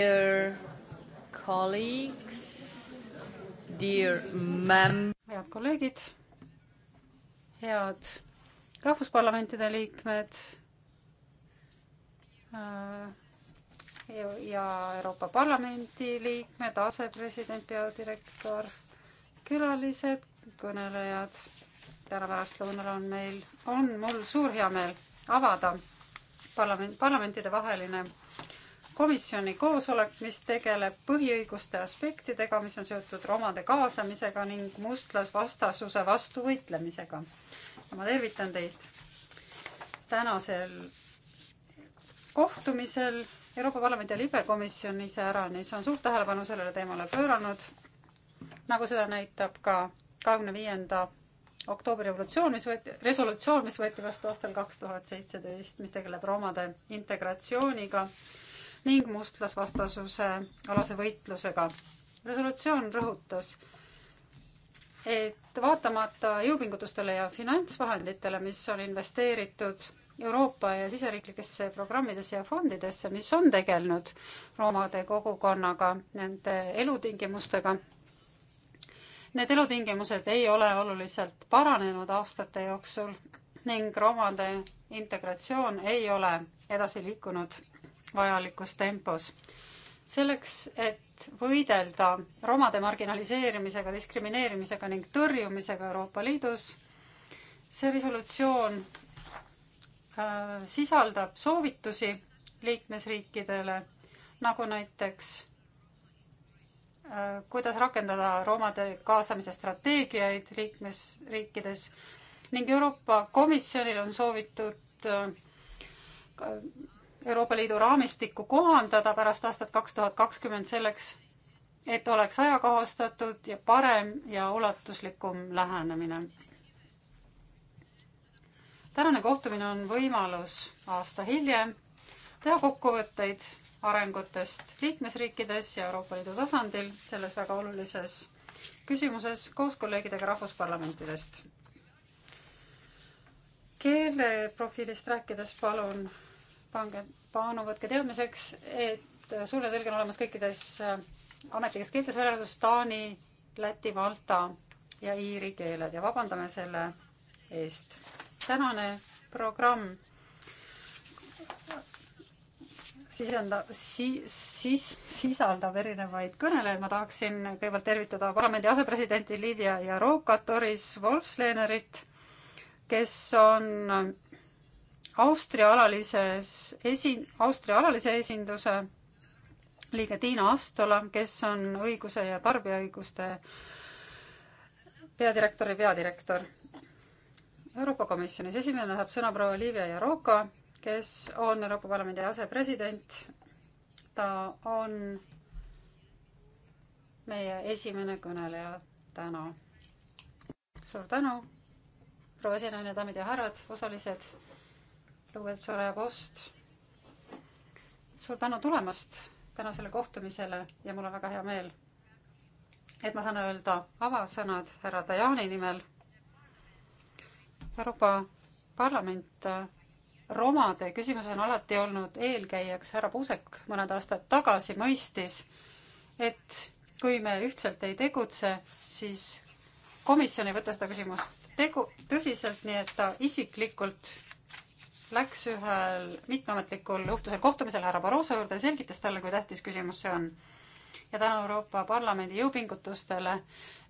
Dear colleagues, dear mem-. head kolleegid, head rahvusparlamentide liikmed äh, ja Euroopa Parlamendi liikmed, asepresident, peadirektor, külalised, kõnelejad. täna pärastlõunal on meil, on mul suur heameel avada parlament, parlamentide vaheline komisjoni koosolek, mis tegeleb põhiõiguste aspektidega, mis on seotud romade kaasamisega ning mustlasvastasuse vastu võitlemisega. ja ma tervitan teid tänasel kohtumisel Euroopa Parlamendi ja libekomisjon iseäranis on suurt tähelepanu sellele teemale pööranud, nagu seda näitab ka kahekümne viienda oktoobri revolutsioon, mis võeti, resolutsioon, mis võeti vastu aastal kaks tuhat seitseteist, mis tegeleb romade integratsiooniga ning mustlasvastasuse alase võitlusega. resolutsioon rõhutas, et vaatamata jõupingutustele ja finantsvahenditele, mis on investeeritud Euroopa ja siseriiklikesse programmidesse ja fondidesse, mis on tegelenud roomade kogukonnaga, nende elutingimustega, Need elutingimused ei ole oluliselt paranenud aastate jooksul ning romade integratsioon ei ole edasi liikunud vajalikus tempos. selleks, et võidelda romade marginaliseerimisega, diskrimineerimisega ning tõrjumisega Euroopa Liidus, see resolutsioon äh, sisaldab soovitusi liikmesriikidele, nagu näiteks äh, kuidas rakendada roomade kaasamise strateegiaid liikmesriikides ning Euroopa Komisjonil on soovitud äh, Euroopa Liidu raamistikku kohandada pärast aastat kaks tuhat kakskümmend selleks, et oleks ajakohastatud ja parem ja ulatuslikum lähenemine. tänane kohtumine on võimalus aasta hiljem teha kokkuvõtteid arengutest liikmesriikides ja Euroopa Liidu tasandil selles väga olulises küsimuses koos kolleegidega rahvusparlamentidest. keeleprofiilist rääkides palun pange palun võtke teadmiseks, et suure tõlge on olemas kõikides äh, ametlikes keeltes, välja arvatud taani, läti, malta ja iiri keeled ja vabandame selle eest. tänane programm sisenda- si,, siis sisaldab erinevaid kõnelejaid, ma tahaksin kõigepealt tervitada parlamendi asepresidenti Livia Jaroka, Doris Wolfslenerit, kes on Austria alalises esi-, Austria alalise esinduse liige Tiina Astola, kes on õiguse ja tarbijaõiguste peadirektori peadirektor. Euroopa Komisjonis esimene saab sõna proua Livia Jaroka, kes on Euroopa Parlamendi asepresident. ta on meie esimene kõneleja täna. suur tänu, proua esinaine, daamid ja härrad, osalised lugupeetud Soraya Post. suur tänu tulemast tänasele kohtumisele ja mul on väga hea meel, et ma saan öelda avasõnad härra Tajani nimel. Euroopa Parlament äh, romade küsimus on alati olnud eelkäijaks, härra Puusek mõned aastad tagasi mõistis, et kui me ühtselt ei tegutse, siis komisjon ei võta seda küsimust tegu, tõsiselt, nii et ta isiklikult läks ühel mitmeametlikul õhtusel kohtumisel härra Barroso juurde ja selgitas talle, kui tähtis küsimus see on. ja tänu Euroopa Parlamendi jõupingutustele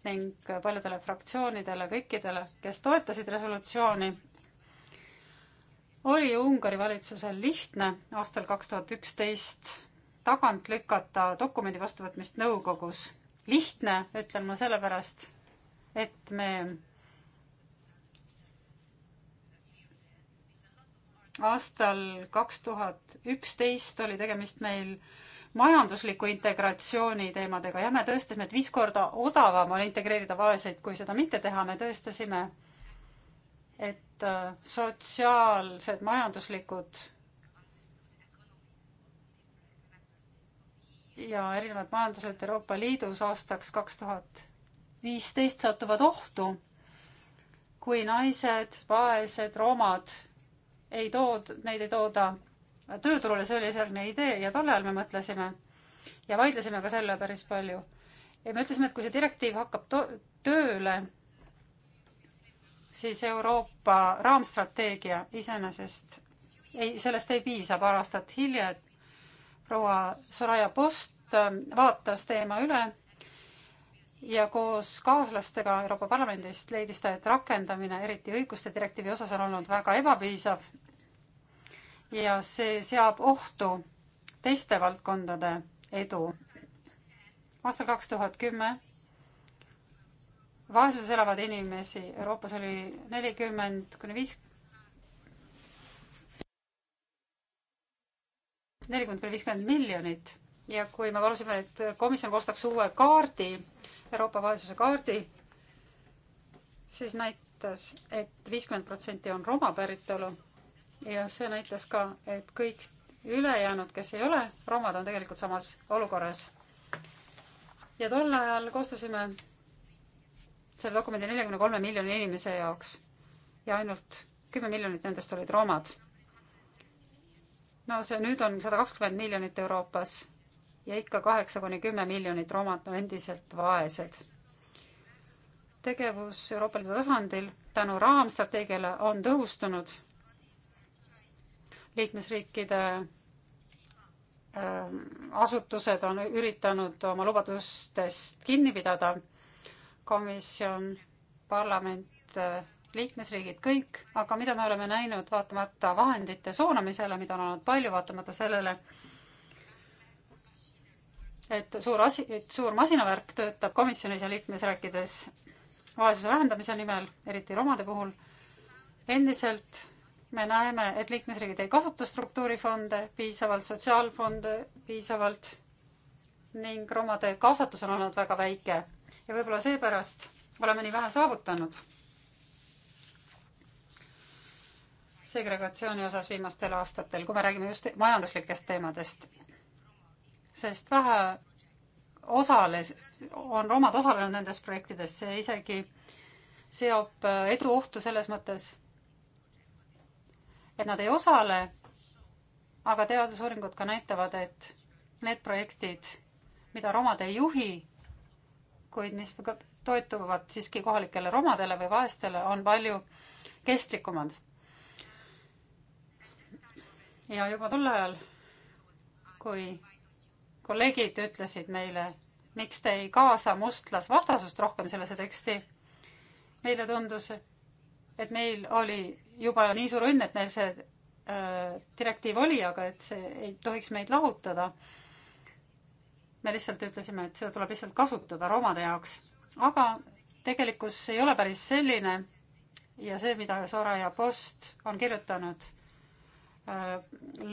ning paljudele fraktsioonidele, kõikidele, kes toetasid resolutsiooni, oli Ungari valitsusel lihtne aastal kaks tuhat üksteist tagant lükata dokumendi vastuvõtmist nõukogus. lihtne, ütlen ma sellepärast, et me aastal kaks tuhat üksteist oli tegemist meil majandusliku integratsiooni teemadega ja me tõestasime, et viis korda odavam on integreerida vaeseid, kui seda mitte teha, me tõestasime, et äh, sotsiaalsed, majanduslikud ja erinevad majandused Euroopa Liidus aastaks kaks tuhat viisteist satuvad ohtu, kui naised, vaesed, romad ei tood-, neid ei tooda tööturule, see oli esialgne idee ja tol ajal me mõtlesime ja vaidlesime ka selle päris palju. ja me ütlesime, et kui see direktiiv hakkab tööle, siis Euroopa raamstrateegia iseenesest ei, sellest ei piisa, paar aastat hiljem proua Soraya Post vaatas teema üle ja koos kaaslastega Euroopa Parlamendist leidis ta, et rakendamine, eriti õiguste direktiivi osas, on olnud väga ebapiisav. ja see seab ohtu teiste valdkondade edu. aastal kaks tuhat kümme vaesuses elavad inimesi Euroopas oli nelikümmend kuni viis, nelikümmend kuni viiskümmend miljonit ja kui me palusime, et komisjon koostaks uue kaardi Euroopa vaesuse kaardi, siis näitas et, et viiskümmend protsenti on Roma päritolu ja see näitas ka, et kõik ülejäänud, kes ei ole romad, on tegelikult samas olukorras. ja tol ajal koostasime selle dokumendi neljakümne kolme miljoni inimese jaoks ja ainult kümme miljonit nendest olid romad. no see nüüd on sada kakskümmend miljonit Euroopas ja ikka kaheksa kuni kümme miljonit romat on endiselt vaesed. tegevus Euroopa Liidu tasandil tänu raamstrateegiale on tõhustunud. liikmesriikide ähm, asutused on üritanud oma lubadustest kinni pidada. komisjon, parlament, liikmesriigid, kõik, aga mida me oleme näinud, vaatamata vahendite suunamisele, mida on olnud palju, vaatamata sellele, et suur asi, et suur masinavärk töötab komisjonis ja liikmes rääkides vaesuse vähendamise nimel, eriti romade puhul. endiselt me näeme, et liikmesriigid ei kasuta struktuurifonde piisavalt, sotsiaalfonde piisavalt ning romade kaasatus on olnud väga väike ja võib-olla seepärast oleme nii vähe saavutanud segregatsiooni osas viimastel aastatel, kui me räägime just majanduslikest teemadest sest vähe osales, on omad osalenud nendes projektides, see isegi seob äh, edu ohtu selles mõttes, et nad ei osale, aga teadusuuringud ka näitavad, et need projektid, mida romad ei juhi, kuid mis toetuvad siiski kohalikele romadele või vaestele, on palju kestlikumad. ja juba tol ajal, kui kolleegid ütlesid meile, miks te ei kaasa mustlasvastasust rohkem sellesse teksti. meile tundus, et meil oli juba nii suur õnn, et meil see äh, direktiiv oli, aga et see ei tohiks meid lahutada. me lihtsalt ütlesime, et seda tuleb lihtsalt kasutada roomade jaoks, aga tegelikkus ei ole päris selline ja see, mida Soraya Post on kirjutanud äh,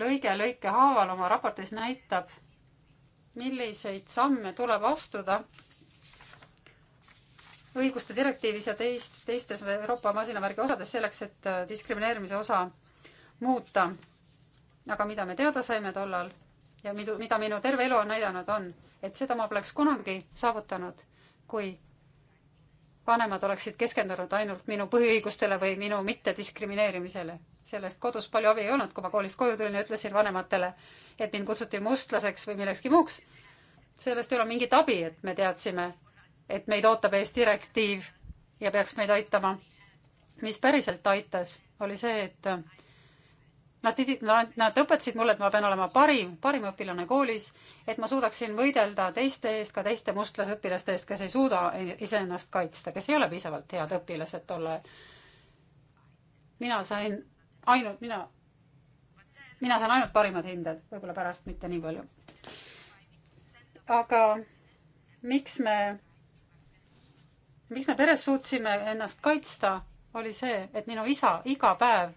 lõige lõike haaval oma raportis näitab milliseid samme tuleb astuda õiguste direktiivis ja teist, teistes Euroopa masinavärgi osades selleks, et äh, diskrimineerimise osa muuta. aga mida me teada saime tollal ja mida, mida minu terve elu on näidanud, on, et seda ma poleks kunagi saavutanud, kui vanemad oleksid keskendunud ainult minu põhiõigustele või minu mittediskrimineerimisele. sellest kodus palju abi ei olnud, kui ma koolist koju tulin ja ütlesin vanematele, et mind kutsuti mustlaseks või millekski muuks sellest ei ole mingit abi, et me teadsime, et meid ootab ees direktiiv ja peaks meid aitama. mis päriselt aitas, oli see, et nad pidid, nad, nad õpetasid mulle, et ma pean olema parim, parim õpilane koolis, et ma suudaksin võidelda teiste eest, ka teiste mustlasõpilaste eest, kes ei suuda iseennast kaitsta, kes ei ole piisavalt head õpilased tol ajal. mina sain ainult, mina, mina sain ainult parimad hinded, võib-olla pärast mitte nii palju aga miks me, miks me peres suutsime ennast kaitsta, oli see, et minu isa iga päev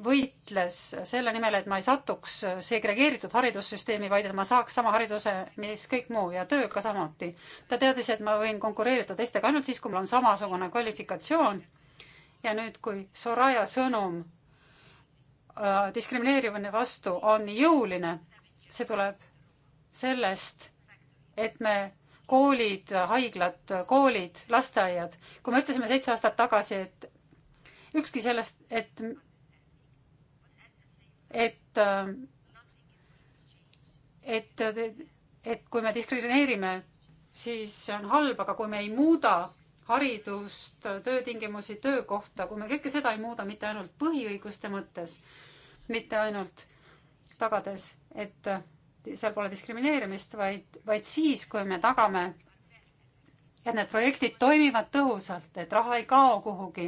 võitles selle nimel, et ma ei satuks segregeeritud haridussüsteemi, vaid et ma saaks sama hariduse, mis kõik muu ja tööga samuti. ta teadis, et ma võin konkureerida teistega ainult siis, kui mul on samasugune kvalifikatsioon. ja nüüd, kui Soraya sõnum äh, diskrimineerimine vastu on nii jõuline, see tuleb sellest, et me koolid, haiglad, koolid, lasteaiad, kui me ütlesime seitse aastat tagasi, et ükski sellest, et, et, et, et kui me diskrimineerime, siis see on halb, aga kui me ei muuda haridust, töötingimusi, töökohta, kui me kõike seda ei muuda mitte ainult põhiõiguste mõttes, mitte ainult tagades, et seal pole diskrimineerimist, vaid, vaid siis, kui me tagame, et need projektid toimivad tõhusalt, et raha ei kao kuhugi,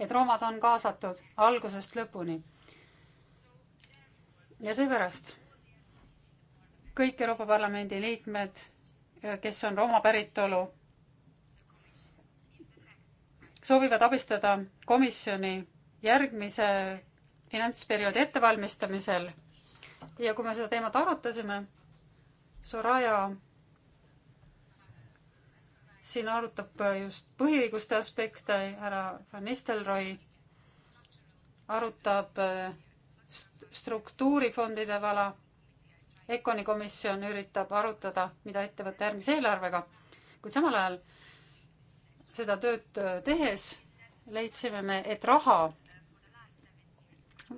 et roomad on kaasatud algusest lõpuni. ja seepärast kõik Euroopa Parlamendi liikmed, kes on Rooma päritolu, soovivad abistada komisjoni järgmise finantsperioodi ettevalmistamisel ja kui me seda teemat arutasime, Soraya siin arutab just põhiõiguste aspekte, härra Van Nistelrooy arutab äh, st struktuurifondide vala. Econi komisjon üritab arutada, mida ette võtta järgmise eelarvega, kuid samal ajal seda tööd äh, tehes leidsime me, et raha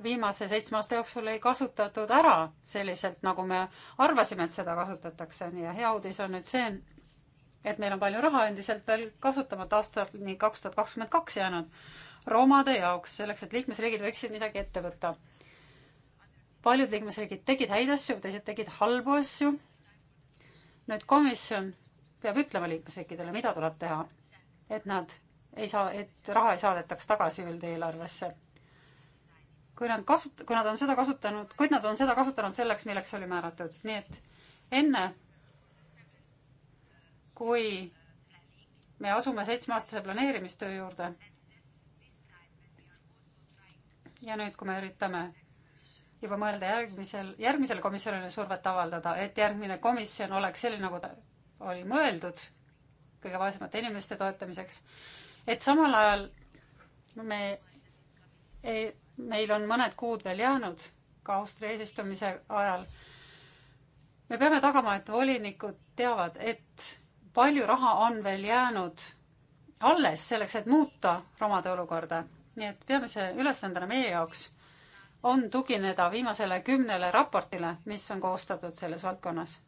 viimase seitsme aasta jooksul ei kasutatud ära selliselt, nagu me arvasime, et seda kasutatakse. ja hea uudis on nüüd see, et meil on palju raha endiselt veel kasutamata aastani kaks tuhat kakskümmend kaks jäänud romade jaoks, selleks et liikmesriigid võiksid midagi ette võtta. paljud liikmesriigid tegid häid asju, teised tegid halbu asju. nüüd komisjon peab ütlema liikmesriikidele, mida tuleb teha, et nad ei saa, et raha ei saadetaks tagasi üldeelarvesse kui nad kasut-, kui nad on seda kasutanud, kuid nad on seda kasutanud selleks, milleks oli määratud, nii et enne kui me asume seitsmeaastase planeerimistöö juurde ja nüüd, kui me üritame juba mõelda järgmisel, järgmisele komisjonile survet avaldada, et järgmine komisjon oleks selline, nagu ta oli mõeldud kõige vaesemate inimeste toetamiseks, et samal ajal me ei, meil on mõned kuud veel jäänud ka Austria eesistumise ajal. me peame tagama, et volinikud teavad, et palju raha on veel jäänud alles selleks, et muuta romade olukorda. nii et peamise ülesandena meie jaoks on tugineda viimasele kümnele raportile, mis on koostatud selles valdkonnas.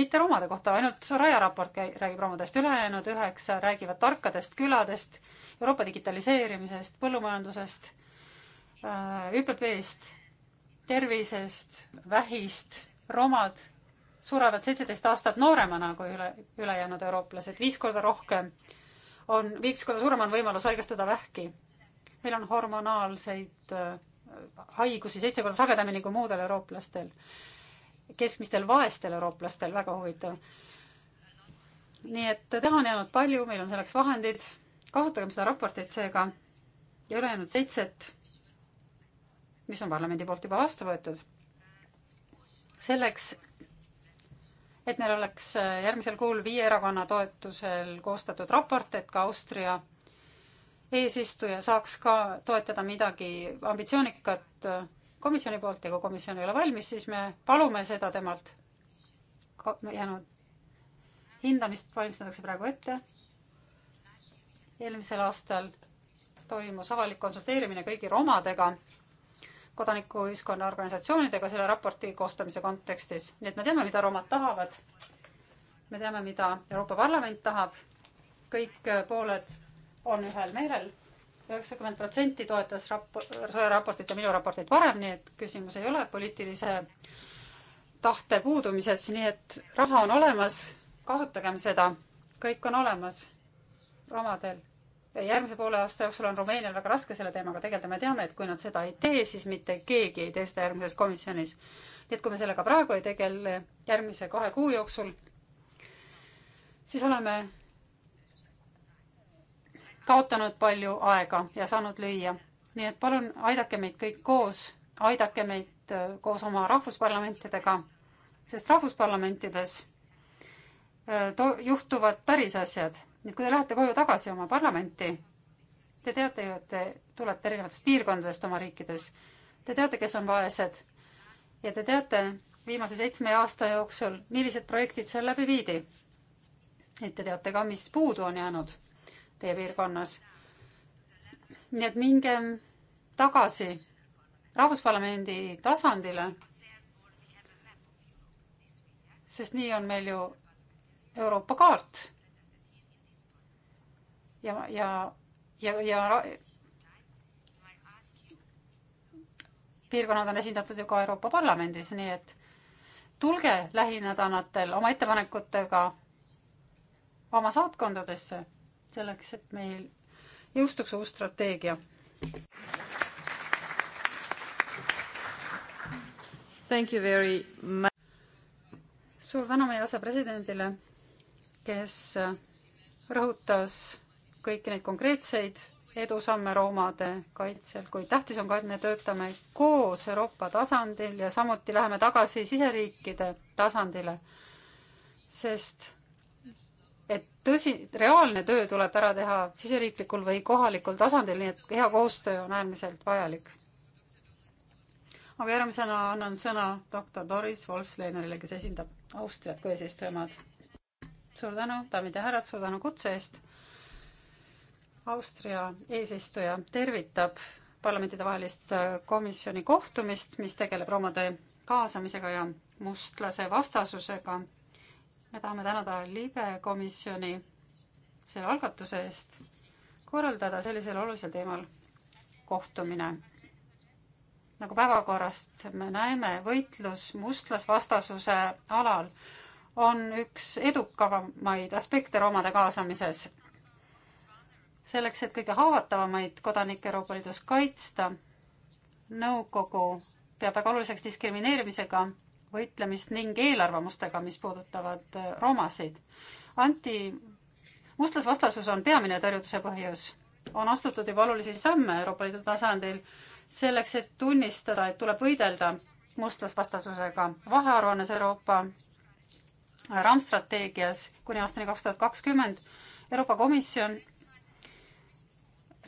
mitte romade kohta, ainult Soraya raport käi-, räägib romadest, ülejäänud üheksa räägivad tarkadest küladest, Euroopa digitaliseerimisest, põllumajandusest Äh, ÜPP-st, tervisest, vähist, romad surevad seitseteist aastat nooremana kui üle, ülejäänud eurooplased, viis korda rohkem on, viis korda suurem on võimalus haigestuda vähki. meil on hormonaalseid äh, haigusi seitse korda sagedamini kui muudel eurooplastel, keskmistel vaestel eurooplastel, väga huvitav. nii et teha on jäänud palju, meil on selleks vahendid, kasutagem seda raportit seega ja ülejäänud seitset mis on parlamendi poolt juba vastu võetud. selleks, et neil oleks äh, järgmisel kuul viie erakonna toetusel koostatud raport, et ka Austria eesistuja saaks ka toetada midagi ambitsioonikat äh, komisjoni poolt ja kui komisjon ei ole valmis, siis me palume seda temalt. jäänud hindamist valmistatakse praegu ette. eelmisel aastal toimus avalik konsulteerimine kõigi romadega kodanikuühiskonna organisatsioonidega selle raporti koostamise kontekstis. nii et me teame, mida roomad tahavad. me teame, mida Euroopa Parlament tahab. kõik äh, pooled on ühel meelel. üheksakümmend protsenti toetas rap-, raportit ja minu raportit varem, nii et küsimus ei ole poliitilise tahte puudumises, nii et raha on olemas, kasutagem seda. kõik on olemas romadel järgmise poole aasta jooksul on Rumeenial väga raske selle teemaga tegeleda, me teame, et kui nad seda ei tee, siis mitte keegi ei tee seda järgmises komisjonis. nii et kui me sellega praegu ei tegele järgmise kahe kuu jooksul, siis oleme kaotanud palju aega ja saanud lüüa. nii et palun aidake meid kõik koos, aidake meid äh, koos oma rahvusparlamentidega, sest rahvusparlamentides äh, to-, juhtuvad päris asjad nii et kui te lähete koju tagasi oma parlamenti, te teate ju, et te tulete erinevatest piirkondadest oma riikides. Te teate, kes on vaesed ja te teate viimase seitsme aasta jooksul, millised projektid seal läbi viidi. et te teate ka, mis puudu on jäänud teie piirkonnas. nii et minge tagasi Rahvusparlamendi tasandile. sest nii on meil ju Euroopa kaart ja, ja, ja, ja piirkonnad on esindatud ju ka Euroopa Parlamendis, nii et tulge lähinädalatel oma ettepanekutega oma saatkondadesse selleks, et meil jõustuks uus strateegia. Thank you very much. suur tänu meie asepresidendile, kes rõhutas kõiki neid konkreetseid edusamme roomade kaitsel, kuid tähtis on ka, et me töötame koos Euroopa tasandil ja samuti läheme tagasi siseriikide tasandile. sest et tõsi, reaalne töö tuleb ära teha siseriiklikul või kohalikul tasandil, nii et hea koostöö on äärmiselt vajalik. aga järgmisena annan sõna doktor Doris Wolfsleinerile, kes esindab Austriat kui eesistujamaad. suur tänu, daamid ja härrad, suur tänu kutse eest Austria eesistuja tervitab parlamentidevahelist äh, komisjoni kohtumist, mis tegeleb romade kaasamisega ja mustlase vastasusega. me tahame tänada libe komisjoni selle algatuse eest korraldada sellisel olulisel teemal kohtumine. nagu päevakorrast me näeme, võitlus mustlasvastasuse alal on üks edukamaid aspekte romade kaasamises selleks, et kõige haavatavamaid kodanikke Euroopa Liidus kaitsta, nõukogu peab väga oluliseks diskrimineerimisega võitlemist ning eelarvamustega, mis puudutavad äh, romasid. anti, mustlasvastasus on peamine tõrjutuse põhjus. on astutud juba olulisi samme Euroopa Liidu tasandil selleks, et tunnistada, et tuleb võidelda mustlasvastasusega. vahearuannes Euroopa äh, raamstrateegias kuni aastani kaks tuhat kakskümmend Euroopa Komisjon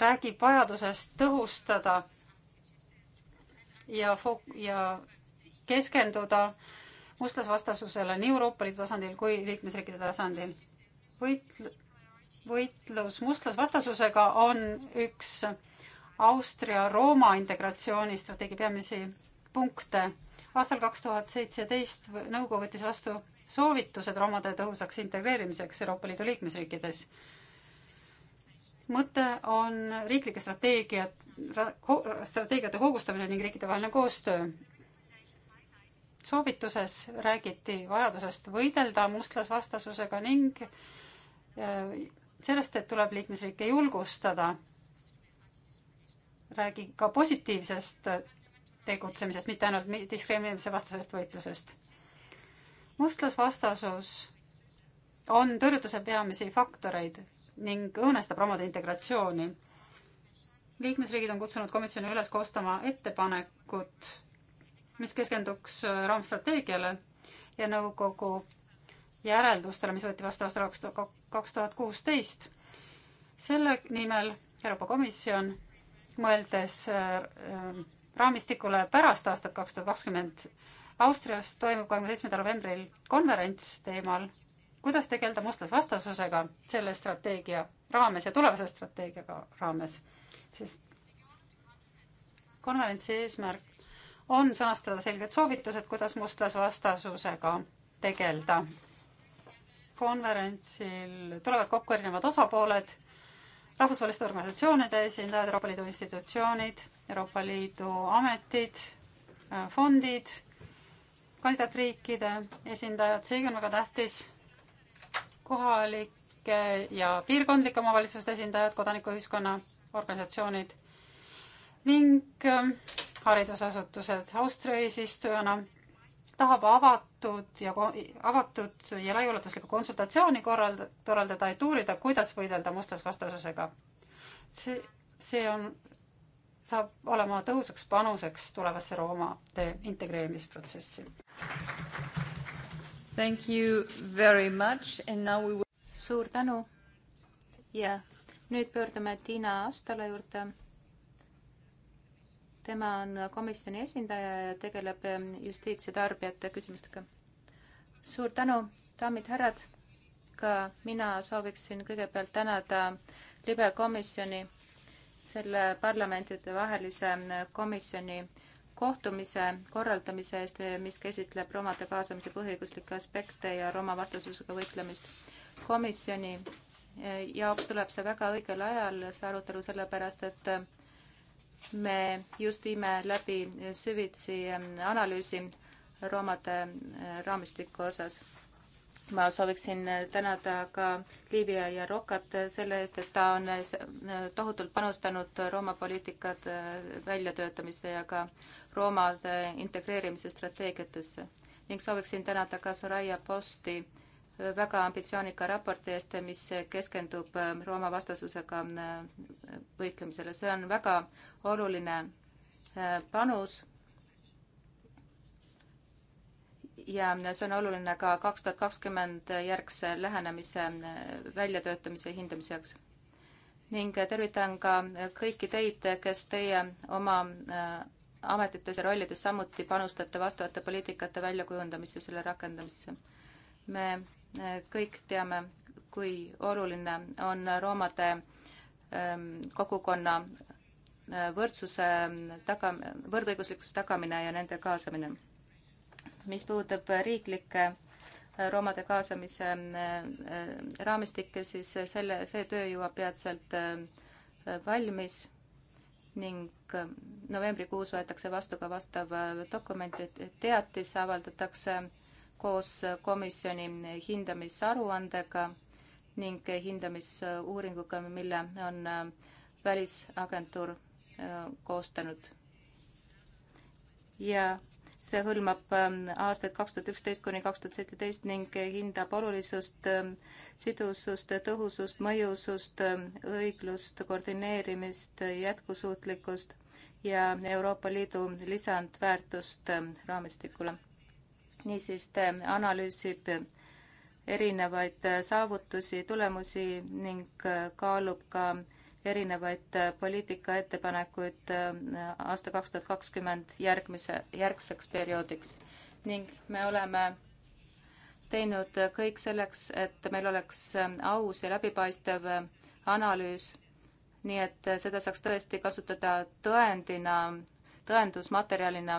räägib vajadusest tõhustada ja fook- ja keskenduda mustlasvastasusele nii Euroopa Liidu tasandil kui liikmesriikide tasandil. võitl-, võitlus mustlasvastasusega on üks Austria-Rooma integratsioonistrateegia peamisi punkte. aastal kaks tuhat seitseteist nõukogu võttis vastu soovitused romade tõhusaks integreerimiseks Euroopa Liidu liikmesriikides mõte on riiklike strateegiat, strateegiate hoogustamine ning riikidevaheline koostöö. soovituses räägiti vajadusest võidelda mustlasvastasusega ning äh, sellest, et tuleb liikmesriike julgustada. räägi ka positiivsest tegutsemisest, mitte ainult diskrimineerimise vastasest võitlusest. mustlasvastasus on tõrjutuse peamisi faktoreid ning õõnestab romade integratsiooni. liikmesriigid on kutsunud komisjoni üles koostama ettepanekut, mis keskenduks äh, raamstrateegiale ja nõukogu järeldustele, mis võeti vastu aastal kaks tuhat kuusteist. selle nimel Euroopa Komisjon, mõeldes äh, äh, raamistikule pärast aastat kaks tuhat kakskümmend, Austrias toimub kahekümne seitsmendal novembril konverents teemal kuidas tegeleda mustlasvastasusega selle strateegia raames ja tulevase strateegiaga raames, sest konverentsi eesmärk on sõnastada selged soovitused, kuidas mustlasvastasusega tegeleda. konverentsil tulevad kokku erinevad osapooled, rahvusvaheliste organisatsioonide esindajad, Euroopa Liidu institutsioonid, Euroopa Liidu ametid, äh, fondid, kandidaatriikide esindajad, seega on väga tähtis kohalike ja piirkondlike omavalitsuste esindajad, kodanikuühiskonna organisatsioonid ning ähm, haridusasutused Austria eesistujana tahab avatud ja avatud ja laiaulatuslikku konsultatsiooni korraldada, korraldada, et uurida, kuidas võidelda mustlasvastasusega. see, see on, saab olema tõhusaks panuseks tulevasse Roomade integreerimisprotsessi. Thank you very much and now we will... suur tänu ja nüüd pöördume Tiina Astala juurde. tema on komisjoni esindaja ja tegeleb ähm, justiits- ja tarbijate küsimustega. suur tänu, daamid, härrad. ka mina sooviksin kõigepealt tänada libekomisjoni selle parlamentidevahelise ähm, komisjoni äh, kohtumise korraldamise eest, mis käsitleb romade kaasamise põhiõiguslikke aspekte ja Roma vastasusega võitlemist. komisjoni e, jaoks tuleb see väga õigel ajal, see arutelu, sellepärast et e, me just viime läbi süvitsi e, analüüsi romade raamistiku osas ma sooviksin tänada ka Liivia ja Rokat selle eest, et ta on tohutult panustanud Rooma poliitikate äh, väljatöötamisse ja ka Roomade integreerimise strateegiatesse ning sooviksin tänada ka Soraya Posti äh, väga ambitsioonika raporti eest, mis keskendub äh, Rooma vastasusega võitlemisele. see on väga oluline panus ja see on oluline ka kaks tuhat kakskümmend järgse lähenemise äh, väljatöötamise hindamise jaoks. ning äh, tervitan ka äh, kõiki teid, kes teie oma ametites ja rollides samuti panustate vastavate poliitikate väljakujundamisse, selle rakendamisse. me kõik teame, kui oluline on roomade ähm, kogukonna võrdsuse taga, võrdõiguslikkuse tagamine ja nende kaasamine mis puudutab riiklikke äh, roomade kaasamise äh, äh, raamistikke, siis selle, see töö jõuab peatselt valmis ning novembrikuus võetakse vastu ka vastav dokument, et teatis avaldatakse koos komisjoni hindamisaruandega ning hindamisuuringuga, mille on välisagentuur koostanud. ja see hõlmab ähm, aastaid kaks tuhat üksteist kuni kaks tuhat seitseteist ning hindab olulisust, ähm, sidusust, tõhusust, mõjusust, ähm, õiglust, koordineerimist, jätkusuutlikkust ja Euroopa Liidu lisandväärtust raamistikule. niisiis ta analüüsib erinevaid äh, saavutusi, tulemusi ning äh, kaalub ka erinevaid äh, poliitikaettepanekuid äh, aasta kaks tuhat kakskümmend järgmise, järgseks perioodiks ning me oleme teinud äh, kõik selleks, et meil oleks aus ja läbipaistev analüüs, nii et seda saaks tõesti kasutada tõendina, tõendusmaterjalina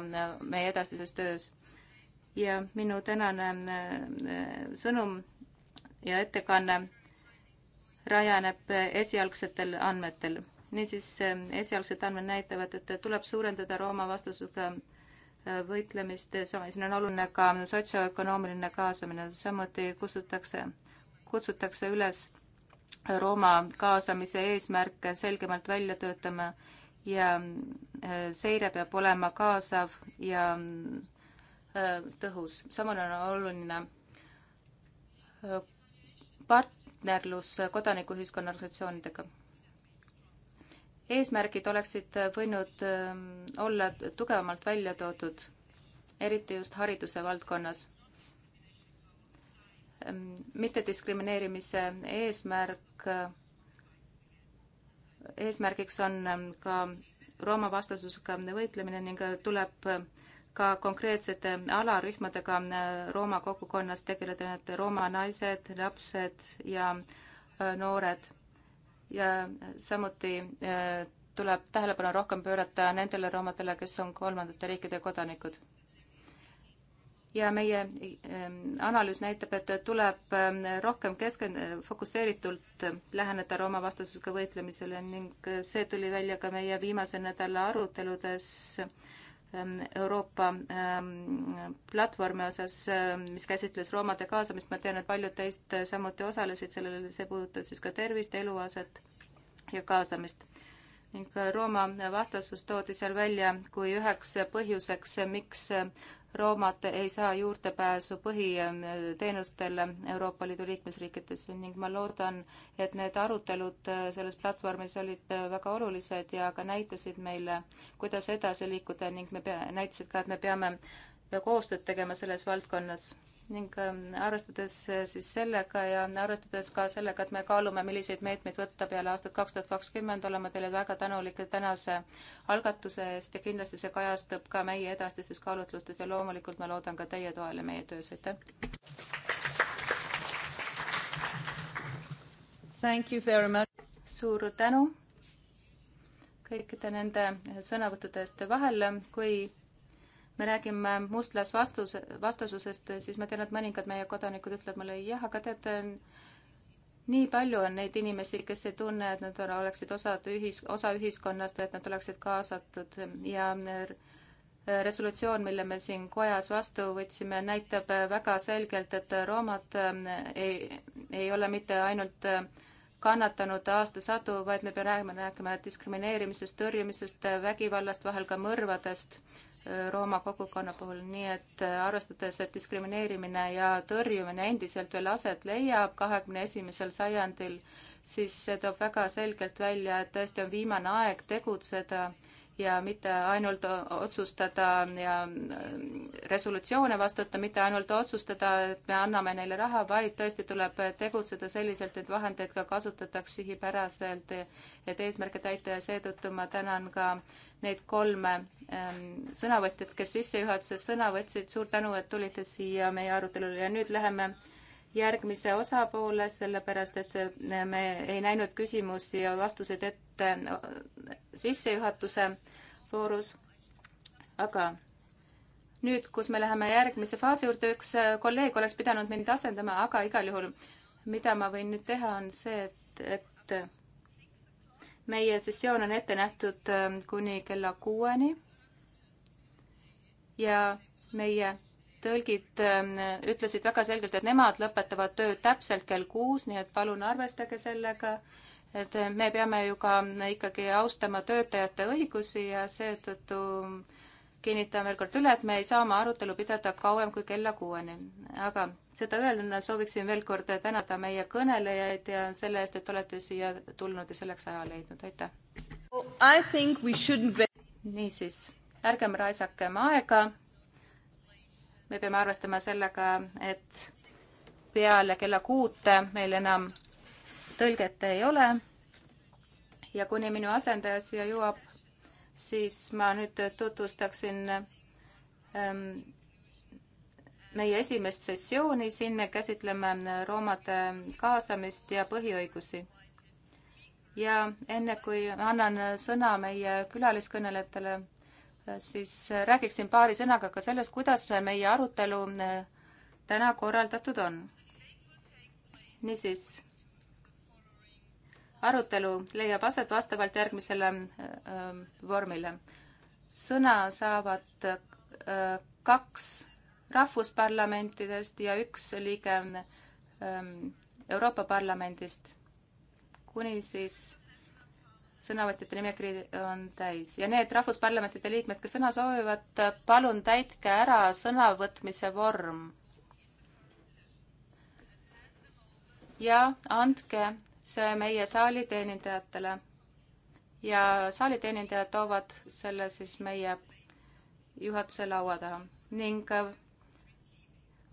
meie edasises töös. ja minu tänane sõnum ja ettekanne rajaneb esialgsetel andmetel. niisiis, ähm, esialgsed andmed näitavad, et tuleb suurendada Rooma vastasega äh, võitlemist, siin on oluline ka sotsioökonoomiline kaasamine, samuti kutsutakse, kutsutakse üles Rooma kaasamise eesmärke selgemalt välja töötama ja äh, seire peab olema kaasav ja äh, tõhus. samuti on oluline part-, partnerlus kodanikuühiskonna organisatsioonidega. eesmärgid oleksid võinud ähm, olla tugevamalt välja toodud, eriti just hariduse valdkonnas. Ähm, mittediskrimineerimise eesmärk, eesmärgiks on ähm, ka roomavastasusega võitlemine ning äh, tuleb ka konkreetsete alarühmadega äh, Rooma kogukonnas tegeleda, need Rooma naised, lapsed ja äh, noored. ja äh, samuti tuleb tähelepanu rohkem pöörata nendele roomadele, kes on kolmandate riikide kodanikud. ja meie ähm, analüüs näitab, et tuleb ähm, rohkem keskend-, fokusseeritult läheneda roomavastasusega võitlemisele ning see tuli välja ka meie viimase nädala aruteludes äh, Ähm, Euroopa ähm, platvormi osas, ähm, mis käsitles roomade kaasamist, ma tean, et paljud teist äh, samuti osalesid sellel, see puudutas siis ka tervist, eluaset ja kaasamist. ning Rooma vastasus toodi seal välja kui üheks põhjuseks, miks äh, roomad ei saa juurdepääsu põhiteenustele Euroopa Liidu liikmesriikides ning ma loodan, et need arutelud selles platvormis olid väga olulised ja ka näitasid meile, kuidas edasi liikuda ning me pea, näitasid ka, et me peame koostööd tegema selles valdkonnas ning ähm, arvestades äh, siis sellega ja arvestades ka sellega, et me kaalume, milliseid meetmeid võtta peale aastat kaks tuhat kakskümmend, oleme teile väga tänulik tänase algatuse eest ja kindlasti see kajastub ka meie edasistes kaalutlustes ja loomulikult ma loodan ka teie toele meie töös, aitäh! suur tänu kõikide nende sõnavõttude eest vahel, kui me räägime mustlas vastus, vastasusest, siis ma tean, et mõningad meie kodanikud ütlevad mulle jah, aga tead, nii palju on neid inimesi, kes ei tunne, et nad oleksid osad ühis, osa ühiskonnast või et nad oleksid kaasatud ja resolutsioon, mille me siin kojas vastu võtsime, näitab väga selgelt, et roomad ähm, ei, ei ole mitte ainult äh, kannatanud aastasadu, vaid me peame rääkima, rääkima diskrimineerimisest, tõrjumisest, vägivallast, vahel ka mõrvadest Rooma kogukonna puhul, nii et äh, arvestades, et diskrimineerimine ja tõrjumine endiselt veel aset leiab kahekümne esimesel sajandil, siis see toob väga selgelt välja, et tõesti on viimane aeg tegutseda ja mitte ainult otsustada ja äh, resolutsioone vastu võtta, mitte ainult otsustada, et me anname neile raha, vaid tõesti tuleb tegutseda selliselt, et vahendeid ka kasutataks sihipäraselt, et eesmärke täita ja seetõttu ma tänan ka äh, neid kolme ähm, sõnavõtjat, kes sissejuhatuses sõna võtsid. suur tänu, et tulite siia meie arutelule ja nüüd läheme järgmise osa poole, sellepärast et äh, me ei näinud küsimusi ja vastuseid ette äh, sissejuhatuse voorus. aga nüüd, kus me läheme järgmise faasi juurde, üks äh, kolleeg oleks pidanud mind asendama, aga igal juhul, mida ma võin nüüd teha, on see, et, et meie sessioon on ette nähtud ähm, kuni kella kuueni ja meie tõlgid ähm, ütlesid väga selgelt, et nemad lõpetavad töö täpselt kell kuus, nii et palun arvestage sellega, et me peame ju ka ikkagi austama töötajate õigusi ja seetõttu kinnitan veel kord üle, et me ei saa oma arutelu pidada kauem kui kella kuueni. aga seda öelduna sooviksin veel kord tänada meie kõnelejaid ja selle eest, et olete siia tulnud ja selleks aja leidnud, aitäh well,! niisiis, ärgem raisakem aega. me peame arvestama sellega, et peale kella kuute meil enam tõlget ei ole. ja kuni minu asendaja siia jõuab, siis ma nüüd tutvustaksin ähm, meie esimest sessiooni, siin me käsitleme roomade kaasamist ja põhiõigusi. ja enne kui annan sõna meie külaliskõnelejatele, äh, siis räägiksin paari sõnaga ka sellest, kuidas meie arutelu äh, täna korraldatud on. niisiis arutelu leiab aset vastavalt järgmisele äh, äh, vormile. sõna saavad äh, kaks rahvusparlamentidest ja üks liige ähm, Euroopa Parlamendist, kuni siis sõnavõtjate nimekiri on täis ja need rahvusparlamentide liikmed, kes sõna soovivad, palun täitke ära sõnavõtmise vorm. ja andke see meie saali teenindajatele ja saali teenindajad toovad selle siis meie juhatuse laua taha ning äh,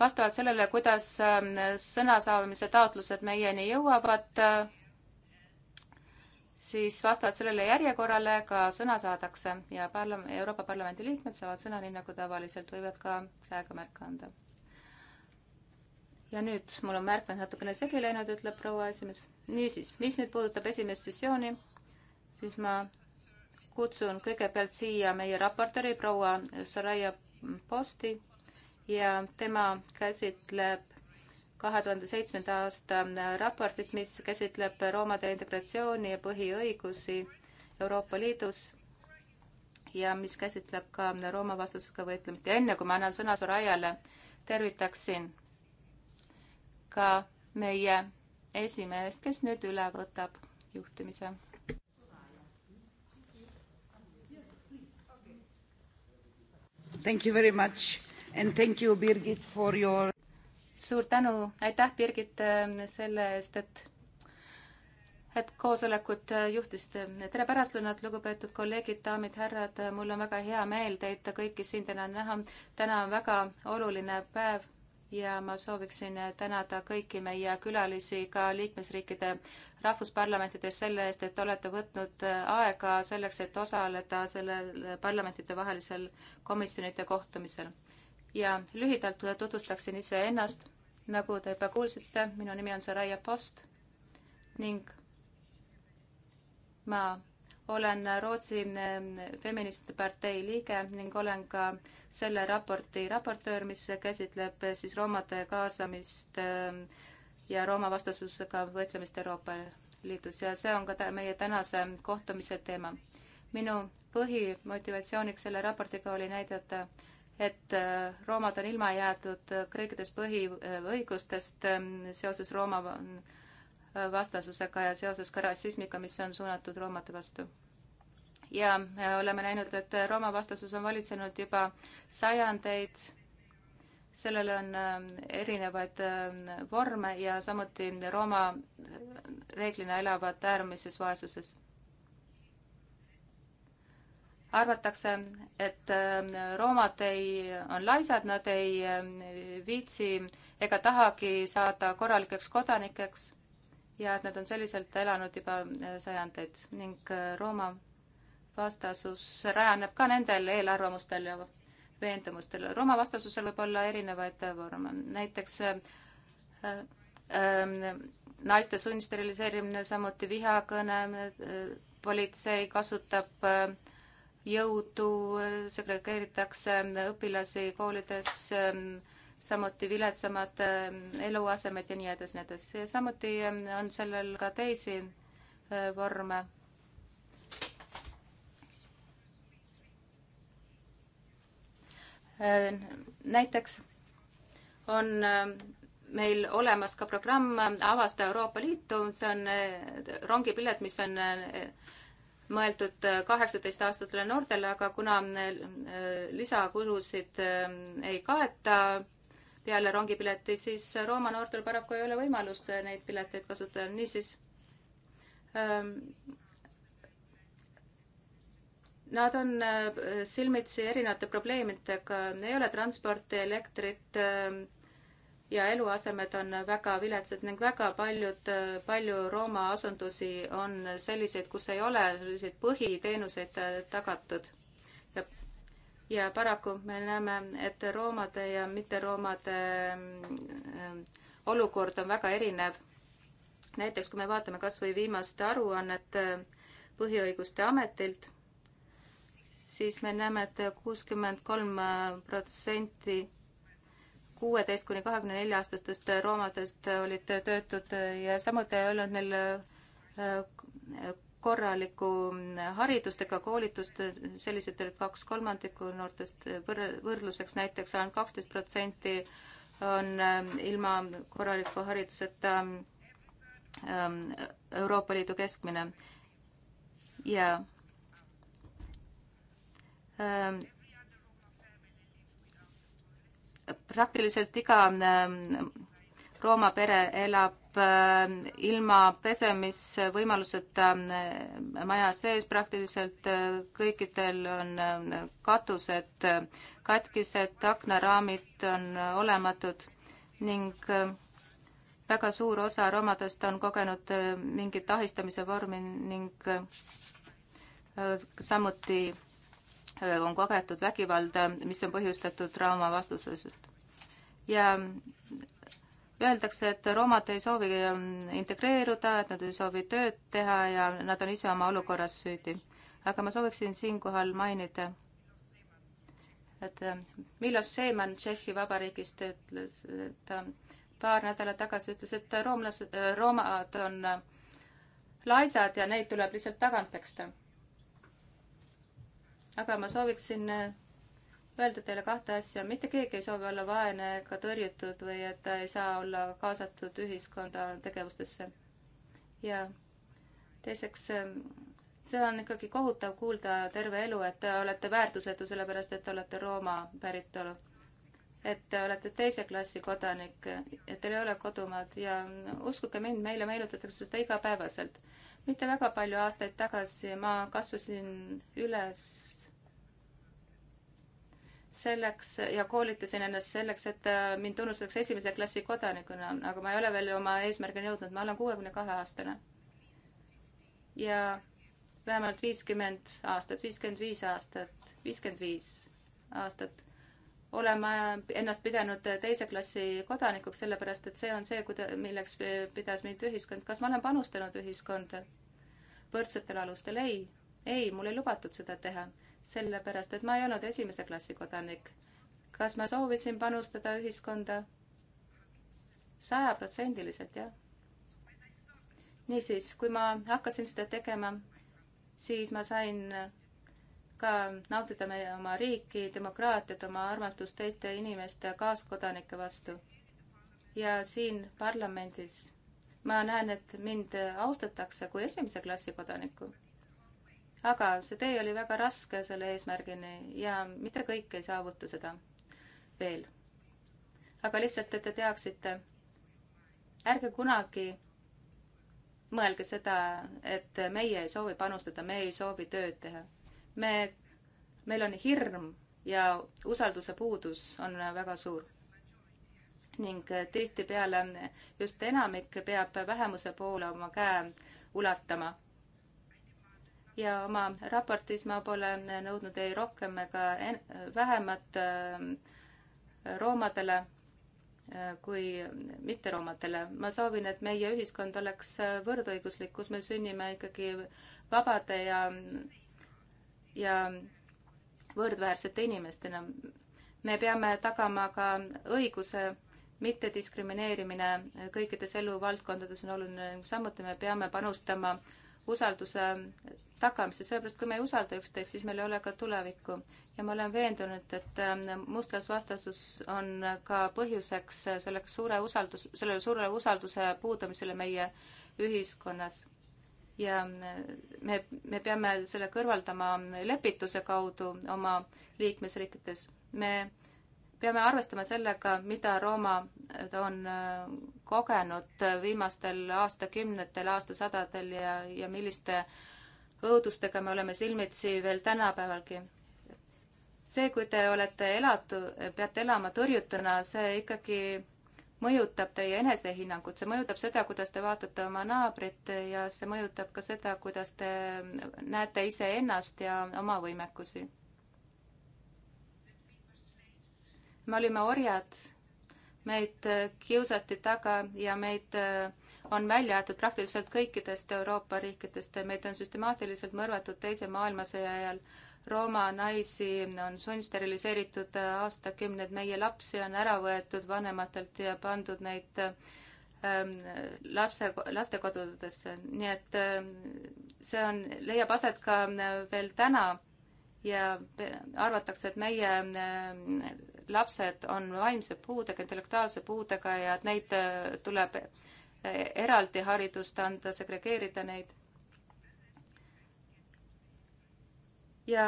vastavalt sellele, kuidas ähm, sõnasaamise taotlused meieni jõuavad, äh, siis vastavalt sellele järjekorrale ka sõna saadakse ja parlam-, Euroopa Parlamendi liikmed saavad sõna nii, nagu tavaliselt võivad ka käega märku anda. ja nüüd mul on märkmed natukene segi läinud, ütleb proua esimees niisiis, mis nüüd puudutab esimest sessiooni, siis ma kutsun kõigepealt siia meie raportööri proua Soraya Posti ja tema käsitleb kahe tuhande seitsmenda aasta raportit, mis käsitleb roomade integratsiooni ja põhiõigusi Euroopa Liidus ja mis käsitleb ka Rooma vastusega võitlemist. ja enne, kui ma annan sõna Sorayale, tervitaksin ka meie esimeest, kes nüüd üle võtab juhtimise. Thank you very much and thank you, Birgit, for your suur tänu, aitäh, Birgit, selle eest, et et koosolekut juhtisite. tere pärastlõunat, lugupeetud kolleegid, daamid-härrad, mul on väga hea meel teid kõiki siin täna näha. täna on väga oluline päev ja ma sooviksin tänada kõiki meie külalisi ka liikmesriikide rahvusparlamentides selle eest, et olete võtnud äh, aega selleks, et osaleda sellel parlamentidevahelisel komisjonide kohtumisel. ja lühidalt tutvustaksin iseennast. nagu te juba kuulsite, minu nimi on Soraya Post ning ma olen Rootsi äh, Feministpartei liige ning olen ka äh, selle raporti raportöör, mis käsitleb eh, siis roomade kaasamist eh, ja Rooma vastasusega võitlemist Euroopa Liidus ja see on ka meie tänase kohtumise teema. minu põhimotivatsiooniks selle raportiga oli näidata, et eh, roomad on ilma jäetud kõikidest põhiõigustest seoses Rooma vastasusega ja seoses ka rassismiga, mis on suunatud roomade vastu ja äh, oleme näinud, et äh, Rooma vastasus on valitsenud juba sajandeid. sellel on äh, erinevaid vorme ja samuti Rooma reeglina elavad äärmises vaesuses. arvatakse, et roomad ei, on laisad, nad ei viitsi ega tahagi saada korralikeks kodanikeks ja et nad on selliselt elanud juba sajandeid ning Rooma vastasus rajaneb ka nendel eelarvamustel ja veendumustel. Rooma vastasusel võib olla erinevaid vorme, näiteks äh, äh, naiste sundsteriliseerimine, samuti vihakõne äh,, politsei kasutab äh, jõudu, segregeeritakse äh, õpilasi koolides, äh, samuti viletsamad eluasemed ja nii edasi, nii edasi. samuti on sellel ka teisi vorme näiteks on äh, meil olemas ka programm äh, Avasta Euroopa Liitu, see on äh, rongipilet, mis on mõeldud kaheksateist-aastastele noortele, aga kuna lisakulusid ei kaeta peale rongipileti, siis Rooma noortel paraku ei ole võimalust neid pileteid kasutada, niisiis ähm, Nad on äh, silmitsi erinevate probleemidega, ei ole transporti, elektrit äh, ja eluasemed on väga viletsad ning väga paljud, äh, palju Rooma asundusi on selliseid, kus ei ole selliseid põhiteenuseid tagatud. ja, ja paraku me näeme, et roomade ja mitteroomade ähm, olukord on väga erinev. näiteks kui me vaatame kas või viimast aruannet Põhiõiguste Ametilt, siis me näeme et, et kuuskümmend kolm protsenti kuueteist kuni kahekümne nelja aastastest roomadest olid töötud ja samuti ei olnud neil äh, korralikku haridust ega koolitust, sellised olid kaks kolmandikku noortest, võrdluseks näiteks ainult kaksteist protsenti on äh, ilma korraliku hariduseta ähm, Euroopa Liidu keskmine ja Ähm, praktiliselt iga ähm, Rooma pere elab ähm, ilma pesemisvõimaluseta maja sees, praktiliselt äh, kõikidel on katused äh, katkised, aknaraamid on äh, olematud ning väga suur osa romadest on kogenud mingit ahistamise vormi ning samuti on kogetud vägivalda, mis on põhjustatud trauma vastuseisust. ja öeldakse, et roomad ei soovi ähm, integreeruda, et nad ei soovi tööd teha ja nad on ise oma olukorras süüdi. aga ma sooviksin siinkohal mainida, et ähm, Milos Seeman Tšehhi Vabariigist ütles, et ta ähm, paar nädalat tagasi ütles, et roomlased, äh, roomad on äh, laisad ja neid tuleb lihtsalt tagant peksta aga ma sooviksin äh, öelda teile kahte asja. mitte keegi ei soovi olla vaene ega tõrjutud või et ta ei saa olla kaasatud ühiskonda tegevustesse. ja teiseks, äh, see on ikkagi kohutav kuulda terve elu, et te olete väärtusetu sellepärast, et te olete Rooma päritolu. et te olete teise klassi kodanik, et teil ei ole kodumaad ja uskuge mind, meile meenutatakse seda igapäevaselt. mitte väga palju aastaid tagasi ma kasvasin üles selleks ja koolitasin ennast selleks, et äh, mind tunnustatakse esimese klassi kodanikuna, aga ma ei ole veel oma eesmärgini jõudnud, ma olen kuuekümne kahe aastane. ja vähemalt viiskümmend aastat, viiskümmend viis aastat, viiskümmend viis aastat olen ma ennast pidanud teise klassi kodanikuks, sellepärast et see on see, kuida-, milleks pidas mind ühiskond. kas ma olen panustanud ühiskonda võrdsetel alustel? ei, ei, mul ei lubatud seda teha sellepärast et ma ei olnud esimese klassi kodanik. kas ma soovisin panustada ühiskonda? sajaprotsendiliselt, jah. niisiis, kui ma hakkasin seda tegema, siis ma sain ka nautida meie oma riiki, demokraatiat, oma armastust teiste inimeste kaaskodanike vastu. ja siin parlamendis ma näen, et mind austatakse kui esimese klassi kodanikku aga see tee oli väga raske selle eesmärgini ja mitte kõik ei saavuta seda veel. aga lihtsalt, et te teaksite, ärge kunagi mõelge seda, et meie ei soovi panustada, me ei soovi tööd teha. me, meil on hirm ja usalduse puudus on väga suur. ning tihtipeale just enamik peab vähemuse poole oma käe ulatama ja oma raportis ma pole nõudnud ei rohkem ega vähemat äh, roomadele äh, kui mitteroomadele. ma soovin, et meie ühiskond oleks äh, võrdõiguslik, kus me sünnime ikkagi vabade ja, ja võrdväärsete inimestena. me peame tagama ka õiguse mittediskrimineerimine kõikides eluvaldkondades on oluline, samuti me peame panustama usalduse tagamisse, sellepärast kui me ei usalda üksteist, siis meil ei ole ka tulevikku. ja ma olen veendunud, et ähm, mustlasvastasus on ka põhjuseks selleks suure usaldus, sellele suure usalduse puudumisele meie ühiskonnas. ja äh, me, me peame selle kõrvaldama lepituse kaudu oma liikmesriikides. me peame arvestama sellega, mida Rooma on äh, kogenud viimastel aastakümnetel, aastasadadel ja, ja milliste äh, õudustega me oleme silmitsi veel tänapäevalgi. see, kui te olete elatu, peate elama tõrjutuna, see ikkagi mõjutab teie enesehinnangut, see mõjutab seda, kuidas te vaatate oma naabrit ja see mõjutab ka seda, kuidas te näete iseennast ja oma võimekusi. me olime orjad, meid kiusati taga ja meid äh, on välja jäetud praktiliselt kõikidest Euroopa riikidest. meid on süstemaatiliselt mõrvatud Teise maailmasõja ajal. Rooma naisi on sundsteriliseeritud aastakümneid, meie lapsi on ära võetud vanematelt ja pandud neid ähm, lapse, lastekodudesse, nii et ähm, see on, leiab aset ka äh, veel täna ja arvatakse, et meie äh, lapsed on vaimse puudega, intellektuaalse puudega ja et neid äh, tuleb äh, eraldi haridust anda, segregeerida neid. ja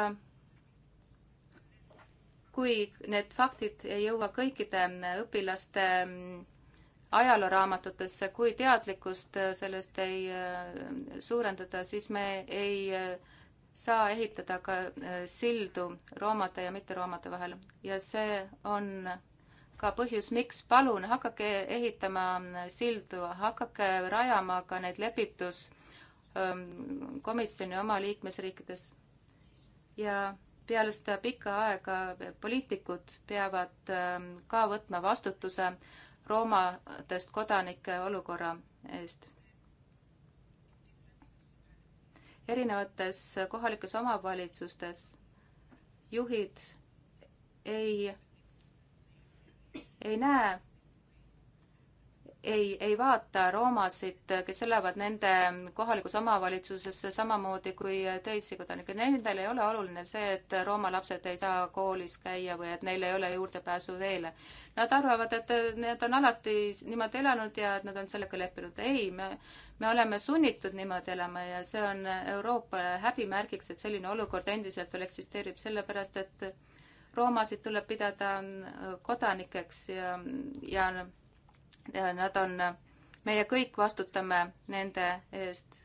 kui need faktid ei jõua kõikide õpilaste mm, ajalooraamatutesse, kui teadlikkust sellest ei mm, suurendada, siis me ei mm, saa ehitada ka sildu roomade ja mitteroomade vahel ja see on ka põhjus, miks palun hakake ehitama sildu, hakake rajama ka neid lepituskomisjoni ähm, oma liikmesriikides. ja peale seda pikka aega poliitikud peavad ähm, ka võtma vastutuse roomadest kodanike olukorra eest. erinevates kohalikes omavalitsustes juhid ei ei näe, ei, ei vaata roomasid, kes elavad nende kohalikus omavalitsuses samamoodi kui teisi kodanikke. Nendel ei ole oluline see, et rooma lapsed ei saa koolis käia või et neil ei ole juurdepääsu veele. Nad arvavad, et nad on alati niimoodi elanud ja et nad on sellega leppinud. ei, me, me oleme sunnitud niimoodi elama ja see on Euroopa häbimärgiks, et selline olukord endiselt veel eksisteerib, sellepärast et roomasid tuleb pidada ähm, kodanikeks ja, ja, ja nad on, meie kõik vastutame nende eest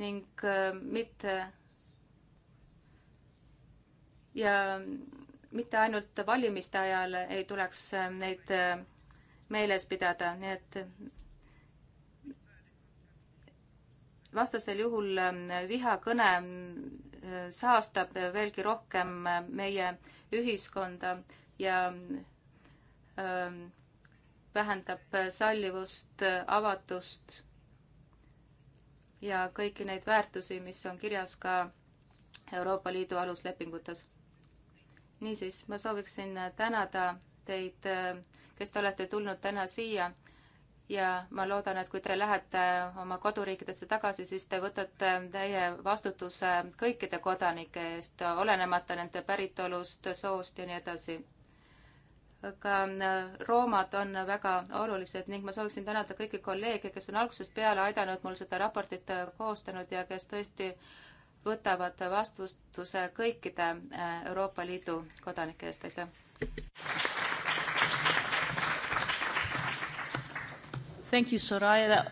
ning äh, mitte ja mitte ainult valimiste ajal ei tuleks äh, neid äh, meeles pidada, nii et vastasel juhul ähm, vihakõne saastab veelgi rohkem meie ühiskonda ja ähm, vähendab sallivust, avatust ja kõiki neid väärtusi, mis on kirjas ka Euroopa Liidu aluslepingutes. niisiis, ma sooviksin tänada teid, kes te olete tulnud täna siia ja ma loodan, et kui te lähete oma koduriikidesse tagasi, siis te võtate teie vastutuse kõikide kodanike eest, olenemata nende päritolust, soost ja nii edasi. aga äh, roomad on väga olulised ning ma sooviksin tänada kõiki kolleege, kes on algusest peale aidanud mul seda raportit äh, koostanud ja kes tõesti võtavad vastutuse kõikide äh, Euroopa Liidu kodanike eest, aitäh! Thank you, Soraya.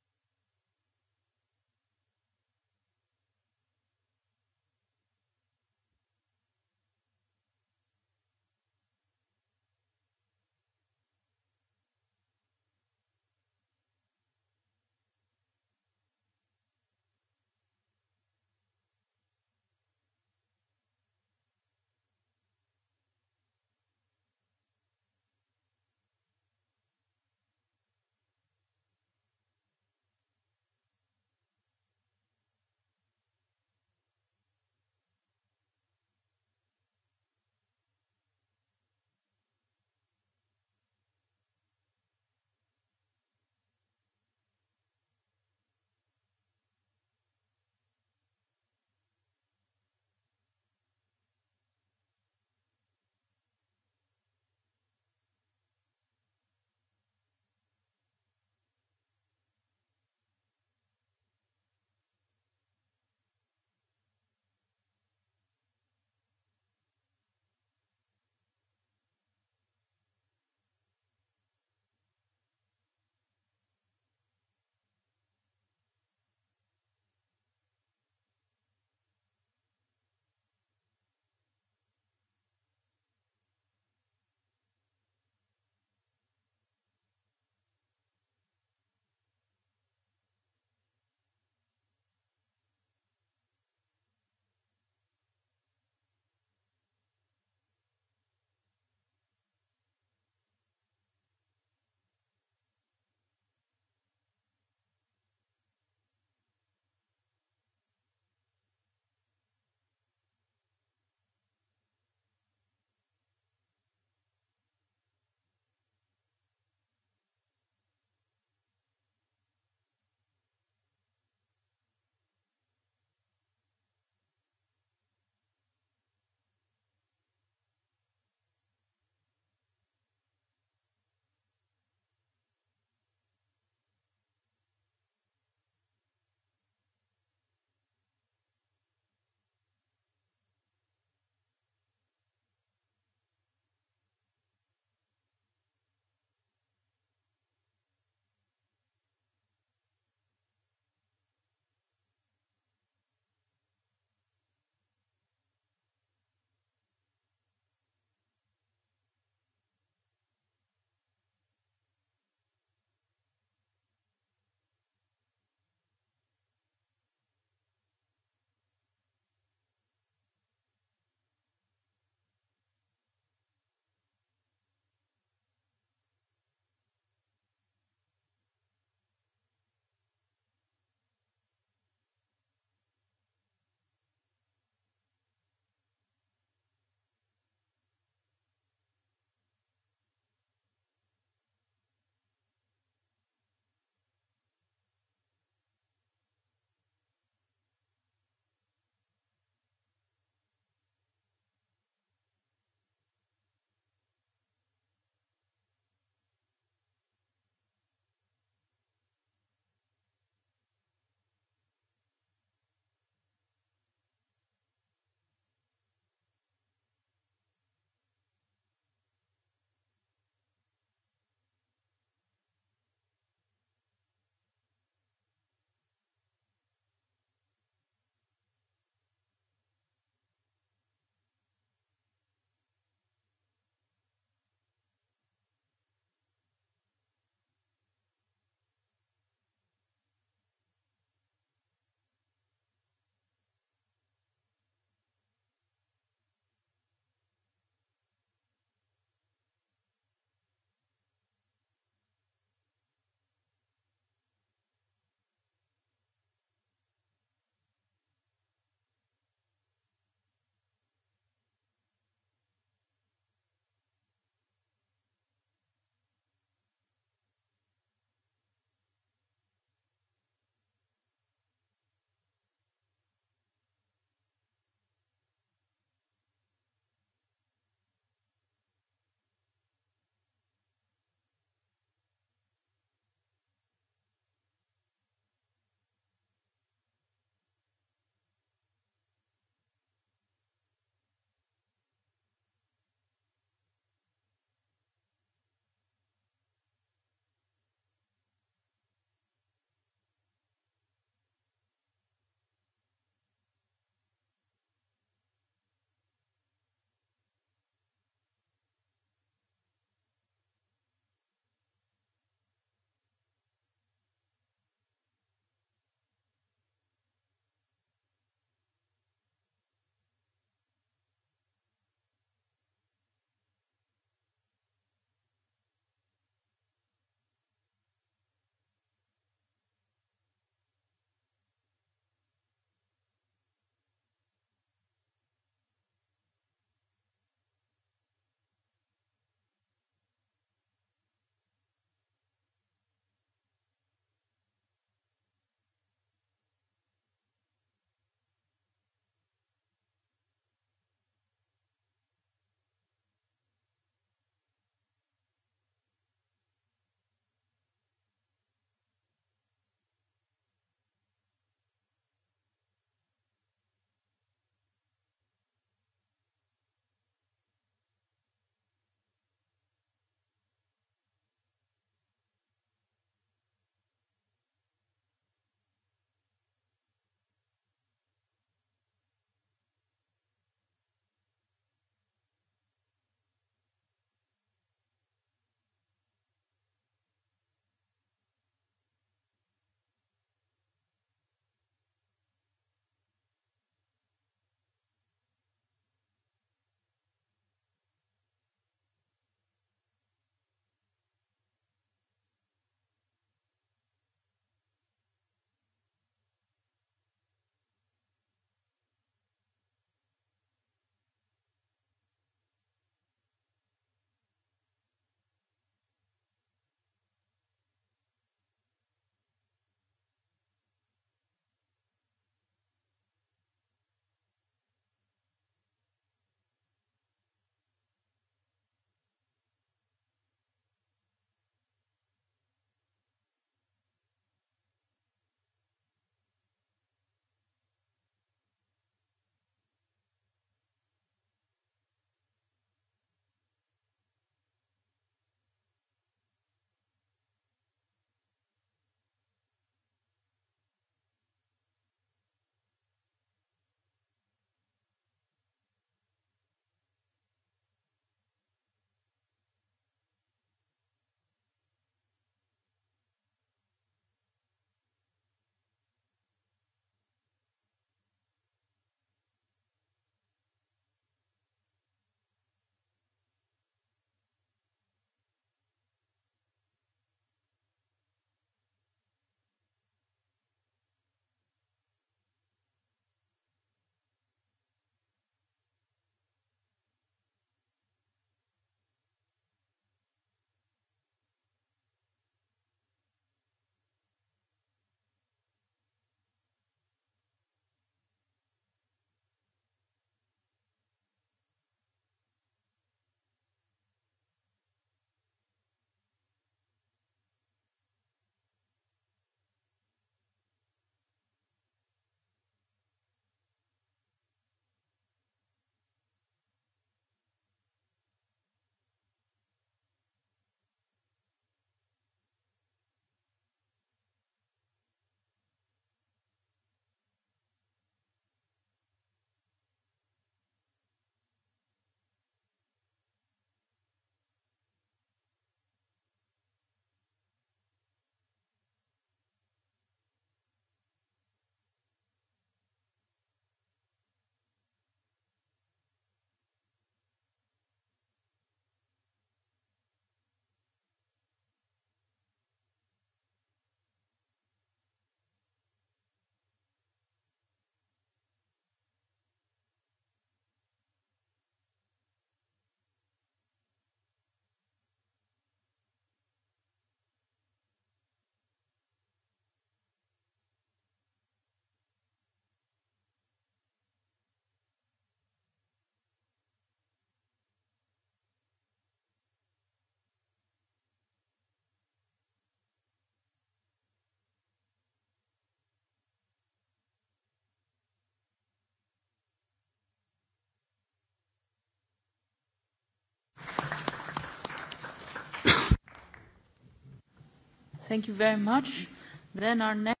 Thank you very much. Then our next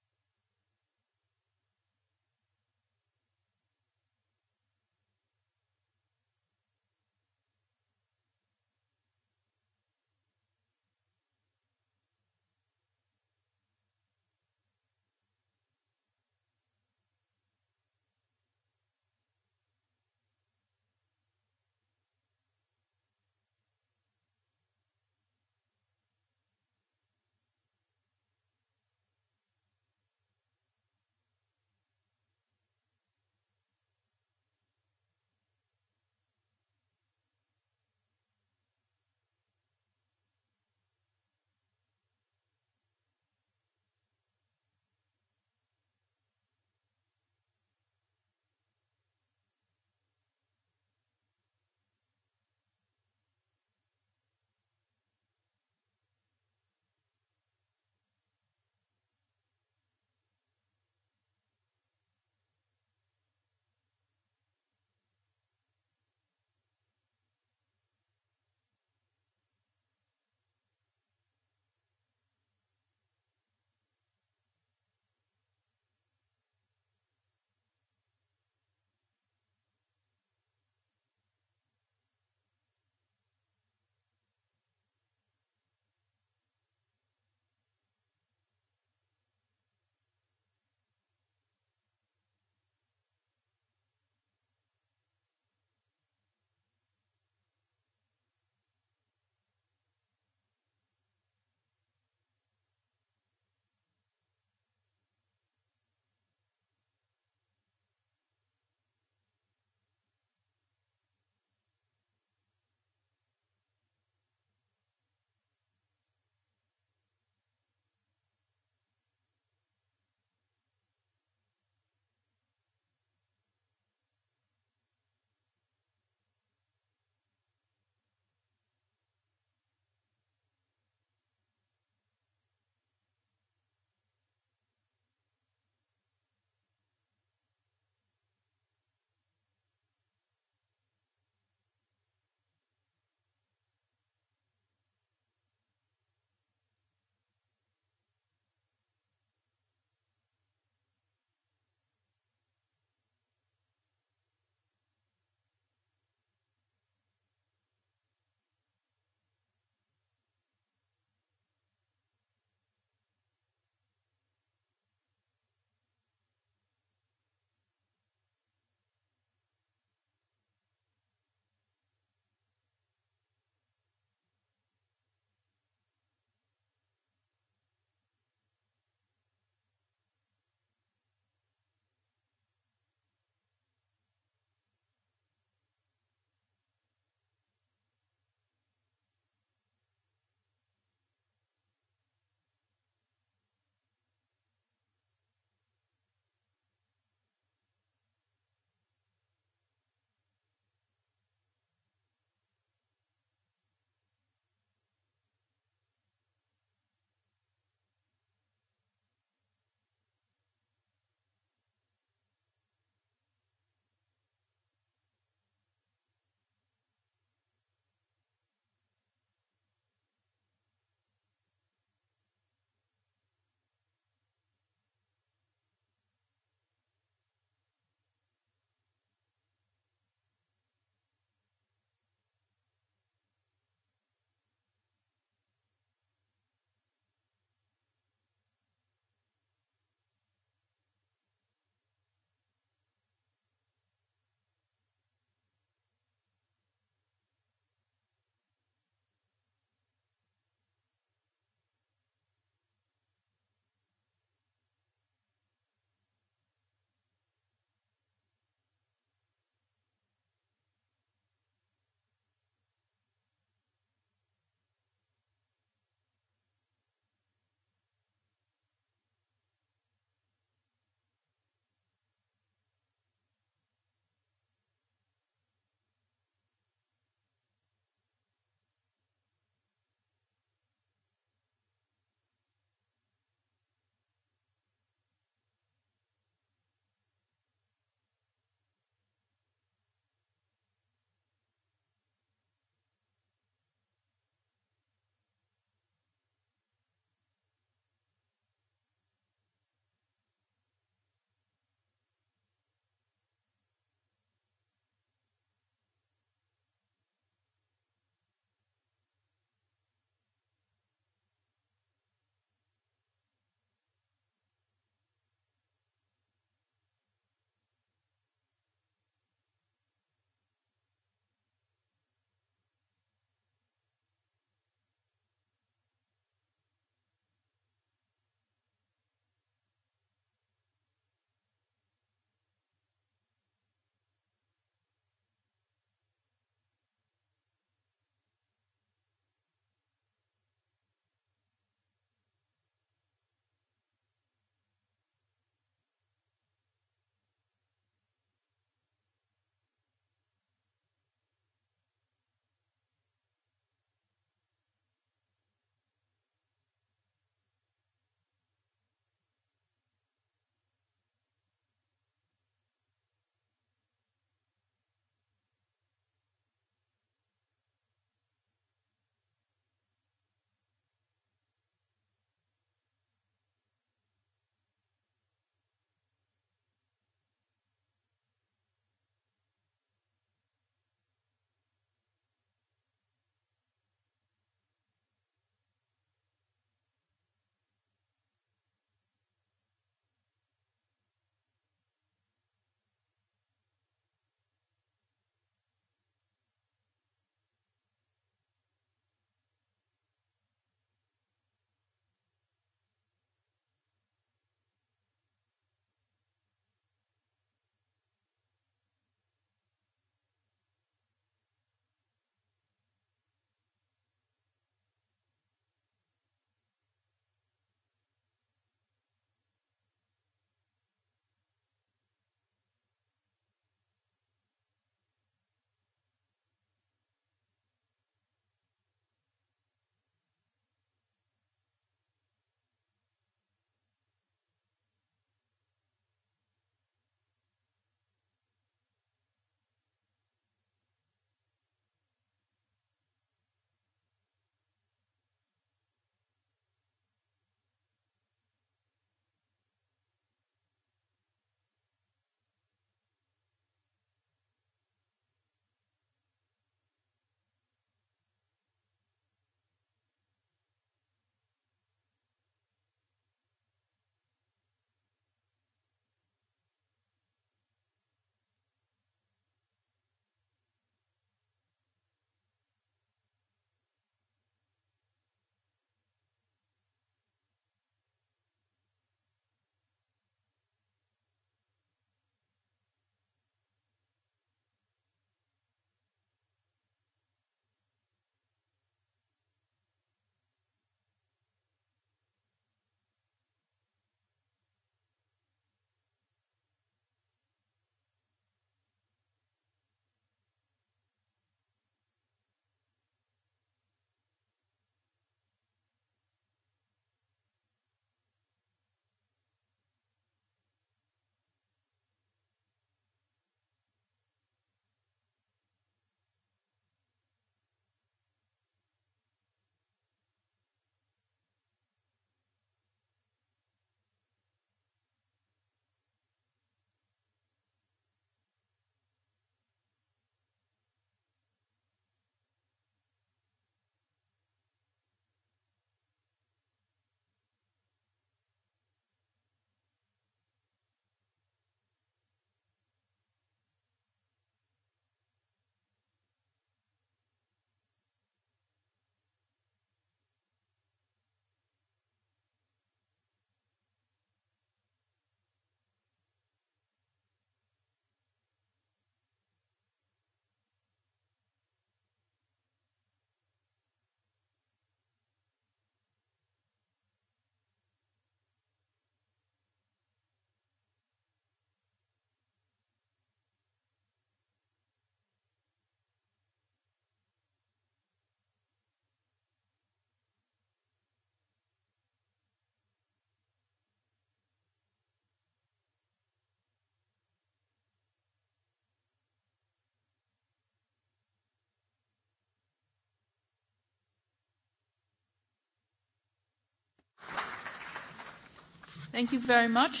Thank you very much.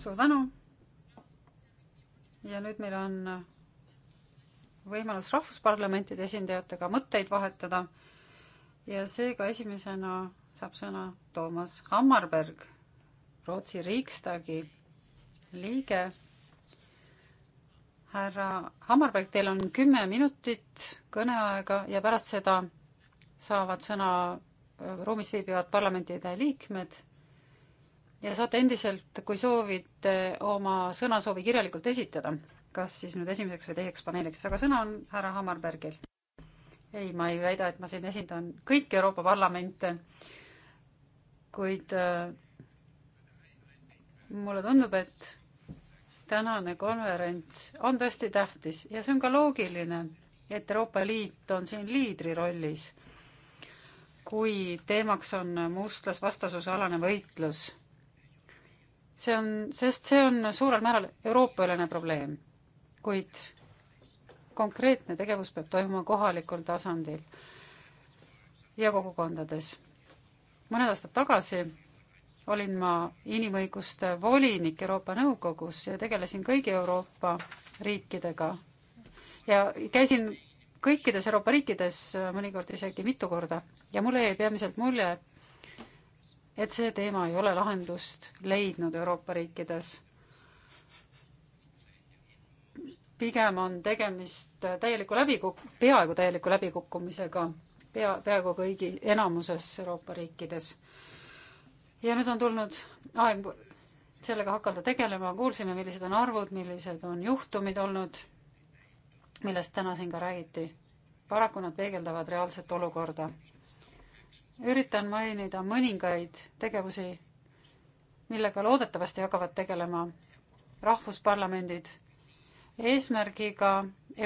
suur tänu. ja nüüd meil on äh, võimalus rahvusparlamentide esindajatega mõtteid vahetada. ja seega esimesena saab sõna Toomas Hammarberg, Rootsi Riksdagi liige. härra Hammarberg, teil on kümme minutit kõneaega ja pärast seda saavad sõna äh, ruumis viibivad parlamentide liikmed ja saate endiselt, kui soovite, oma sõnasoovi kirjalikult esitada, kas siis nüüd esimeseks või teiseks paneeliks, aga sõna on härra Hammarbergil. ei, ma ei väida, et ma siin esindan kõiki Euroopa parlamente, kuid äh, mulle tundub, et tänane konverents on tõesti tähtis ja see on ka loogiline, et Euroopa Liit on siin liidri rollis, kui teemaks on mustlasvastasuse alane võitlus see on, sest see on suurel määral Euroopa-ülene probleem, kuid konkreetne tegevus peab toimuma kohalikul tasandil ja kogukondades. mõned aastad tagasi olin ma inimõiguste volinik Euroopa Nõukogus ja tegelesin kõigi Euroopa riikidega ja käisin kõikides Euroopa riikides mõnikord isegi mitu korda ja mulle jäi peamiselt mulje, et et see teema ei ole lahendust leidnud Euroopa riikides. pigem on tegemist täieliku läbikuk-, peaaegu täieliku läbikukkumisega pea, peaaegu kõigi, enamuses Euroopa riikides. ja nüüd on tulnud aeg sellega hakata tegelema, kuulsime, millised on arvud, millised on juhtumid olnud, millest täna siin ka räägiti. paraku nad peegeldavad reaalset olukorda üritan mainida mõningaid tegevusi, millega loodetavasti hakkavad tegelema rahvusparlamendid, eesmärgiga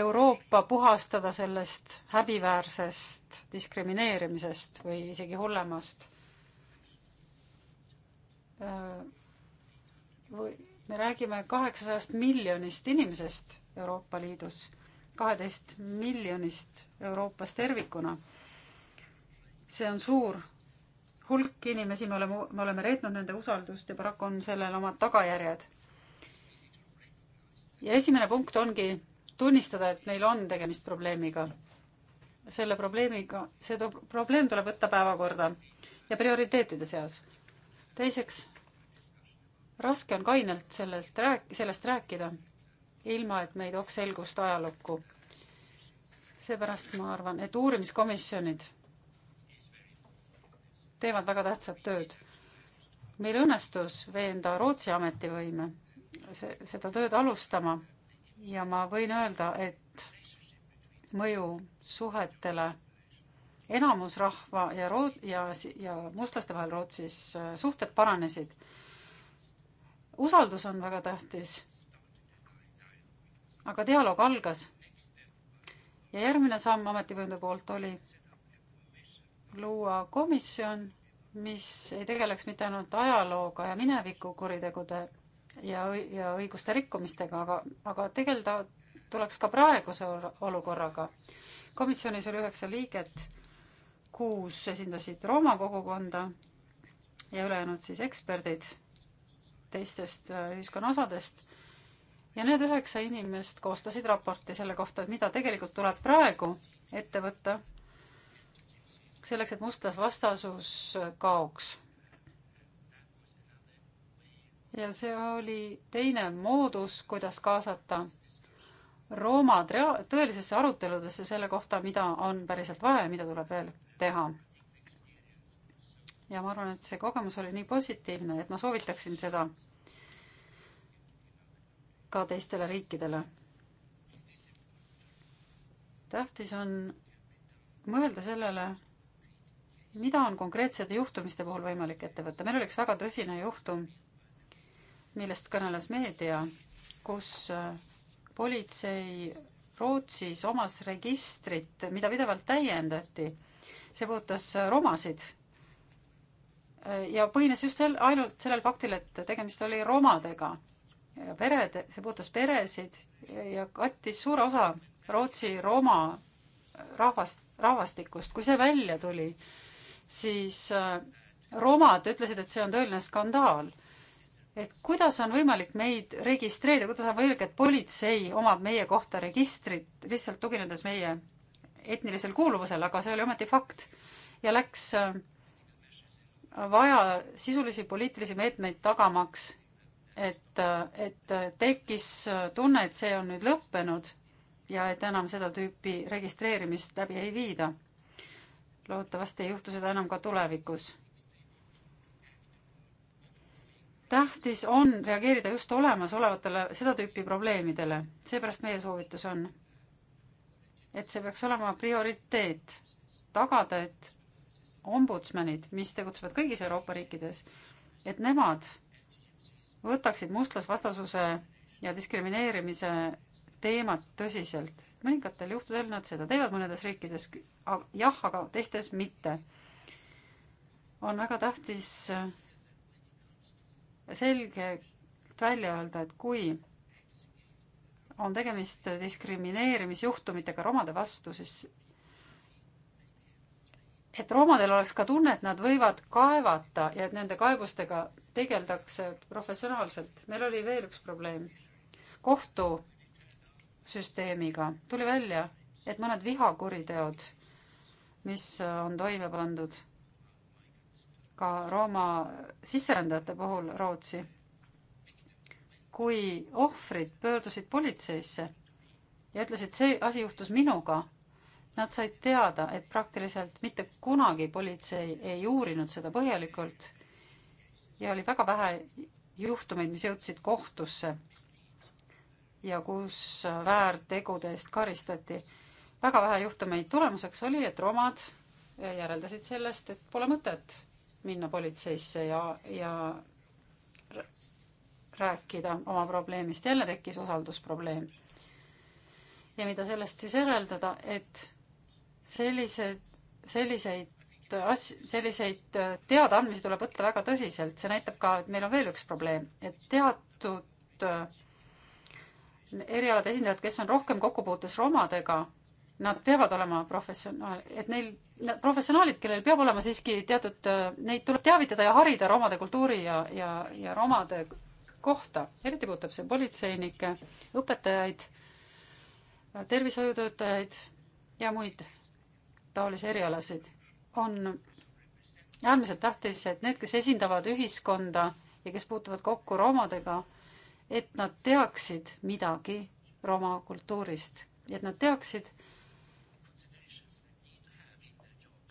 Euroopa puhastada sellest häbiväärsest diskrimineerimisest või isegi hullemast. või me räägime kaheksasajast miljonist inimesest Euroopa Liidus, kaheteist miljonist Euroopas tervikuna see on suur hulk inimesi, me oleme, me oleme reetnud nende usaldust ja paraku on sellel omad tagajärjed. ja esimene punkt ongi tunnistada, et meil on tegemist probleemiga. selle probleemiga, see to, probleem tuleb võtta päevakorda ja prioriteetide seas. teiseks, raske on kainelt sellelt rääk-, sellest rääkida, ilma et me ei tooks selgust ajalukku. seepärast ma arvan, et uurimiskomisjonid teevad väga tähtsat tööd. meil õnnestus veenda Rootsi ametivõime seda tööd alustama ja ma võin öelda, et mõju suhetele enamusrahva ja rood- ja, ja mustlaste vahel Rootsis äh, suhted paranesid. usaldus on väga tähtis. aga dialoog algas. ja järgmine samm ametivõimude poolt oli luua komisjon, mis ei tegeleks mitte ainult ajalooga ja mineviku kuritegude ja, ja õiguste rikkumistega, aga, aga tegeleda tuleks ka praeguse olukorraga. komisjonis oli üheksa liiget, kuus esindasid Rooma kogukonda ja ülejäänud siis eksperdid teistest äh, ühiskonnaosadest. ja need üheksa inimest koostasid raporti selle kohta, et mida tegelikult tuleb praegu ette võtta selleks, et mustlasvastasus kaoks. ja see oli teine moodus, kuidas kaasata roomad rea-, tõelisesse aruteludesse selle kohta, mida on päriselt vaja ja mida tuleb veel teha. ja ma arvan, et see kogemus oli nii positiivne, et ma soovitaksin seda ka teistele riikidele. tähtis on mõelda sellele, mida on konkreetsete juhtumiste puhul võimalik ette võtta? meil oli üks väga tõsine juhtum, millest kõneles meedia, kus äh, politsei Rootsis omas registrit, mida pidevalt täiendati. see puudutas äh, romasid. Äh, ja põhines just sel, ainult sellel faktil, et tegemist oli romadega. pered, see puudutas peresid ja kattis suure osa Rootsi roma rahvast, rahvastikust. kui see välja tuli, siis äh, romad ütlesid, et see on tõeline skandaal. et kuidas on võimalik meid registreerida, kuidas on võimalik, et politsei omab meie kohta registrit lihtsalt tuginedes meie etnilisel kuuluvusel, aga see oli ometi fakt ja läks äh, vaja sisulisi poliitilisi meetmeid tagamaks, et, äh, et tekkis tunne, et see on nüüd lõppenud ja et enam seda tüüpi registreerimist läbi ei viida loodetavasti ei juhtu seda enam ka tulevikus. tähtis on reageerida just olemasolevatele seda tüüpi probleemidele, seepärast meie soovitus on, et see peaks olema prioriteet, tagada, et ombudsmanid, mis tegutsevad kõigis Euroopa riikides, et nemad võtaksid mustlasvastasuse ja diskrimineerimise teemat tõsiselt mõningatel juhtudel nad seda teevad mõnedes riikides, jah, aga teistes mitte. on väga tähtis äh, selgelt välja öelda, et kui on tegemist diskrimineerimisjuhtumitega romade vastu, siis et romadel oleks ka tunne, et nad võivad kaevata ja et nende kaebustega tegeldakse professionaalselt. meil oli veel üks probleem. kohtu süsteemiga. tuli välja, et mõned vihakuriteod, mis äh, on toime pandud ka Rooma sisserändajate puhul Rootsi, kui ohvrid pöördusid politseisse ja ütlesid, see asi juhtus minuga, nad said teada, et praktiliselt mitte kunagi politsei ei uurinud seda põhjalikult ja oli väga vähe juhtumeid, mis jõudsid kohtusse ja kus väärtegude eest karistati. väga vähe juhtumeid, tulemuseks oli, et romad järeldasid sellest, et pole mõtet minna politseisse ja, ja rääkida oma probleemist, jälle tekkis usaldusprobleem. ja mida sellest siis järeldada, et sellised, selliseid as-, selliseid teadaandmisi tuleb võtta väga tõsiselt, see näitab ka, et meil on veel üks probleem, et teatud äh, erialade esindajad, kes on rohkem kokkupuutes romadega, nad peavad olema professionaal, et neil, professionaalid, kellel peab olema siiski teatud, neid tuleb teavitada ja harida romade kultuuri ja, ja, ja romade kohta, eriti puudutab see politseinikke, õpetajaid, tervishoiutöötajaid ja muid taolisi erialasid. on äärmiselt tähtis, et need, kes esindavad ühiskonda ja kes puutuvad kokku romadega, et nad teaksid midagi Roma kultuurist, et nad teaksid,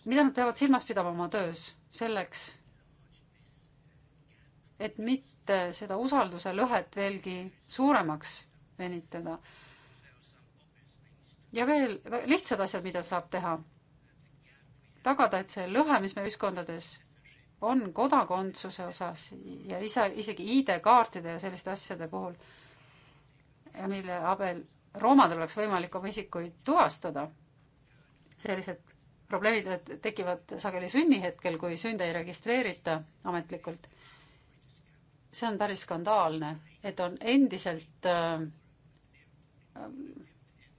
mida nad peavad silmas pidama oma töös selleks, et mitte seda usalduse lõhet veelgi suuremaks venitada. ja veel lihtsad asjad, mida saab teha. tagada, et see lõhe, mis meie ühiskondades on kodakondsuse osas ja isa, isegi ID-kaartide ja selliste asjade puhul, mille abel roomadel oleks võimalik oma isikuid tuvastada, sellised probleemid tekivad sageli sünnihetkel, kui sünde ei registreerita ametlikult. see on päris skandaalne, et on endiselt äh,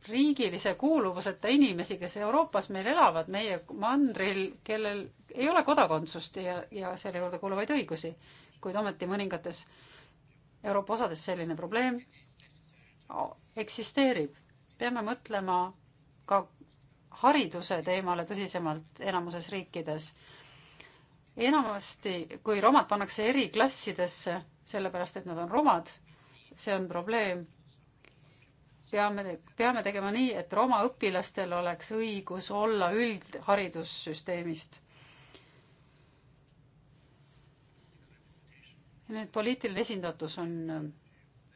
riigilise kuuluvuseta inimesi, kes Euroopas meil elavad, meie mandril, kellel ei ole kodakondsust ja, ja selle juurde kuuluvaid õigusi, kuid ometi mõningates Euroopa osades selline probleem eksisteerib. peame mõtlema ka hariduse teemale tõsisemalt enamuses riikides. enamasti, kui romad pannakse eri klassidesse, sellepärast et nad on romad, see on probleem peame, peame tegema nii, et Roma õpilastel oleks õigus olla üldharidussüsteemist. nüüd poliitiline esindatus on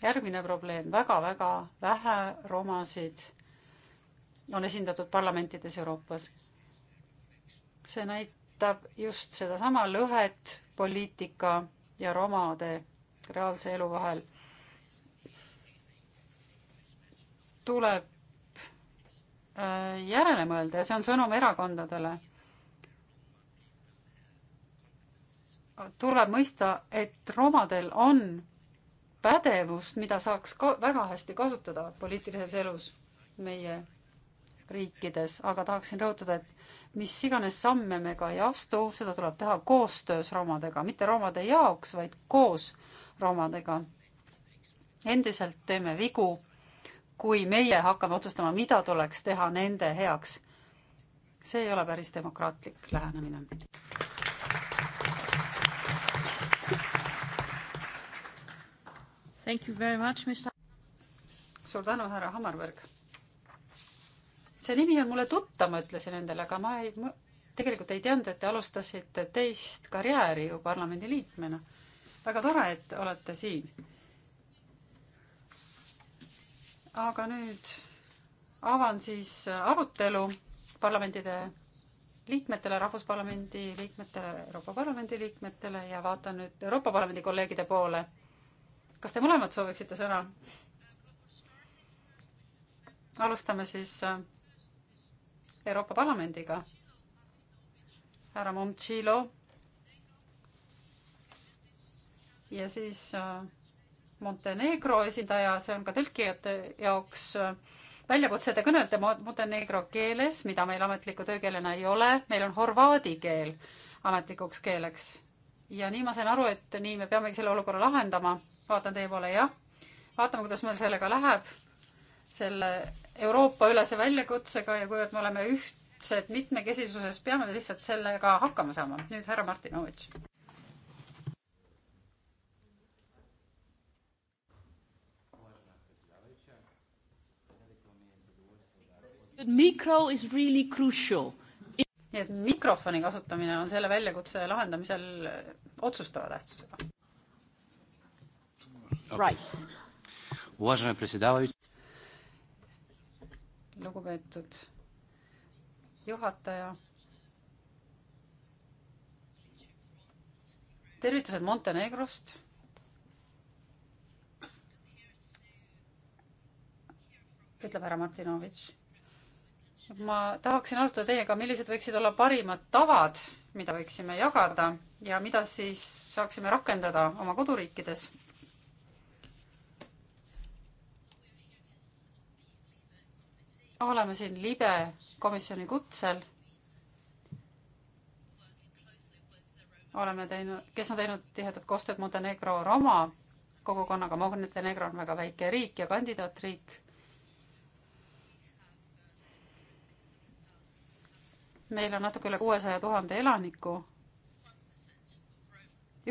järgmine probleem väga,, väga-väga vähe romasid on esindatud parlamentides Euroopas. see näitab just sedasama lõhet poliitika ja romade reaalse elu vahel tuleb äh, järele mõelda ja see on sõnum erakondadele. tuleb mõista, et romadel on pädevust, mida saaks ka väga hästi kasutada poliitilises elus meie riikides, aga tahaksin rõhutada, et mis iganes samme me ka ei astu, seda tuleb teha koostöös romadega, mitte romade jaoks, vaid koos romadega. endiselt teeme vigu kui meie hakkame otsustama, mida tuleks teha nende heaks. see ei ole päris demokraatlik lähenemine. suur tänu, härra Hammarberg. see nimi on mulle tuttav, ma ütlesin endale, aga ma ei, tegelikult ei teadnud, et te alustasite teist karjääri ju parlamendiliikmena. väga tore, et olete siin aga nüüd avan siis arutelu parlamentide liikmetele, Rahvusparlamendi liikmetele, Euroopa Parlamendi liikmetele ja vaatan nüüd Euroopa Parlamendi kolleegide poole. kas te mõlemad sooviksite sõna? alustame siis äh, Euroopa Parlamendiga. härra Momtšilo. ja siis äh, Montenegro esindaja, see on ka tõlkijate jaoks äh, väljakutse, te kõnelete Montenegro keeles, mida meil ametliku töökeelena ei ole, meil on horvaadi keel ametlikuks keeleks. ja nii ma sain aru, et nii me peamegi selle olukorra lahendama. vaatan teie poole, jah. vaatame, kuidas meil sellega läheb, selle Euroopa-ülese väljakutsega ja kuivõrd me oleme ühtsed mitmekesisuses, peame lihtsalt sellega hakkama saama. nüüd härra Martinovitš. mikro is really crucial. nii et mikrofoni kasutamine on selle väljakutse lahendamisel otsustava tähtsusega. Right. lugupeetud juhataja. tervitused Montenegrost ütleb härra Martinovitš ma tahaksin arutada teiega, millised võiksid olla parimad tavad, mida võiksime jagada ja mida siis saaksime rakendada oma koduriikides. oleme siin libe komisjoni kutsel. oleme teinud, kes on teinud tihedat koostööd Montenegro Roma kogukonnaga, Montenegro on väga väike riik ja kandidaatriik meil on natuke üle kuuesaja tuhande elaniku,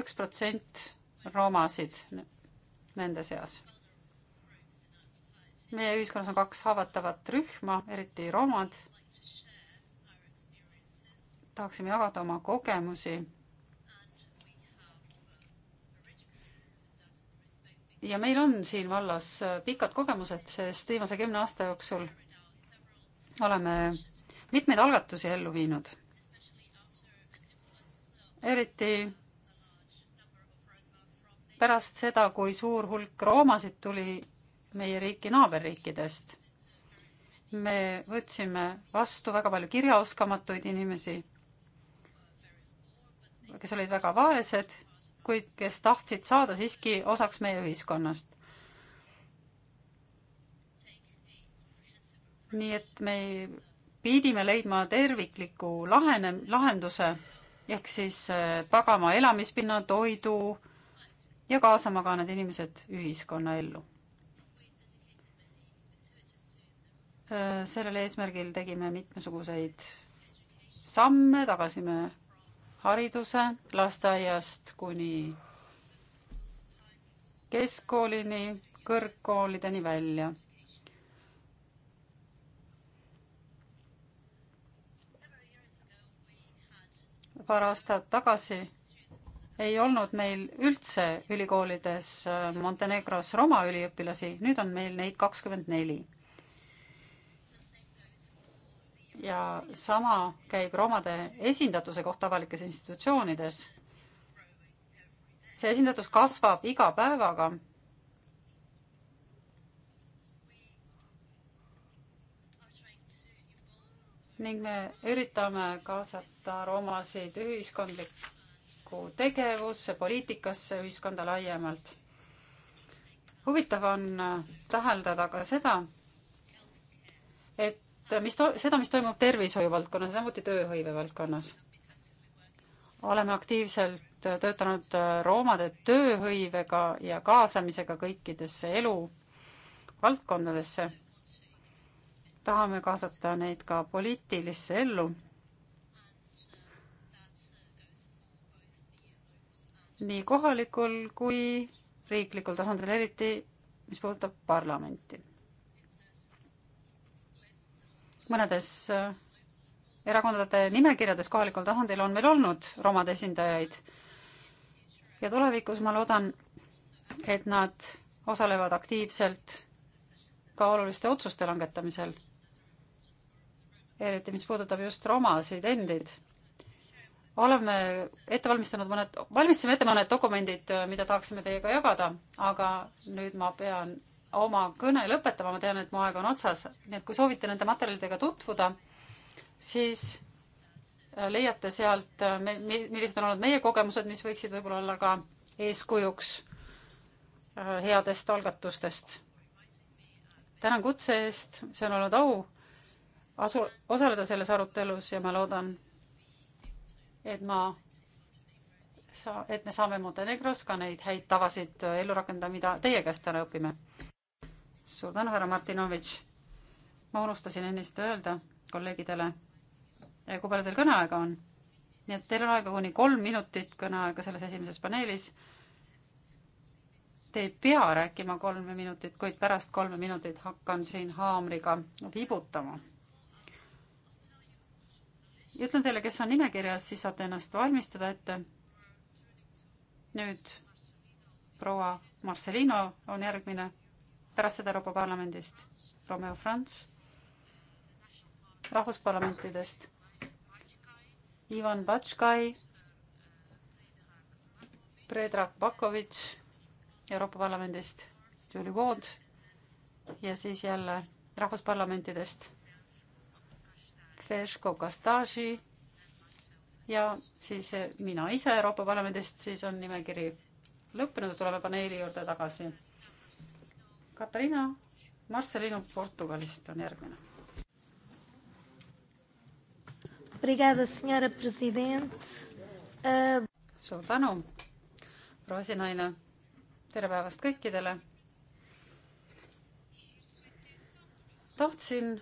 üks protsent romasid nende seas. meie ühiskonnas on kaks haavatavat rühma, eriti romad. tahaksime jagada oma kogemusi. ja meil on siin vallas pikad kogemused, sest viimase kümne aasta jooksul oleme mitmeid algatusi ellu viinud. eriti pärast seda, kui suur hulk roomasid tuli meie riiki naaberriikidest. me võtsime vastu väga palju kirjaoskamatuid inimesi, kes olid väga vaesed, kuid kes tahtsid saada siiski osaks meie ühiskonnast. nii et me ei pidime leidma tervikliku lahene, lahenduse ehk siis äh, tagama elamispinna, toidu ja kaasama ka need inimesed ühiskonnaellu. Äh, sellel eesmärgil tegime mitmesuguseid samme, tagasime hariduse lasteaiast kuni keskkoolini, kõrgkoolideni välja paar aastat tagasi ei olnud meil üldse ülikoolides äh, Montenegros Roma üliõpilasi, nüüd on meil neid kakskümmend neli. ja sama käib romade esindatuse kohta avalikes institutsioonides. see esindatus kasvab iga päevaga ning me üritame kaasata romasid ühiskondlikku tegevusse, poliitikasse, ühiskonda laiemalt. huvitav on äh, täheldada ka seda, et äh, mis to-, seda, mis toimub tervishoiu valdkonnas, samuti tööhõive valdkonnas. oleme aktiivselt äh, töötanud roomade tööhõivega ja kaasamisega kõikidesse eluvaldkondadesse tahame kaasata neid ka poliitilisse ellu. nii kohalikul kui riiklikul tasandil, eriti mis puudutab parlamenti. mõnedes äh, erakondade nimekirjades kohalikul tasandil on meil olnud romade esindajaid ja tulevikus ma loodan, et nad osalevad aktiivselt ka oluliste otsuste langetamisel eriti mis puudutab just romasid endid. oleme ette valmistanud mõned, valmistasime ette mõned dokumendid, mida tahaksime teiega jagada, aga nüüd ma pean oma kõne lõpetama, ma tean, et mu aeg on otsas, nii et kui soovite nende materjalidega tutvuda, siis leiate sealt, millised on olnud meie kogemused, mis võiksid võib-olla olla ka eeskujuks äh, headest algatustest. tänan kutse eest, see on olnud au asu, osaleda selles arutelus ja ma loodan, et ma sa-, et me saame Montenegros ka neid häid tavasid äh, ellu rakendada, mida teie käest täna õpime. suur tänu, härra Martinovitš. ma unustasin ennist öelda kolleegidele, äh, kui palju teil kõneaega on. nii et teil on aega kuni kolm minutit kõneaega selles esimeses paneelis. Te ei pea rääkima kolme minutit, kuid pärast kolme minutit hakkan siin haamriga vibutama ütlen teile, kes on nimekirjas, siis saate ennast valmistada ette. nüüd proua Marcelino on järgmine pärast seda Euroopa Parlamendist. Romeo Franz rahvusparlamentidest. Ivan Batškai, Predrag Bakovitš Euroopa Parlamendist, Julie Wood ja siis jälle rahvusparlamentidest Ferško Kastaži ja siis mina ise Euroopa Parlamendist, siis on nimekiri lõppenud, tuleme paneeli juurde tagasi. Katariina Marcelino Portugalist on järgmine. Obrigada, senhora president uh.... Ah, suur tänu, proua esinaine. tere päevast kõikidele. tahtsin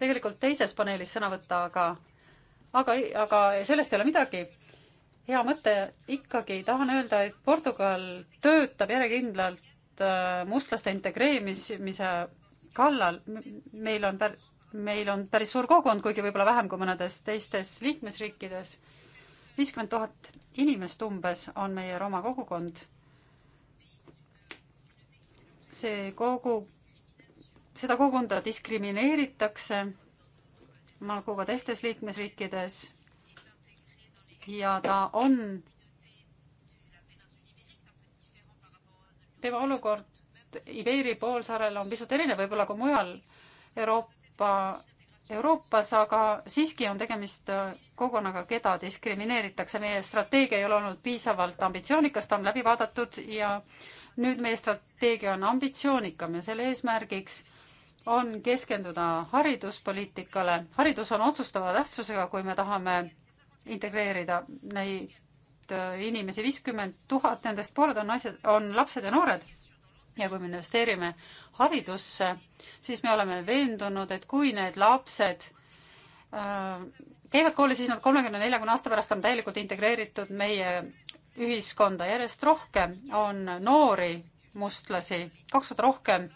tegelikult teises paneelis sõna võtta, aga aga, aga sellest ei ole midagi. hea mõte ikkagi, tahan öelda, et Portugal töötab järjekindlalt äh, mustlaste integreerimise kallal. meil on, meil on päris suur kogukond, kuigi võib-olla vähem kui mõnedes teistes liikmesriikides. viiskümmend tuhat inimest umbes on meie Roma kogukond. see kogu, seda kogukonda diskrimineeritakse nagu ka teistes liikmesriikides ja ta on, tema olukord Ibeeri poolsaarel on pisut erinev võib-olla kui mujal Euroopa, Euroopas, aga siiski on tegemist kogukonnaga, keda diskrimineeritakse. meie strateegia ei ole olnud piisavalt ambitsioonikas, ta on läbi vaadatud ja nüüd meie strateegia on ambitsioonikam ja selle eesmärgiks on keskenduda hariduspoliitikale. haridus on otsustava tähtsusega, kui me tahame integreerida neid äh, inimesi, viiskümmend tuhat nendest pooled on naised, on lapsed ja noored. ja kui me investeerime haridusse, siis me oleme veendunud, et kui need lapsed äh, käivad kooli, siis nad kolmekümne, neljakümne aasta pärast on täielikult integreeritud meie ühiskonda. järjest rohkem on noori mustlasi, kaks korda rohkem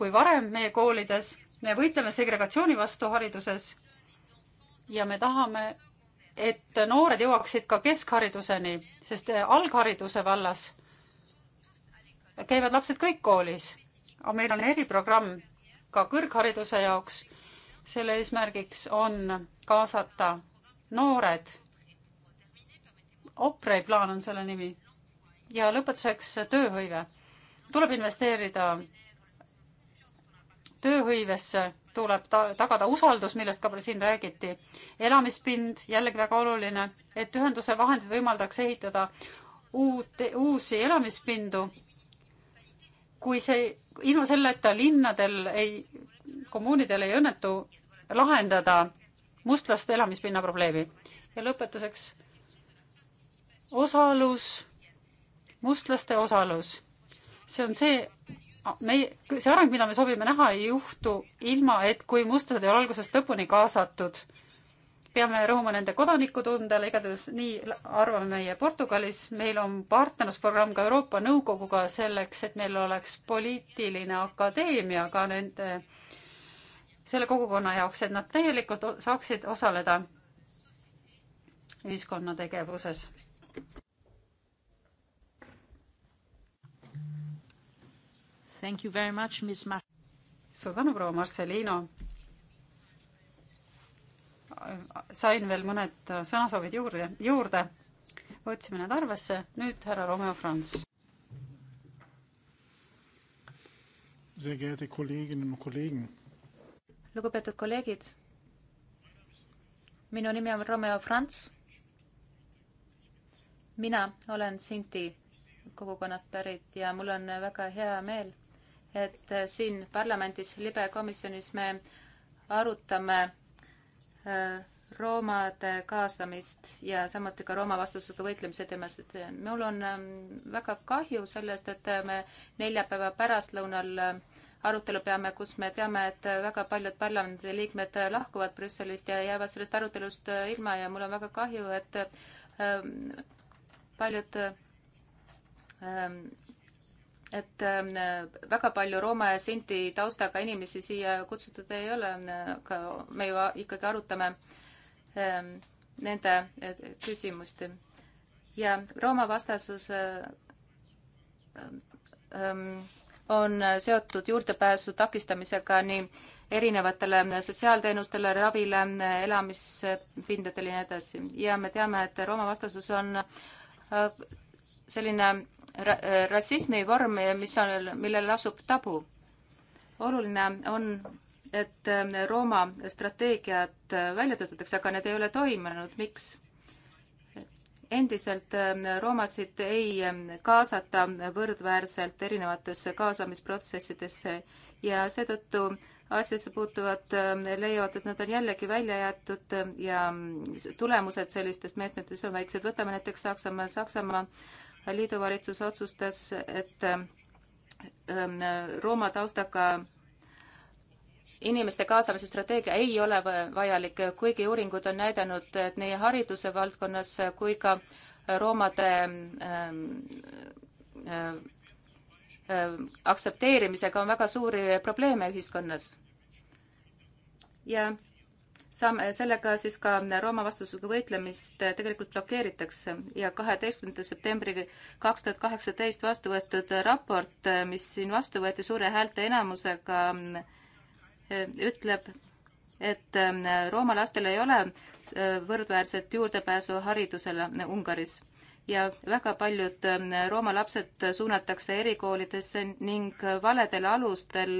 kui varem meie koolides. me võitleme segregatsiooni vastu hariduses ja me tahame, et noored jõuaksid ka keskhariduseni, sest alghariduse vallas käivad lapsed kõik koolis. aga meil on eriprogramm ka kõrghariduse jaoks. selle eesmärgiks on kaasata noored. Opre plaan on selle nimi. ja lõpetuseks tööhõive. tuleb investeerida tööhõivesse tuleb ta-, tagada usaldus, millest ka siin räägiti. elamispind, jällegi väga oluline, et ühenduse vahendid võimaldaks ehitada uut, uusi elamispindu. kui see, ilma selleta linnadel ei, kommuunidel ei õnnetu lahendada mustlaste elamispinna probleemi. ja lõpetuseks osalus, mustlaste osalus. see on see Ah, meie, see areng, mida me soovime näha, ei juhtu ilma, et kui mustlased ei ole algusest lõpuni kaasatud. peame rõhuma nende kodanikutundele, igatahes nii arvame meie Portugalis. meil on partnerlusprogramm ka Euroopa Nõukoguga selleks, et meil oleks poliitiline akadeemia ka nende, selle kogukonna jaoks, et nad täielikult saaksid osaleda ühiskonna tegevuses suur tänu, proua Marcelino. sain veel mõned sõnasoovid juurde, juurde. võtsime need arvesse, nüüd härra Romeo Franz. lugupeetud kolleegid, minu nimi on Romeo Franz. mina olen Sinti kogukonnast pärit ja mul on väga hea meel et äh, siin parlamendis, libe komisjonis me arutame äh, roomade kaasamist ja samuti ka Rooma vastusega võitlemise teemasid. mul on ähm, väga kahju sellest, et äh, me neljapäeva pärastlõunal arutelu peame, kus me teame, et väga paljud parlamendiliikmed lahkuvad Brüsselist ja jäävad sellest arutelust ilma ja mul on väga kahju, et paljud et ähm, väga palju Rooma ja Sinti taustaga inimesi siia kutsutud ei ole, aga me ju ikkagi arutame ähm, nende äh, küsimusti. ja Rooma vastasus äh, ähm, on seotud juurdepääsu takistamisega nii erinevatele sotsiaalteenustele, ravile, elamispindadele ja nii edasi. ja me teame, et Rooma vastasus on äh, selline ra rassismi vorm, mis on, millel asub tabu. oluline on, et ähm, Rooma strateegiad äh, välja töötatakse, aga need ei ole toiminud, miks? endiselt ähm, roomasid ei ähm, kaasata võrdväärselt erinevatesse kaasamisprotsessidesse ja seetõttu asjasse puutuvad leiavad, et nad on jällegi välja jäetud ja tulemused sellistest meetmetest on väiksed. võtame näiteks Saksamaa. Saksamaa liidu valitsus otsustas, et ähm, Rooma taustaga inimeste kaasamise strateegia ei ole vajalik, kuigi uuringud on näidanud, et nii hariduse valdkonnas kui ka roomade ähm, ähm, aktsepteerimisega on väga suuri probleeme ühiskonnas. ja saame, sellega siis ka Rooma vastusega võitlemist tegelikult blokeeritakse ja kaheteistkümnenda septembri kaks tuhat kaheksateist vastu võetud raport, mis siin vastu võeti suure häälteenamusega, ütleb, et Rooma lastel ei ole võrdväärset juurdepääsu haridusele Ungaris ja väga paljud Rooma lapsed suunatakse erikoolidesse ning valedel alustel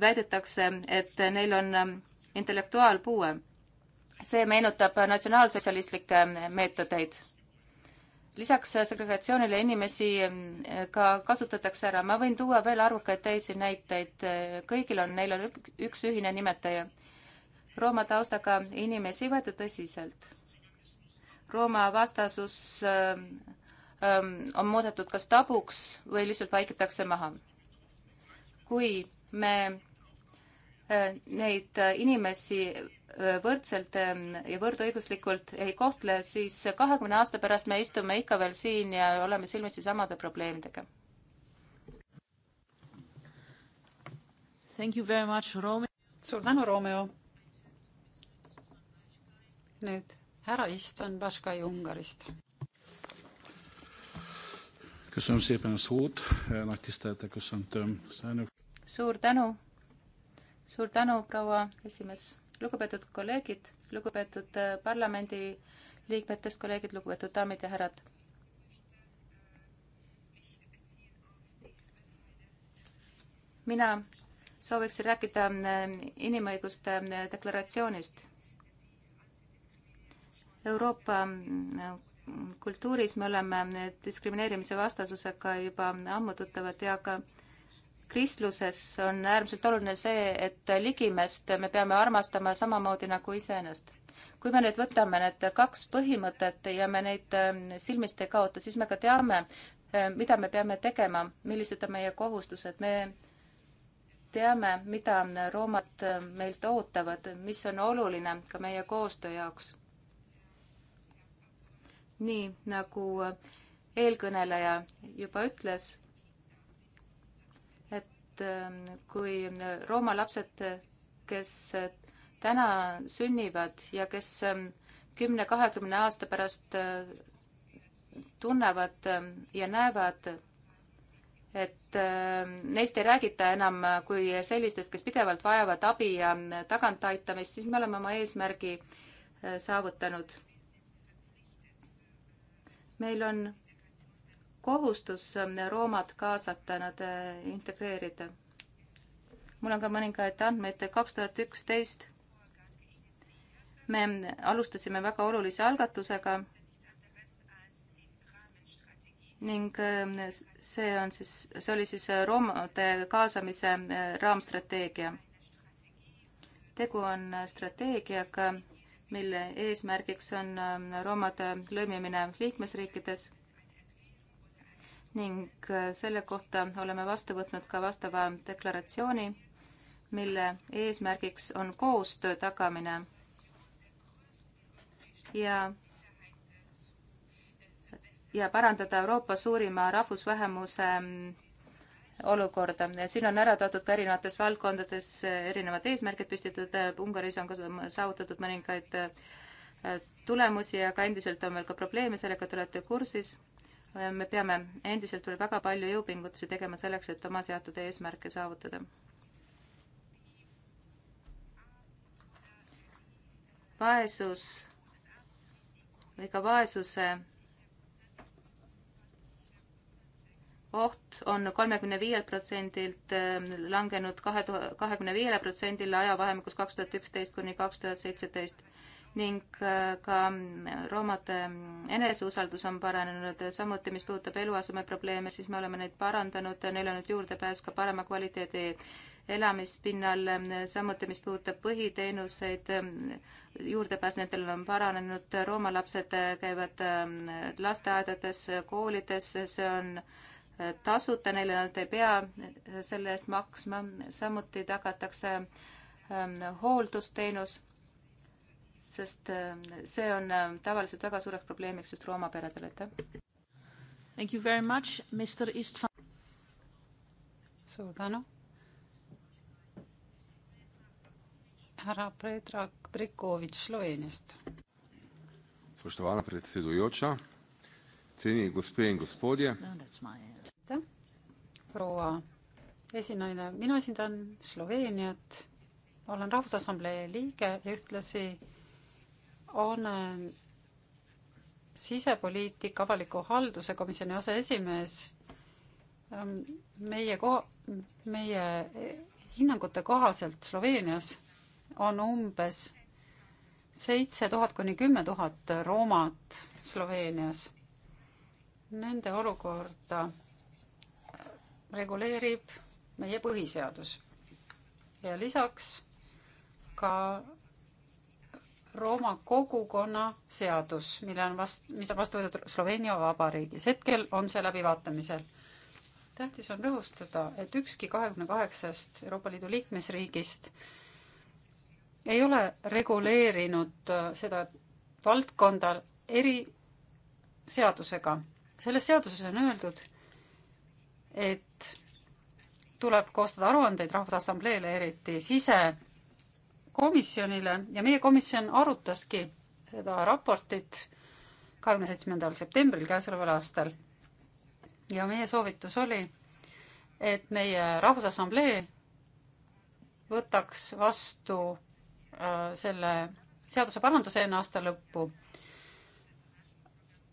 väidetakse, et neil on ähm, intellektuaalpuue. see meenutab natsionaalsotsialistlikke ähm, meetodeid. lisaks äh, segregatsioonile inimesi ähm, ka kasutatakse ära. ma võin tuua veel arvukaid teisi näiteid. Äh, kõigil on, neil on üks ühine nimetaja. Rooma taustaga inimesi ei võeta tõsiselt. Rooma vastasus on muudetud kas tabuks või lihtsalt vaikitakse maha. kui me äh, neid äh, inimesi äh, võrdselt ähm, ja võrdõiguslikult ei kohtle, siis kahekümne aasta pärast me istume ikka veel siin ja oleme silmitsi samade probleemidega. suur tänu, Romeo. nüüd härra Istvan Baškai Ungarist. köszönöm szépen a szót, nagy tisztelettel köszöntöm suur tänu, suur tänu, proua esimees, lugupeetud kolleegid, lugupeetud äh, parlamendi liikmetest kolleegid, lugupeetud daamid ja härrad. mina sooviksin rääkida äh, inimõiguste äh, deklaratsioonist. Euroopa kultuuris me oleme diskrimineerimise vastasusega juba ammu tuttavad ja ka kristluses on äärmiselt oluline see, et ligimest me peame armastama samamoodi nagu iseennast. kui me nüüd võtame need kaks põhimõtet ja me neid ähm, silmist ei kaota, siis me ka teame, ähm, mida me peame tegema, millised on meie kohustused, me teame, mida ähm, roomad meilt ootavad, mis on oluline ka meie koostöö jaoks. nii nagu äh, eelkõneleja juba ütles et ähm, kui Rooma lapsed, kes täna sünnivad ja kes ähm, kümne-kahekümne aasta pärast äh, tunnevad ähm, ja näevad, et neist ei räägita enam äh, kui sellistest, kes pidevalt vajavad abi ja tagantaitamist, siis me oleme oma eesmärgi äh, saavutanud. meil on kohustus ähm, roomad kaasata, nad äh, integreerida. mul on ka mõningaid andmeid, kaks tuhat üksteist me alustasime väga olulise algatusega ning ähm, see on siis, see oli siis äh, roomade kaasamise äh, raamstrateegia. tegu on strateegiaga, mille eesmärgiks on ähm, roomade lõimimine liikmesriikides ning äh, selle kohta oleme vastu võtnud ka vastava deklaratsiooni, mille eesmärgiks on koostöö tagamine ja ja parandada Euroopa suurima rahvusvähemuse mm, olukorda. siin on ära toodud ka erinevates valdkondades äh, erinevad eesmärgid püstitatud, äh, Ungaris on ka saavutatud mõningaid tulemusi, aga endiselt on veel ka probleeme, sellega te olete kursis me peame endiselt veel väga palju jõupingutusi tegema selleks, et oma seatud eesmärke saavutada. vaesus või ka vaesuse oht on kolmekümne viielt protsendilt ähm, langenud kahe tuhande, kahekümne viiele protsendile ajavahemikus kaks tuhat üksteist kuni kaks tuhat seitseteist ning äh, ka roomade eneseusaldus on paranenud, samuti mis puudutab eluasemeprobleeme, siis me oleme neid parandanud, neil on nüüd juurdepääs ka parema kvaliteedi elamispinnal, samuti mis puudutab põhiteenuseid, juurdepääs nendel on paranenud, Rooma lapsed käivad ähm, lasteaedades, koolides, see on äh, tasuta, neile nad ei pea äh, selle eest maksma, samuti tagatakse ähm, hooldusteenus sest ähm, see on ähm, tavaliselt väga suureks probleemiks just Rooma peredele, aitäh. Thank you very much, Mr Istvan. suur tänu. härra Predrag Brikovitš Sloveeniast. Spoštovana predsedujoča, ceni gospe in gospodje. aitäh, proua esinaine, mina esindan Sloveeniat, olen Rahvusassamblee liige ja ühtlasi on ähm, sisepoliitika avaliku halduse komisjoni aseesimees. Ähm, meie ko-, meie hinnangute kohaselt Sloveenias on umbes seitse tuhat kuni kümme tuhat roomat Sloveenias. Nende olukorda reguleerib meie põhiseadus ja lisaks ka Rooma kogukonna seadus, mille on vast-, mis on vastu võetud Sloveenia Vabariigis. hetkel on see läbivaatamisel. tähtis on rõhustada, et ükski kahekümne kaheksast Euroopa Liidu liikmesriigist ei ole reguleerinud äh, seda valdkonda eriseadusega. selles seaduses on öeldud, et tuleb koostada aruandeid Rahvusassambleele, eriti sise- komisjonile ja meie komisjon arutaski seda raportit kahekümne seitsmendal septembril käesoleval aastal. ja meie soovitus oli, et meie Rahvusassamblee võtaks vastu äh, selle seaduseparanduse enne aasta lõppu.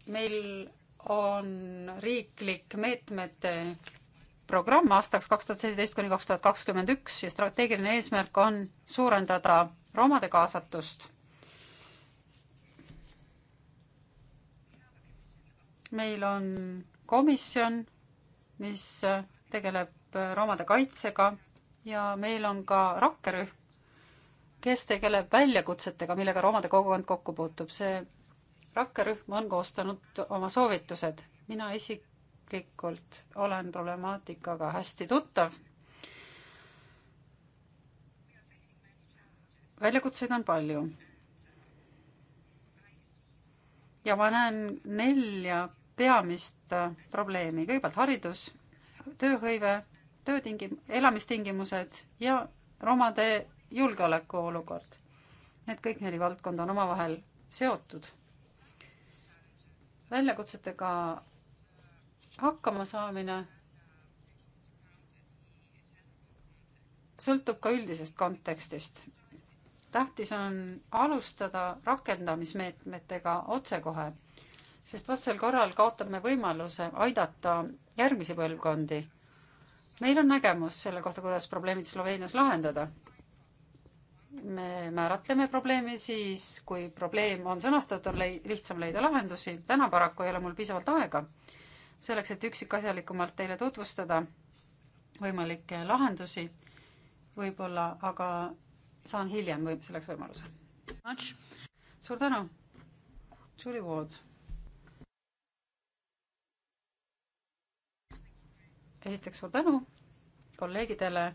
meil on riiklik meetmete programm aastaks kaks tuhat seitseteist kuni kaks tuhat kakskümmend üks ja strateegiline eesmärk on suurendada romade kaasatust. meil on komisjon, mis tegeleb romade kaitsega ja meil on ka rakkerühm, kes tegeleb väljakutsetega, millega romade kogukond kokku puutub. see rakkerühm on koostanud oma soovitused. mina isik isiklikult olen problemaatikaga hästi tuttav. väljakutseid on palju. ja ma näen nelja peamist äh, probleemi, kõigepealt haridus, tööhõive, töötingim-, elamistingimused ja romade julgeolekuolukord. Need kõik neli valdkonda on omavahel seotud. väljakutsetega hakkamasaamine sõltub ka üldisest kontekstist. tähtis on alustada rakendamismeetmetega otsekohe, sest vastasel korral kaotame võimaluse aidata järgmisi põlvkondi. meil on nägemus selle kohta, kuidas probleemid Sloveenias lahendada. me määratleme probleemi siis, kui probleem on sõnastatud, on lihtsam leida lahendusi. täna paraku ei ole mul piisavalt aega selleks, et üksikasjalikumalt teile tutvustada võimalikke lahendusi. võib-olla aga saan hiljem või selleks võimaluse. suur tänu. Julie Ward. esiteks suur tänu kolleegidele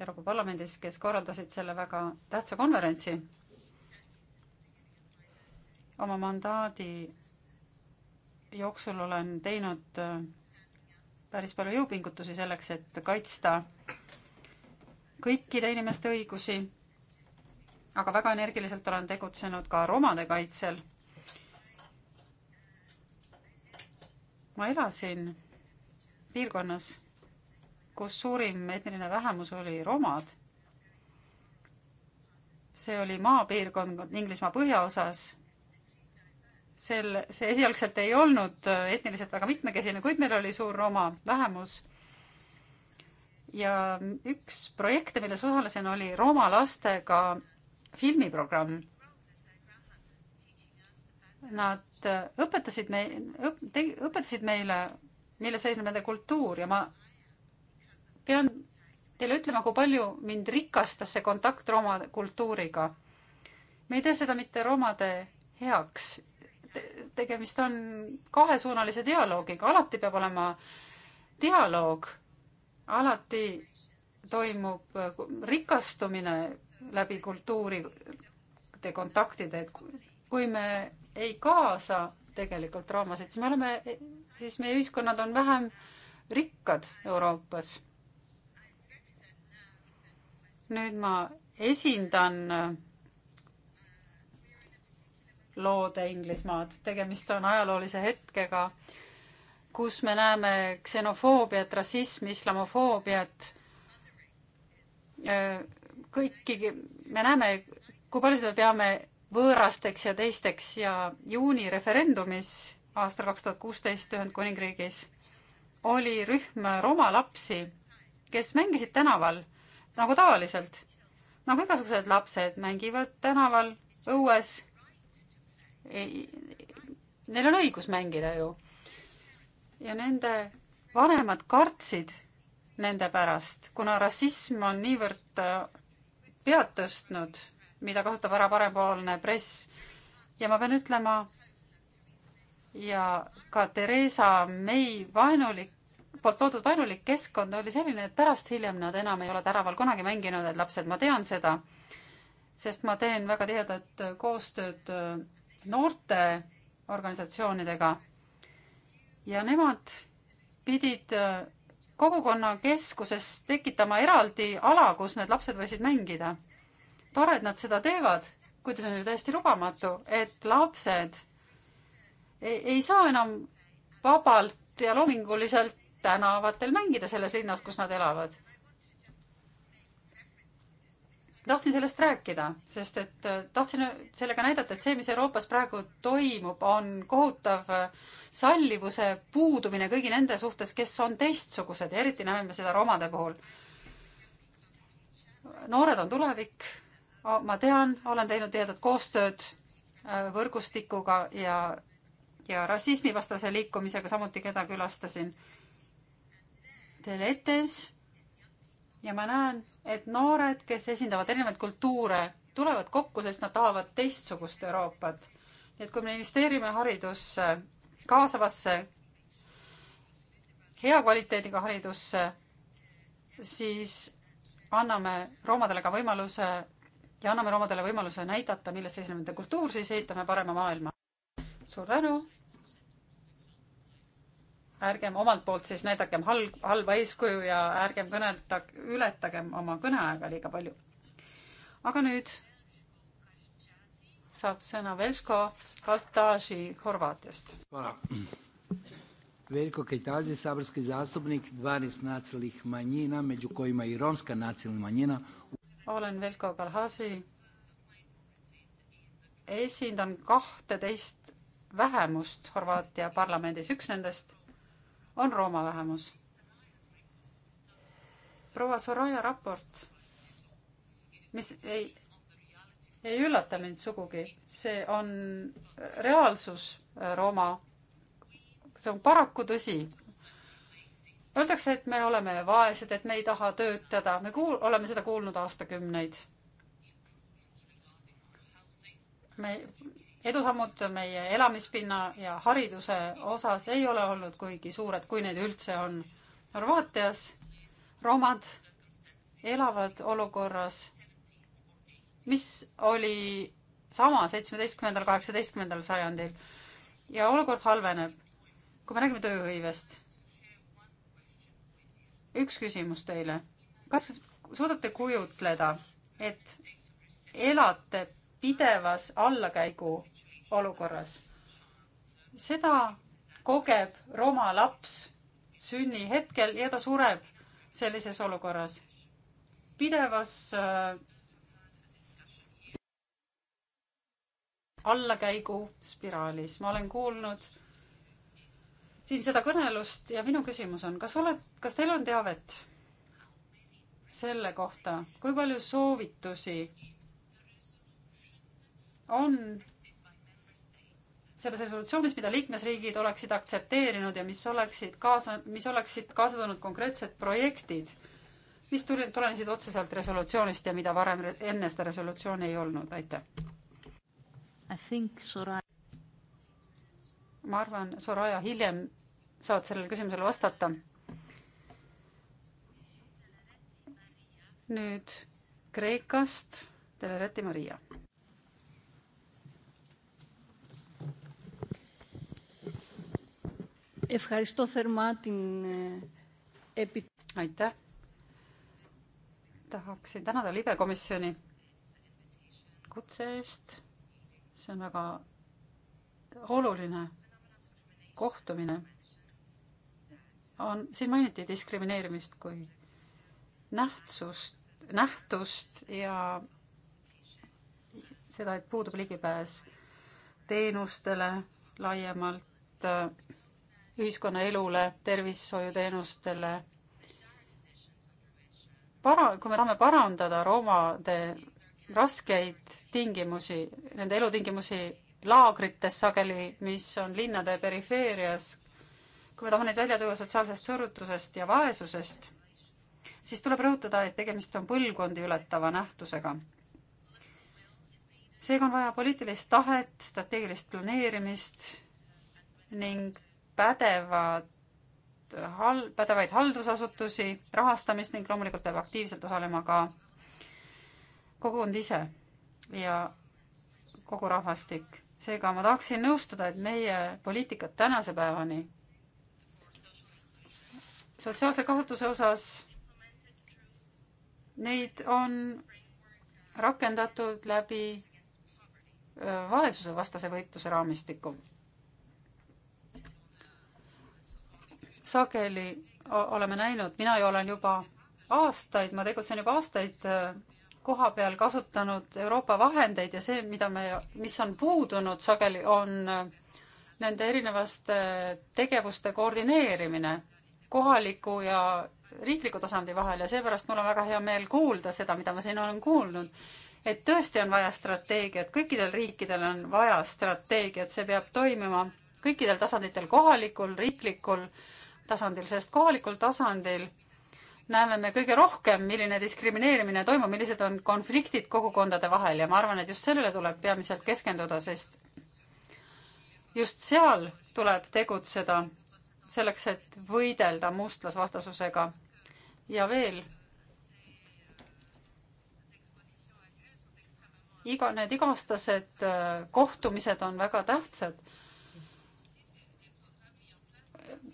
Euroopa Parlamendis, kes korraldasid selle väga tähtsa konverentsi. oma mandaadi jooksul olen teinud äh, päris palju jõupingutusi selleks, et kaitsta kõikide inimeste õigusi, aga väga energiliselt olen tegutsenud ka romade kaitsel. ma elasin piirkonnas, kus suurim etniline vähemus oli romad. see oli maapiirkond Inglismaa põhjaosas sel, see esialgselt ei olnud äh, etniliselt väga mitmekesine, kuid meil oli suur oma vähemus. ja üks projekte, milles osalesin, oli Rooma lastega filmiprogramm. Nad äh, õpetasid me-, õp-, õpetasid meile, milles seisneb nende kultuur ja ma pean teile ütlema, kui palju mind rikastas see kontakt Rooma kultuuriga. me ei tee seda mitte Roomade heaks tegemist on kahesuunalise dialoogiga, alati peab olema dialoog, alati toimub äh, rikastumine läbi kultuuride kontaktide, et kui me ei kaasa tegelikult roomasid, siis me oleme, siis meie ühiskonnad on vähem rikkad Euroopas. nüüd ma esindan äh, looda Inglismaad. tegemist on ajaloolise hetkega, kus me näeme ksenofoobiat, rassismi, islamofoobiat, äh, kõiki, me näeme, kui palju seda peame võõrasteks ja teisteks ja juuni referendumis aastal kaks tuhat kuusteist Ühendkuningriigis oli rühm roma lapsi, kes mängisid tänaval nagu tavaliselt, nagu igasugused lapsed mängivad tänaval, õues neil on õigus mängida ju. ja nende vanemad kartsid nende pärast, kuna rassism on niivõrd äh, pead tõstnud, mida kasutab ära parempoolne press. ja ma pean ütlema, ja ka Theresa May vaenulik, poolt loodud vaenulik keskkond oli selline, et pärast hiljem nad enam ei ole tänaval kunagi mänginud, et lapsed, ma tean seda, sest ma teen väga tihedat äh, koostööd äh, noorteorganisatsioonidega ja nemad pidid äh, kogukonnakeskuses tekitama eraldi ala, kus need lapsed võisid mängida. tore, et nad seda teevad, kuid see on ju täiesti lubamatu, et lapsed ei, ei saa enam vabalt ja loominguliselt tänavatel mängida selles linnas, kus nad elavad tahtsin sellest rääkida, sest et äh, tahtsin sellega näidata, et see, mis Euroopas praegu toimub, on kohutav äh, sallivuse puudumine kõigi nende suhtes, kes on teistsugused ja eriti näeme me seda romade puhul. noored on tulevik, ma tean, olen teinud tihedat koostööd äh, võrgustikuga ja, ja rassismivastase liikumisega samuti, keda külastasin. Teil ette ees ja ma näen, et noored, kes esindavad erinevaid kultuure, tulevad kokku, sest nad tahavad teistsugust Euroopat. nii et kui me investeerime haridusse, kaasavasse, hea kvaliteediga haridusse, siis anname roomadele ka võimaluse ja anname roomadele võimaluse näidata, milles seisneb nende kultuur, siis ehitame parema maailma. suur tänu ärgem omalt poolt siis näidakem halb, halba eeskuju ja ärgem kõnelda, ületagem oma kõneaega liiga palju. aga nüüd saab sõna Velsko Kaltaži Horvaatiast. Veljko Kajtazi, saborski zastupnik 12 nacionalnih manjina, među kojima i romska nacionalna manjina. Olen Veljko Kalhasi, esindan kahteteist vähemust Horvaatia parlamendis, üks nendest on Rooma vähemus. proua Soraya raport, mis ei, ei üllata mind sugugi, see on reaalsus äh, Rooma, see on paraku tõsi. Öeldakse, et me oleme vaesed, et me ei taha töötada, me kuul-, oleme seda kuulnud aastakümneid. me edusammud meie elamispinna ja hariduse osas ei ole olnud kuigi suured, kui neid üldse on. Horvaatias romad elavad olukorras, mis oli sama seitsmeteistkümnendal, kaheksateistkümnendal sajandil ja olukord halveneb. kui me räägime tööhõivest, üks küsimus teile. kas suudate kujutleda, et elate pidevas allakäigu olukorras. seda kogeb Roma laps sünni hetkel ja ta sureb sellises olukorras. pidevas äh, allakäigu spiraalis. ma olen kuulnud siin seda kõnelust ja minu küsimus on, kas oled, kas teil on teavet selle kohta, kui palju soovitusi on selles resolutsioonis, mida liikmesriigid oleksid aktsepteerinud ja mis oleksid kaasa, mis oleksid kaasa toonud konkreetsed projektid, mis tulid, tulenesid otseselt resolutsioonist ja mida varem, enne seda resolutsiooni ei olnud, aitäh. Soraya... ma arvan, Soraya, hiljem saad sellele küsimusele vastata. nüüd Kreekast, Teleretti Maria Ευχαριστώ θερμά την επι... Aitäh! Tahaksin tänada libekomisjoni kutse eest. See on väga oluline kohtumine. On, siin mainiti diskrimineerimist kui nähtsust, nähtust ja seda, et puudub ligipääs teenustele laiemalt äh, ühiskonnaelule, tervishoiuteenustele. Para-, kui me tahame parandada roomade raskeid tingimusi, nende elutingimusi laagrites sageli, mis on linnade perifeerias, kui me tahame neid välja tuua sotsiaalsest sõrutusest ja vaesusest, siis tuleb rõhutada, et tegemist on põlvkondi ületava nähtusega. seega on vaja poliitilist tahet, strateegilist planeerimist ning pädevad hal-, pädevaid haldusasutusi, rahastamist ning loomulikult peab aktiivselt osalema ka kogukond ise ja kogu rahvastik. seega ma tahaksin nõustuda, et meie poliitikad tänase päevani sotsiaalse kasutuse osas, neid on rakendatud läbi äh, vaesusevastase võitluse raamistiku sageli oleme näinud, mina ju olen juba aastaid, ma tegutsen juba aastaid äh, koha peal kasutanud Euroopa vahendeid ja see, mida me, mis on puudunud sageli, on äh, nende erinevaste äh, tegevuste koordineerimine kohaliku ja riikliku tasandi vahel ja seepärast mul on väga hea meel kuulda seda, mida ma siin olen kuulnud, et tõesti on vaja strateegiat, kõikidel riikidel on vaja strateegiat, see peab toimima kõikidel tasanditel, kohalikul, riiklikul äh, tasandil, sest kohalikul tasandil näeme me kõige rohkem, milline diskrimineerimine toimub, millised on konfliktid kogukondade vahel ja ma arvan, et just sellele tuleb peamiselt keskenduda, sest just seal tuleb tegutseda selleks, et võidelda mustlasvastasusega. ja veel, iga, need iga-aastased äh, kohtumised on väga tähtsad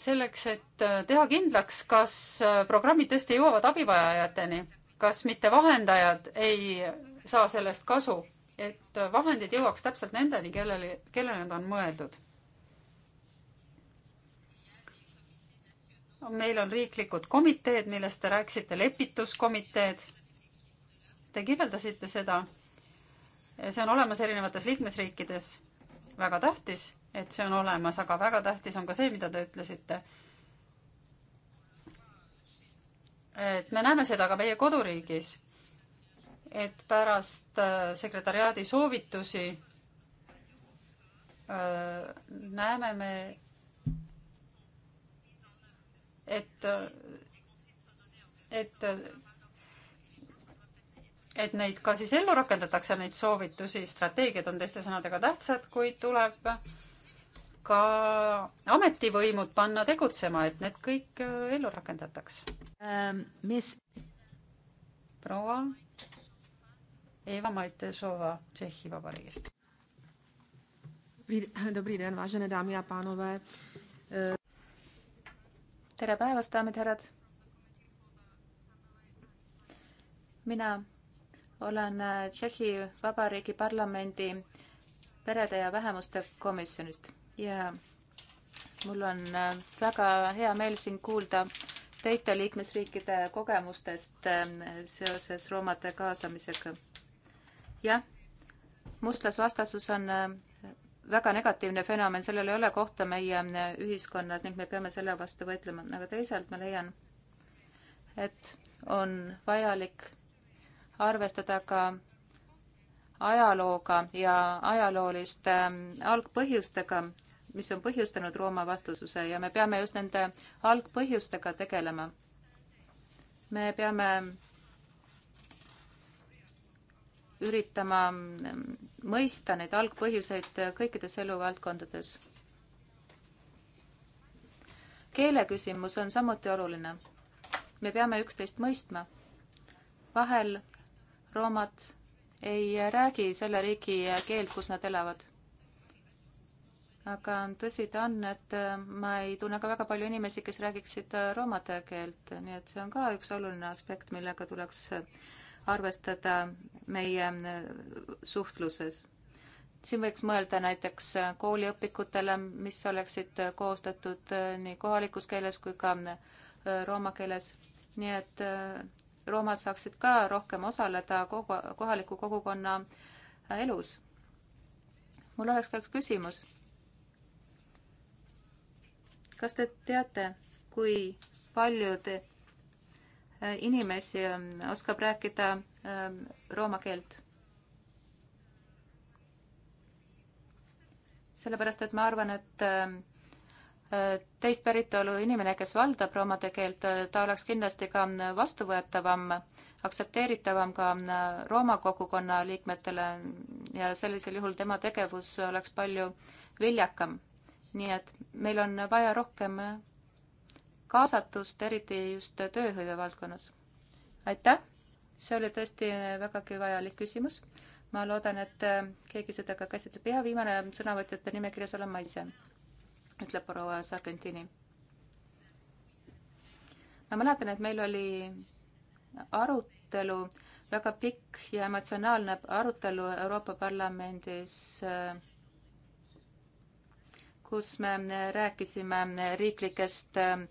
selleks, et äh, teha kindlaks, kas äh, programmid tõesti jõuavad abivajajateni, kas mitte vahendajad ei saa sellest kasu, et äh, vahendid jõuaks täpselt nendeni, kellele, kellele nad on mõeldud. meil on riiklikud komiteed, millest te rääkisite, lepituskomiteed. Te kirjeldasite seda. see on olemas erinevates liikmesriikides. väga tähtis et see on olemas, aga väga tähtis on ka see, mida te ütlesite. et me näeme seda ka meie koduriigis, et pärast äh, sekretäriaadi soovitusi äh, näeme me, et, äh, et et neid ka siis ellu rakendatakse, neid soovitusi, strateegiad on teiste sõnadega tähtsad, kuid tuleb äh, ka ametivõimud panna tegutsema, et need kõik äh, ellu rakendataks ähm,. mis? proua Eva-Maite Sova Tšehhi Vabariigist. Dobrý den, vážené dámy a pánové. Äh, tere päevast, daamid ja härrad. mina olen äh, Tšehhi Vabariigi parlamendi perede ja vähemuste komisjonist ja mul on äh, väga hea meel siin kuulda teiste liikmesriikide kogemustest äh, seoses roomade kaasamisega. jah, mustlasvastasus on äh, väga negatiivne fenomen, sellel ei ole kohta meie ühiskonnas ning me peame selle vastu võitlema, aga teisalt ma leian, et on vajalik arvestada ka ajalooga ja ajalooliste ähm, algpõhjustega, mis on põhjustanud Rooma vastususe ja me peame just nende algpõhjustega tegelema. me peame üritama ähm, mõista neid algpõhjuseid kõikides eluvaldkondades. keele küsimus on samuti oluline. me peame üksteist mõistma. vahel roomad ei räägi selle riigi keelt, kus nad elavad. aga tõsi ta on, et äh, ma ei tunne ka väga palju inimesi, kes räägiksid äh, roomade keelt, nii et see on ka üks oluline aspekt, millega tuleks äh, arvestada meie suhtluses. siin võiks mõelda näiteks kooliõpikutele, mis oleksid koostatud nii kohalikus keeles kui ka rooma keeles, nii et roomad saaksid ka rohkem osaleda kogu, kohaliku kogukonna äh, elus. mul oleks ka üks küsimus. kas te teate, kui paljud äh, inimesi ähm, oskab rääkida ähm, rooma keelt? sellepärast, et ma arvan, et ähm, teist päritolu inimene, kes valdab romade keelt, ta oleks kindlasti ka vastuvõetavam, aktsepteeritavam ka Rooma kogukonna liikmetele ja sellisel juhul tema tegevus oleks palju viljakam. nii et meil on vaja rohkem kaasatust, eriti just tööhõive valdkonnas. aitäh, see oli tõesti vägagi vajalik küsimus. ma loodan, et keegi seda ka käsitleb ja viimane sõnavõtjate nimekirjas olen ma ise ütleb proua Sargentini. ma mäletan, et meil oli arutelu, väga pikk ja emotsionaalne arutelu Euroopa Parlamendis, kus me rääkisime riiklikest äh,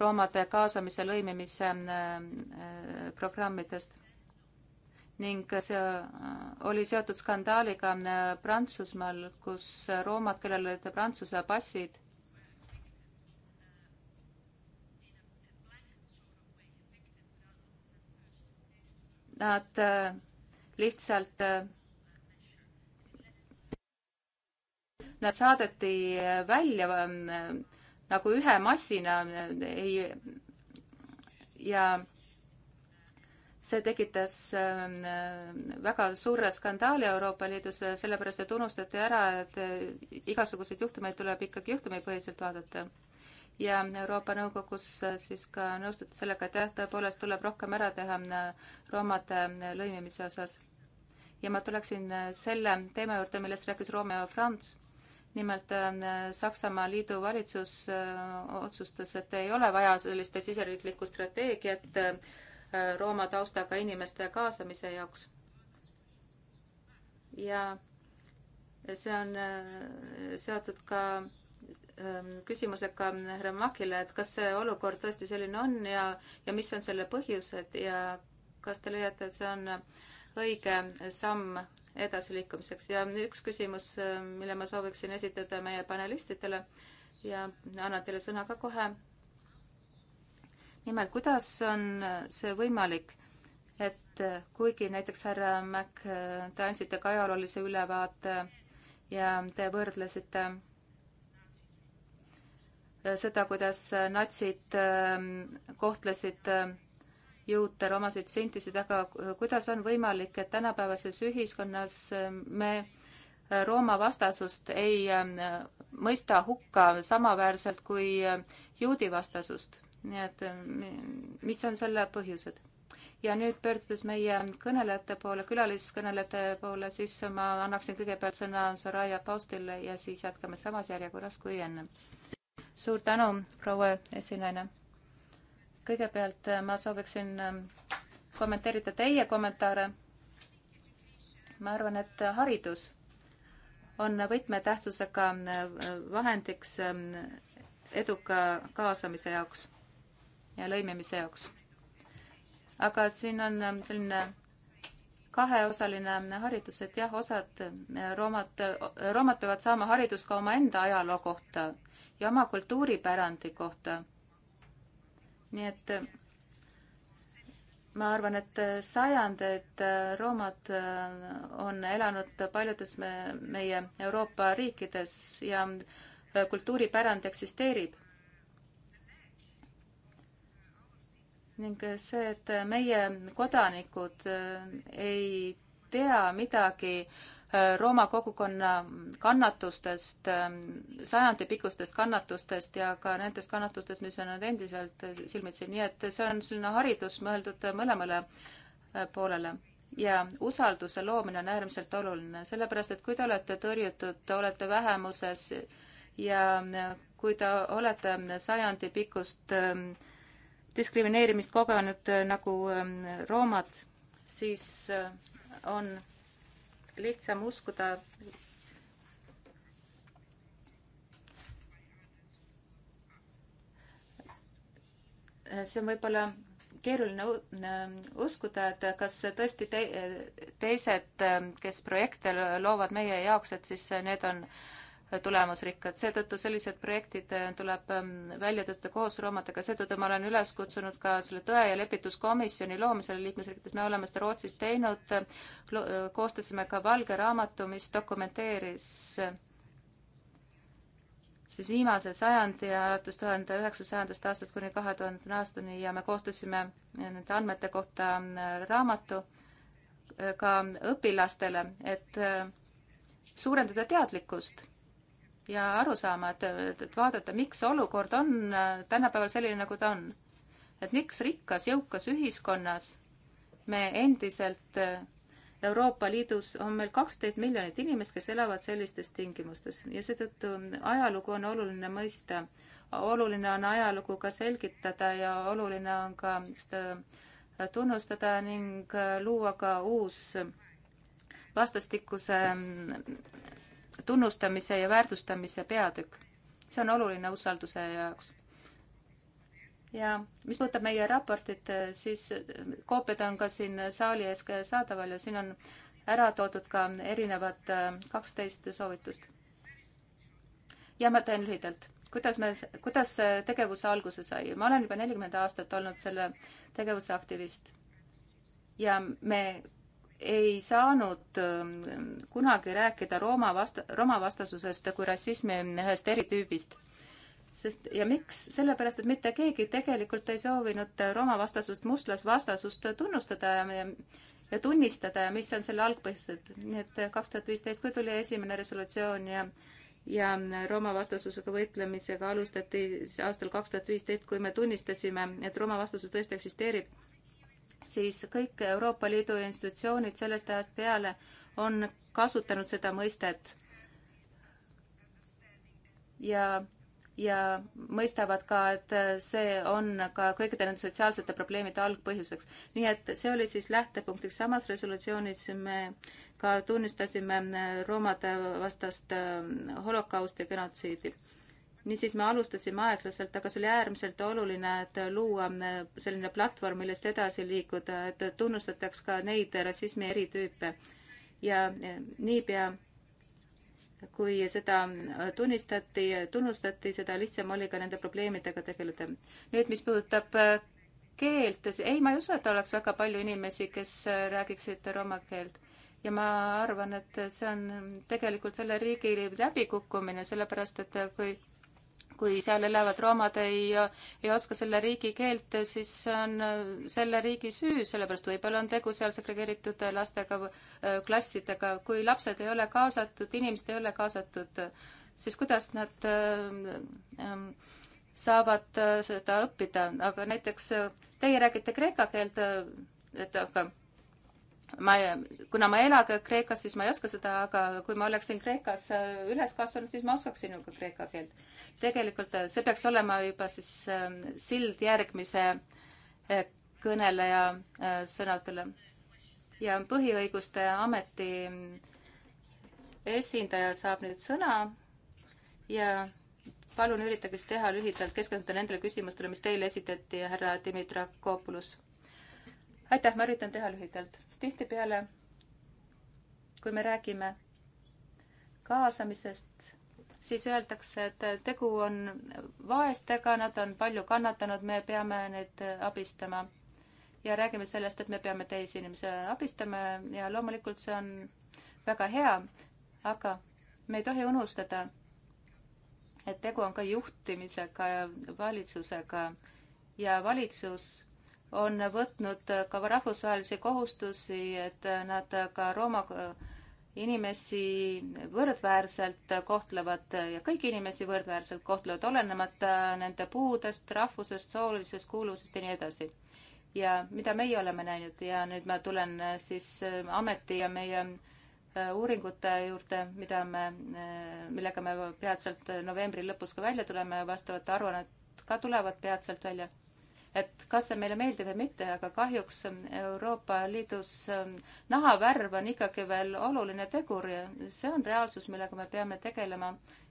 roomade kaasamise lõimimise äh, programmidest ning see äh, oli seotud skandaaliga Prantsusmaal, kus roomad, kellel olid prantsuse passid, nad äh, lihtsalt, äh, nad saadeti välja äh, nagu ühe massina, ei, ja see tekitas väga suure skandaali Euroopa Liidus, sellepärast et unustati ära, et igasuguseid juhtumeid tuleb ikkagi juhtumipõhiselt vaadata ja Euroopa Nõukogus äh, siis ka nõustuti sellega, et jah, tõepoolest tuleb rohkem ära teha äh, roomade äh, lõimimise osas. ja ma tuleksin selle teema juurde, millest rääkis Romeo Franz. nimelt Saksamaa liidu valitsus otsustas, et ei ole vaja sellist siseriiklikku strateegiat Rooma taustaga inimeste kaasamise jaoks. ja see on seotud ka Ähm, küsimusega härra Makile, et kas see olukord tõesti selline on ja, ja mis on selle põhjused ja kas te leiate, et see on õige samm edasiliikumiseks ja üks küsimus, äh, mille ma sooviksin esitada meie panelistidele ja annan teile sõna ka kohe. nimelt, kuidas on see võimalik, et kuigi näiteks härra Mac, äh, te andsite ka ajaloolise ülevaate ja te võrdlesite seda, kuidas natsid ähm, kohtlesid ähm, juute, romasid, sintisid, aga kuidas on võimalik, et tänapäevases ühiskonnas ähm, me äh, Rooma vastasust ei mõista hukka samaväärselt kui juudi vastasust. nii et mis on selle põhjused? ja nüüd pöördudes meie kõnelejate poole, külaliskõnelejate poole, siis ma annaksin kõigepealt sõna Soraya Paustile ja siis jätkame samas järjekorras kui enne suur tänu, proua esinaine. kõigepealt äh, ma sooviksin ähm, kommenteerida teie kommentaare. ma arvan, et äh, haridus on võtmetähtsusega äh, vahendiks ähm, eduka kaasamise jaoks ja lõimimise jaoks. aga siin on ähm, selline kaheosaline haridus, et jah, osad roomad, roomad peavad saama haridust ka omaenda ajaloo kohta ja oma kultuuripärandi kohta. nii et ma arvan, et sajandeid äh, roomad äh, on elanud paljudes me, meie Euroopa riikides ja äh, kultuuripärand eksisteerib. ning see, et meie kodanikud ei tea midagi äh, Rooma kogukonna kannatustest, sajandipikkustest kannatustest ja ka nendest kannatustest, mis on endiselt silmitsi, nii et see on selline haridus mõeldud mõlemale poolele. ja usalduse loomine on äärmiselt oluline, sellepärast et kui te olete tõrjutud, te olete vähemuses ja kui te olete sajandipikkust ähm, diskrimineerimist kogenud äh, nagu ähm, roomad, siis äh, on lihtsam uskuda see on võib-olla keeruline äh, uskuda, et kas tõesti te teised, äh, kes projekte loovad meie jaoks, et siis need on äh, tulemusrikkad, seetõttu sellised projektid äh, tuleb ähm, välja töötada koos roomadega, seetõttu ma olen üles kutsunud ka selle tõe- ja lepituskomisjoni loomisele liikmesriikides, me oleme seda Rootsis teinud, äh, koostasime ka valge raamatu, mis dokumenteeris äh, siis viimase sajandi ja alates tuhande üheksasajandast aastast kuni kahe tuhandenda aastani ja me koostasime nende andmete kohta raamatu ka õpilastele, et suurendada teadlikkust ja aru saama, et, et vaadata, miks see olukord on äh, tänapäeval selline, nagu ta on. et miks rikkas, jõukas ühiskonnas me endiselt äh, Euroopa Liidus on meil kaksteist miljonit inimest, kes elavad sellistes tingimustes ja seetõttu ajalugu on oluline mõista. oluline on ajalugu ka selgitada ja oluline on ka seda äh, tunnustada ning luua ka uus vastastikuse mm, tunnustamise ja väärtustamise peatükk. see on oluline usalduse jaoks. ja mis puudutab meie raportit, siis koopiad on ka siin saali ees saadaval ja siin on ära toodud ka erinevad äh, kaksteist soovitust. ja ma teen lühidalt kuidas me, kuidas see tegevuse alguse sai? ma olen juba nelikümmend aastat olnud selle tegevuse aktivist. ja me ei saanud ähm, kunagi rääkida Rooma vasta-, Rooma vastasusest kui rassismi ühest eritüübist. sest, ja miks? sellepärast, et mitte keegi tegelikult ei soovinud Rooma vastasust, mustlasvastasust tunnustada ja, ja tunnistada ja mis on selle algpõhjused. nii et kaks tuhat viisteist, kui tuli esimene resolutsioon ja ja Rooma vastasusega võitlemisega alustati aastal kaks tuhat viisteist, kui me tunnistasime, et Rooma vastasus tõesti eksisteerib siis kõik Euroopa Liidu institutsioonid sellest ajast peale on kasutanud seda mõistet ja, ja mõistavad ka, et see on ka kõikide nende sotsiaalsete probleemide algpõhjuseks. nii et see oli siis lähtepunktiks. samas resolutsioonis me ka tunnistasime roomade vastast äh, holokausti genotsiidi niisiis me alustasime aeglaselt, aga see oli äärmiselt oluline, et luua äh, selline platvorm, millest edasi liikuda, et tunnustataks ka neid rassismi eritüüpe. ja äh, niipea, kui seda äh, tunnistati, tunnustati, seda lihtsam oli ka nende probleemidega tegeleda. nüüd, mis puudutab keelt, ei, ma ei usu, et oleks väga palju inimesi, kes räägiksid roma keelt ja ma arvan, et see on tegelikult selle riigi läbikukkumine, sellepärast et kui kui seal elavad roomad ei, ei oska selle riigi keelt, siis see on selle riigi süü, sellepärast võib-olla on tegu seal segregeeritud lastega, äh, klassidega, kui lapsed ei ole kaasatud, inimesed ei ole kaasatud, siis kuidas nad äh, ähm, saavad äh, seda õppida, aga näiteks teie räägite kreeka keelt, et aga ma, kuna ma ei ela Kreekas, siis ma ei oska seda, aga kui ma oleksin Kreekas äh, üles kasvanud, siis ma oskaksin ju ka kreeka keelt. tegelikult äh, see peaks olema juba siis ähm, sild järgmise äh, kõneleja sõnadele. ja põhiõiguste ameti mm, esindaja saab nüüd sõna ja palun üritage siis teha lühidalt, keskenduda nendele küsimustele, mis teile esitati, härra Dmitrakopoulos. aitäh, ma üritan teha lühidalt tihtipeale, kui me räägime kaasamisest, siis öeldakse, et tegu on vaestega, nad on palju kannatanud, me peame neid abistama. ja räägime sellest, et me peame teisi inimesi abistama ja loomulikult see on väga hea, aga me ei tohi unustada, et tegu on ka juhtimisega ja valitsusega ja valitsus on võtnud ka rahvusvahelisi kohustusi, et nad ka Rooma inimesi võrdväärselt kohtlevad ja kõiki inimesi võrdväärselt kohtlevad, olenemata nende puudest, rahvusest, soolisest kuuluvusest ja nii edasi. ja mida meie oleme näinud ja nüüd ma tulen siis ameti ja meie äh, uuringute juurde, mida me, äh, millega me peatselt novembri lõpus ka välja tuleme, vastavad aruanned ka tulevad peatselt välja et kas see meile meeldib või mitte, aga kahjuks Euroopa Liidus ähm, nahavärv on ikkagi veel oluline tegur ja see on reaalsus, millega me peame tegelema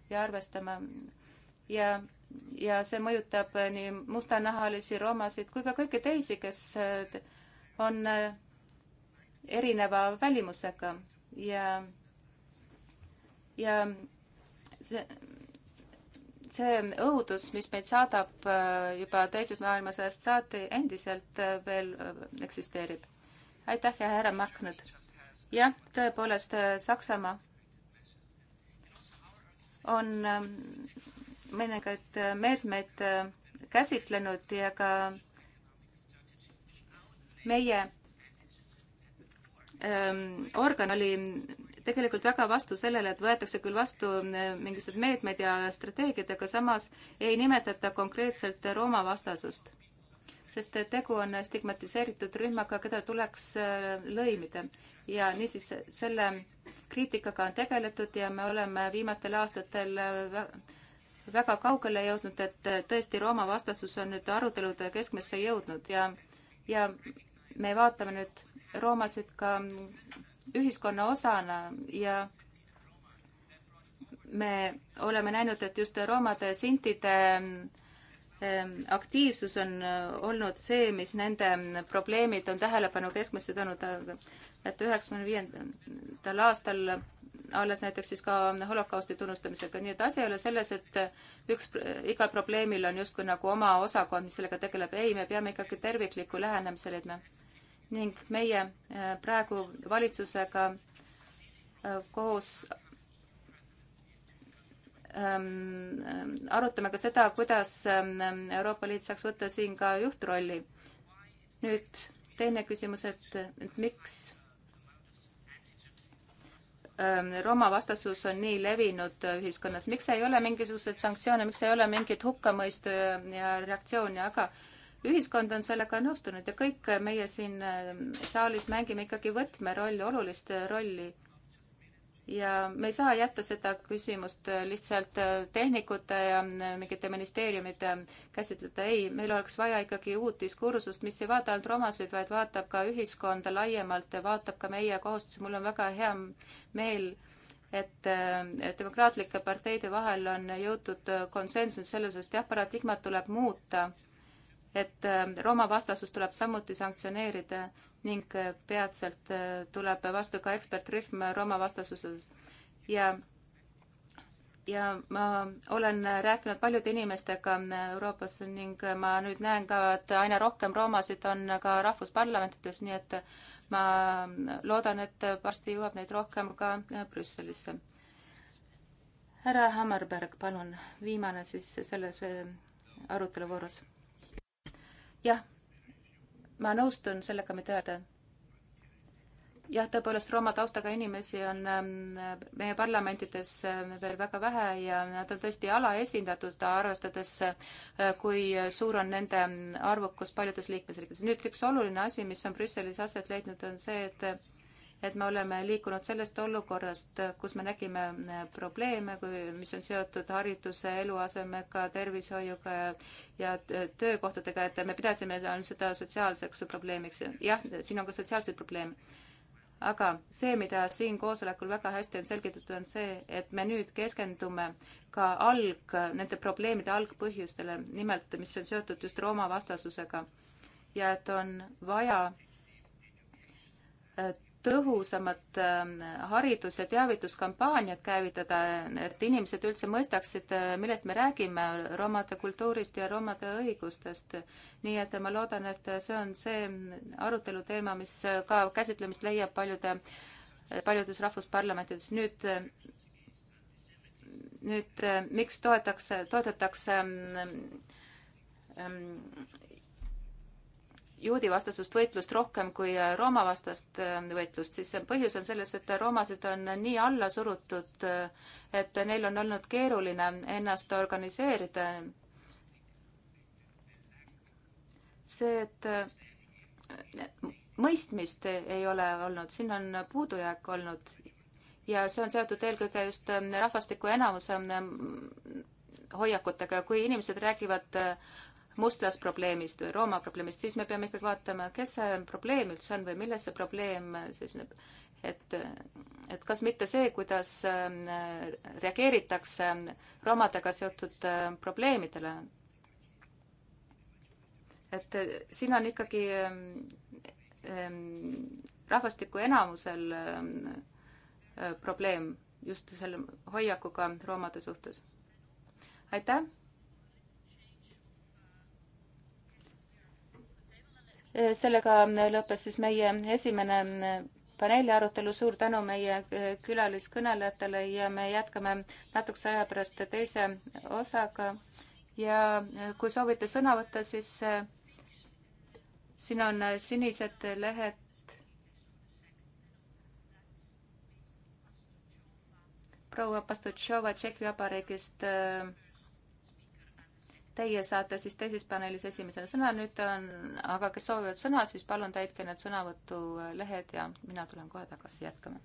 ja arvestama. ja, ja see mõjutab äh, nii mustanahalisi, romasid kui ka kõiki teisi, kes äh, on äh, erineva välimusega ja, ja see see õudus, mis meid saadab äh, juba teisest maailmasõjast saati, endiselt äh, veel äh, eksisteerib. aitäh ja härra Mach nüüd. jah, tõepoolest Saksamaa on ähm, mõningaid meetmeid käsitlenud ja ka meie ähm, organ oli tegelikult väga vastu sellele, et võetakse küll vastu äh, mingisugused meetmed ja strateegiad, aga samas ei nimetata konkreetselt Rooma vastasust. sest äh, tegu on stigmatiseeritud rühmaga, keda tuleks äh, lõimida. ja niisiis selle kriitikaga on tegeletud ja me oleme viimastel aastatel väga kaugele jõudnud, et tõesti Rooma vastasus on nüüd arutelude keskmesse jõudnud ja, ja me vaatame nüüd roomasid ka ühiskonna osana ja me oleme näinud, et just roomade sintide ähm, aktiivsus on äh, olnud see, mis nende probleemid on tähelepanu keskmesse toonud, et üheksakümne viiendal aastal alles näiteks siis ka holokausti tunnustamisega, nii et asi ei ole selles, et äh, üks, igal probleemil on justkui nagu oma osakond, mis sellega tegeleb, ei, me peame ikkagi tervikliku lähenemise leidma ning meie äh, praegu valitsusega äh, koos ähm, ähm, arutame ka seda, kuidas ähm, Euroopa Liit saaks võtta siin ka juhtrolli. nüüd teine küsimus, et, et miks Rooma vastasus on nii levinud äh, ühiskonnas, miks ei ole mingisuguseid sanktsioone, miks ei ole mingit hukkamõistu ja reaktsiooni, aga ühiskond on sellega nõustunud ja kõik meie siin äh, saalis mängime ikkagi võtmerolli, olulist äh, rolli. ja me ei saa jätta seda küsimust äh, lihtsalt tehnikute ja mingite ministeeriumite käsitleda. ei, meil oleks vaja ikkagi uut diskursust, mis ei vaata ainult romasid, vaid vaatab ka ühiskonda laiemalt ja vaatab ka meie kohustusi. mul on väga hea meel et demokraatlike parteide vahel on jõutud konsensus selles, et jah, paradigmat tuleb muuta et äh, Rooma vastasus tuleb samuti sanktsioneerida ning äh, peatselt äh, tuleb vastu ka ekspertrühm Rooma vastasuses. ja, ja ma olen rääkinud paljude inimestega Euroopas ning ma nüüd näen ka, et aina rohkem roomasid on ka rahvusparlamentides, nii et ma loodan, et varsti jõuab neid rohkem ka Brüsselisse. härra Hammarberg, palun, viimane siis selles aruteluvoorus jah, ma nõustun sellega, mida öelda. jah, tõepoolest Rooma taustaga inimesi on ähm, meie parlamentides äh, veel väga vähe ja nad on tõesti alaesindatud, arvestades, äh, kui suur on nende arvukus paljudes liikmesriikides. nüüd üks oluline asi, mis on Brüsselis aset leidnud, on see, et et me oleme liikunud sellest olukorrast, kus me nägime eh, probleeme, mis on seotud hariduse, eluasemega, tervishoiuga ja, ja eh, töökohtadega, et me pidasime seda sotsiaalseks probleemiks. jah, siin on ka sotsiaalseid probleeme aga see, mida siin koosolekul väga hästi on selgitatud, on see, et me nüüd keskendume ka alg, nende probleemide algpõhjustele, nimelt mis on seotud just Rooma vastasusega. ja et on vaja eh, tõhusamat ähm, haridus- ja teavituskampaaniat käivitada, et inimesed üldse mõistaksid, äh, millest me räägime, romade kultuurist ja romade õigustest. nii et ma loodan, et see on see arutelu teema, mis ka käsitlemist leiab paljude, paljudes rahvusparlamentides. nüüd, nüüd äh, miks toetakse, toetatakse ähm, ähm, juudivastasust võitlust rohkem kui äh, Rooma vastast äh, võitlust, siis see põhjus on selles, et äh, roomased on nii alla surutud, et neil on olnud keeruline ennast organiseerida. see, et mõistmist ei ole olnud, siin on puudujääk olnud ja see on seotud eelkõige just rahvastiku enamuse hoiakutega, kui inimesed räägivad äh, mustlas probleemist või Rooma probleemist, siis me peame ikkagi vaatama, kes see probleem üldse on või milles see probleem seisneb. et, et kas mitte see, kuidas äh, reageeritakse romadega seotud äh, probleemidele. et äh, siin on ikkagi ähm, ähm, rahvastiku enamusel ähm, probleem just selle hoiakuga roomade suhtes. aitäh! Äh, sellega äh, lõppes siis meie esimene äh, paneeli arutelu, suur tänu meie külaliskõnelejatele ja me jätkame natukese aja pärast teise osaga. ja kui soovite sõna võtta, siis siin on sinised lehed. proua Pastutšova Tšehhi Vabariigist Teie saate siis teises paneelis esimesena sõna, nüüd on, aga kes soovivad sõna, siis palun täitke need sõnavõtulehed ja mina tulen kohe tagasi, jätkame.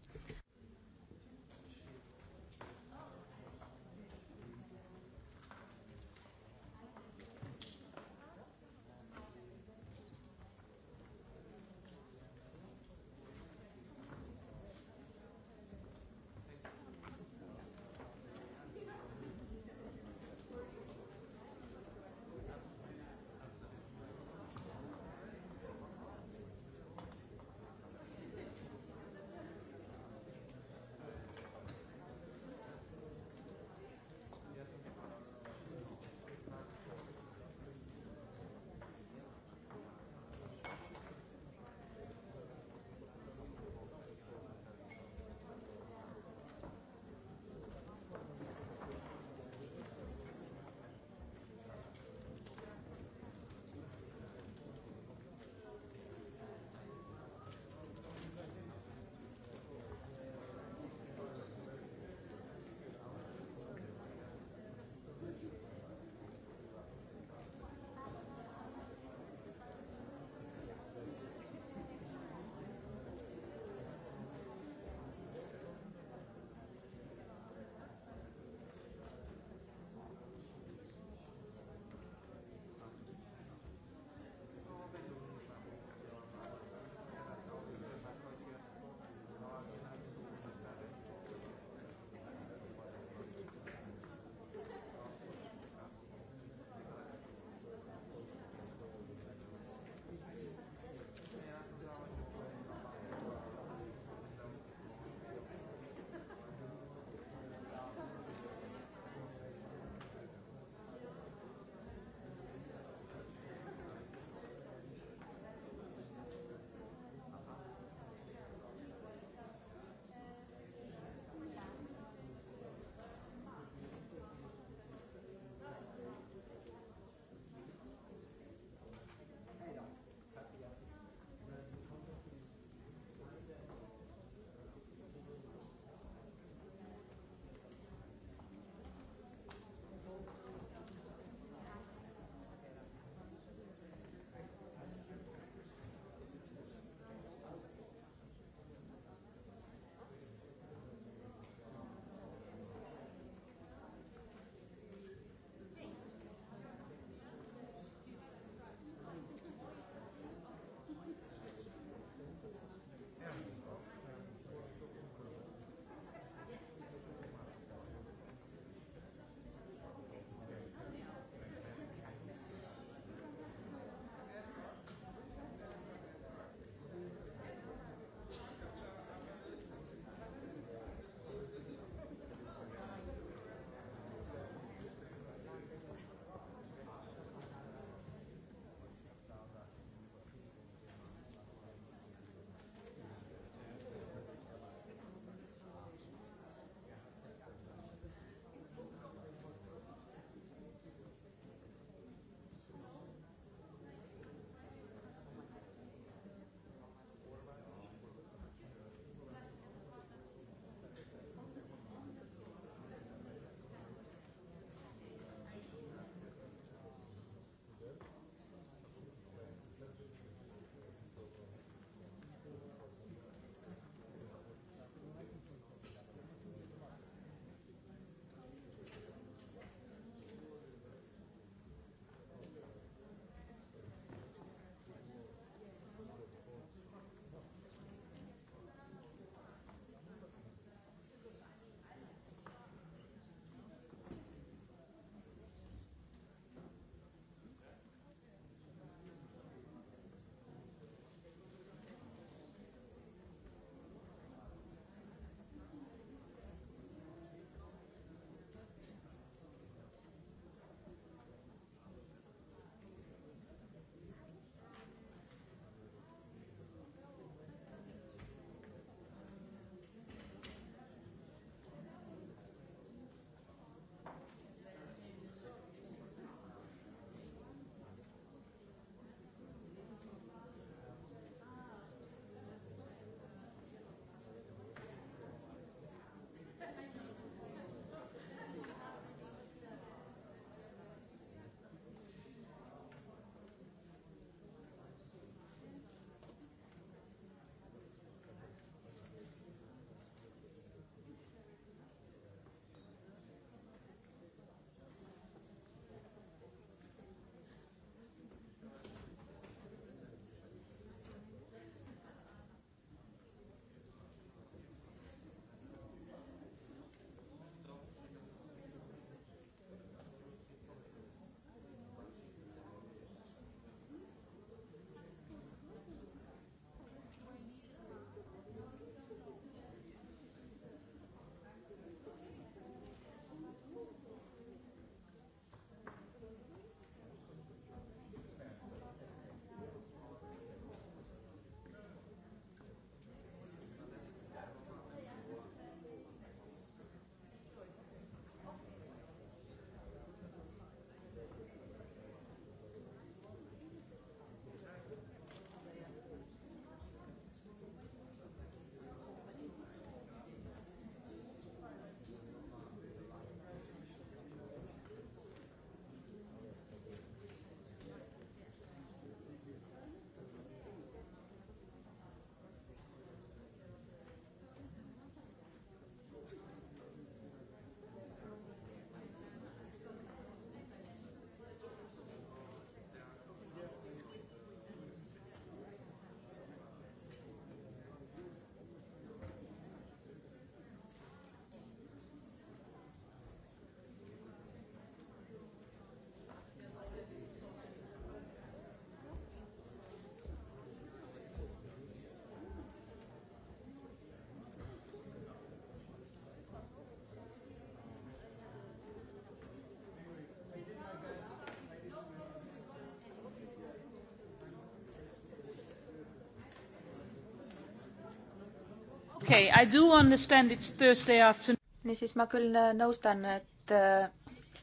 okay, I do understand it's Thursday afternoon. niisiis, ma küll nõustan, et äh,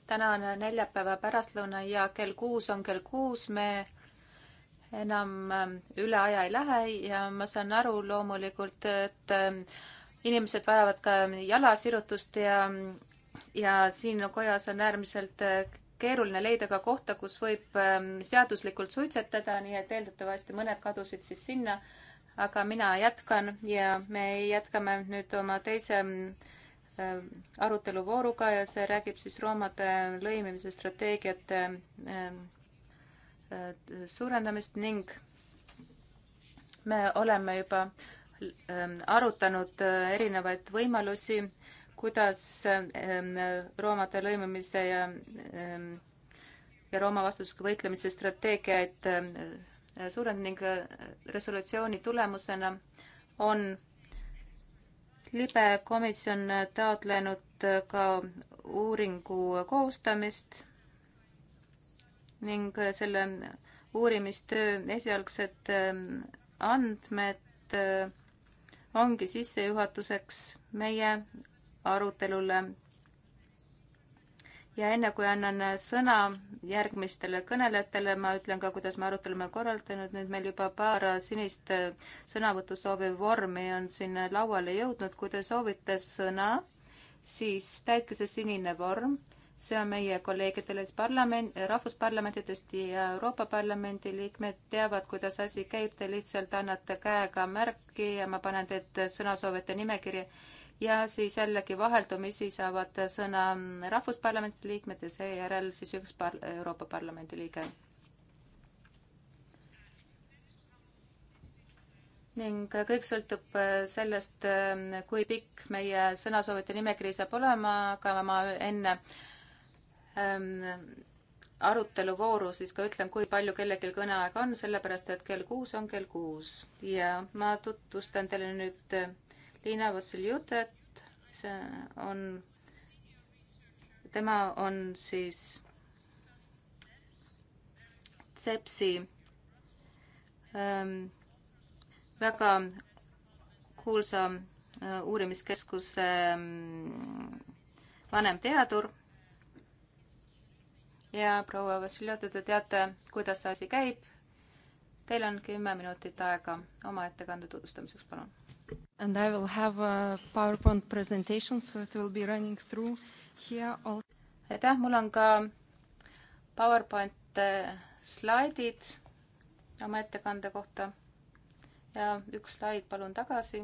täna on neljapäeva pärastlõuna ja kell kuus on kell kuus, me enam äh, üle aja ei lähe ja ma saan aru loomulikult, et äh, inimesed vajavad ka jalasirutust ja, ja siin kojas on äärmiselt keeruline leida ka kohta, kus võib seaduslikult suitsetada, nii et eeldatavasti mõned kadusid siis sinna aga mina jätkan ja me jätkame nüüd oma teise mm, äh, aruteluvooruga ja see räägib siis roomade lõimimise strateegiate mm, äh, suurendamist ning me oleme juba mm, arutanud äh, erinevaid võimalusi, kuidas roomade lõimumise ja, ja Rooma vastusega võitlemise strateegiaid suurenenud ning äh, resolutsiooni tulemusena on libe komisjon taotlenud äh, ka uuringu koostamist ning äh, selle uurimistöö esialgsed andmed ongi sissejuhatuseks meie arutelule ja enne kui annan sõna järgmistele kõnelejatele, ma ütlen ka, kuidas me arutelu oleme korraldanud, nüüd meil juba paar sinist äh, sõnavõtusoovi vormi on siin lauale jõudnud, kui te soovite sõna, siis täitke see sinine vorm, see on meie kolleegidele parlament, rahvusparlamentidest ja Euroopa Parlamendi liikmed teavad, kuidas asi käib, te lihtsalt annate käega märki ja ma panen teid sõnasoovijate nimekirja ja siis jällegi vaheldumisi saavad sõna Rahvusparlamendi liikmed ja seejärel siis üks par-, Euroopa Parlamendi liige. ning kõik sõltub äh, sellest, äh, kui pikk meie sõnasoovide nimekiri saab olema, aga ma enne ähm, aruteluvooru siis ka ütlen, kui palju kellelgi kõneaega on, sellepärast et kell kuus on kell kuus ja ma tutvustan teile nüüd äh, Liina Vassiljutet, see on, tema on siis Sepsi ähm, väga kuulsa äh, uurimiskeskuse ähm, vanemteadur ja proua Vassiljev, te teate, kuidas see asi käib. Teil on kümme minutit aega oma ettekande tutvustamiseks, palun And I will have a PowerPoint presentation, so it will be running through here all. aitäh, mul on ka PowerPoint eh, slaidid oma ettekande kohta ja üks slaid palun tagasi.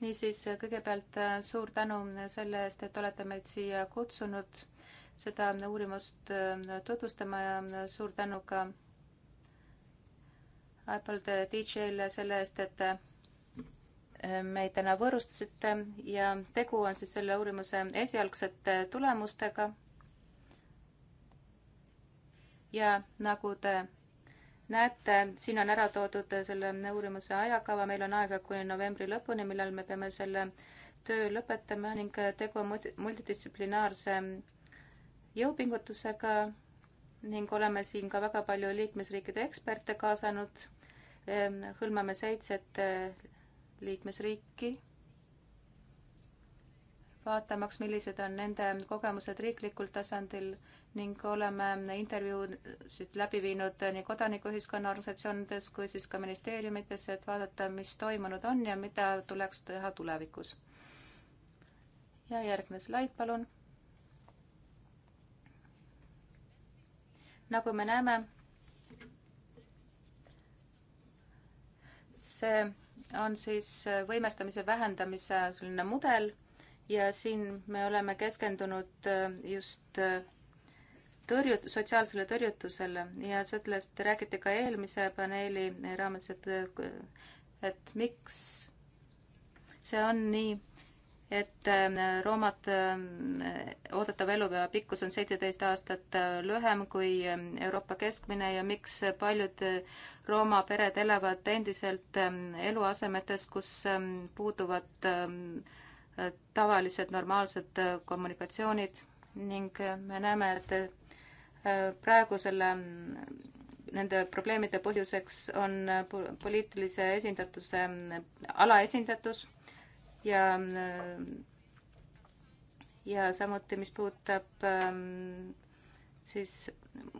niisiis, eh, kõigepealt eh, suur tänu selle eest, et olete meid siia kutsunud seda uurimust tutvustama ja suur tänu ka Apple DJ-le selle eest, et äh, meid täna võõrustasite ja tegu on siis selle uurimuse esialgsete tulemustega. ja nagu te näete, siin on ära toodud selle uurimuse ajakava, meil on aega kuni novembri lõpuni, millal me peame selle töö lõpetama ning tegu on multidistsiplinaarse jõupingutusega ning oleme siin ka väga palju liikmesriikide eksperte kaasanud Ehm, hõlmame seitset eh, liikmesriiki, vaatamaks, millised on nende kogemused riiklikul tasandil ning oleme intervjuusid läbi viinud nii kodanikuühiskonna organisatsioonides kui siis ka ministeeriumites, et vaadata, mis toimunud on ja mida tuleks teha tulevikus. ja järgmine slaid, palun nagu me näeme, see on siis võimestamise vähendamise selline mudel ja siin me oleme keskendunud äh, just äh, tõrjut-, sotsiaalsele tõrjutusele ja sellest räägiti ka eelmise paneeli raames, et, äh, et miks see on nii et ähm, roomat ähm, oodatav elupäeva pikkus on seitseteist aastat äh, lühem kui ähm, Euroopa keskmine ja miks paljud äh, Rooma pered elavad endiselt eluasemetes, kus puuduvad tavalised normaalsed äh, kommunikatsioonid ning me näeme, et praegu selle mm, nende probleemide põhjuseks on poliitilise esindatuse mm, alaesindatus ja äh, ja samuti, mis puudutab ähm, siis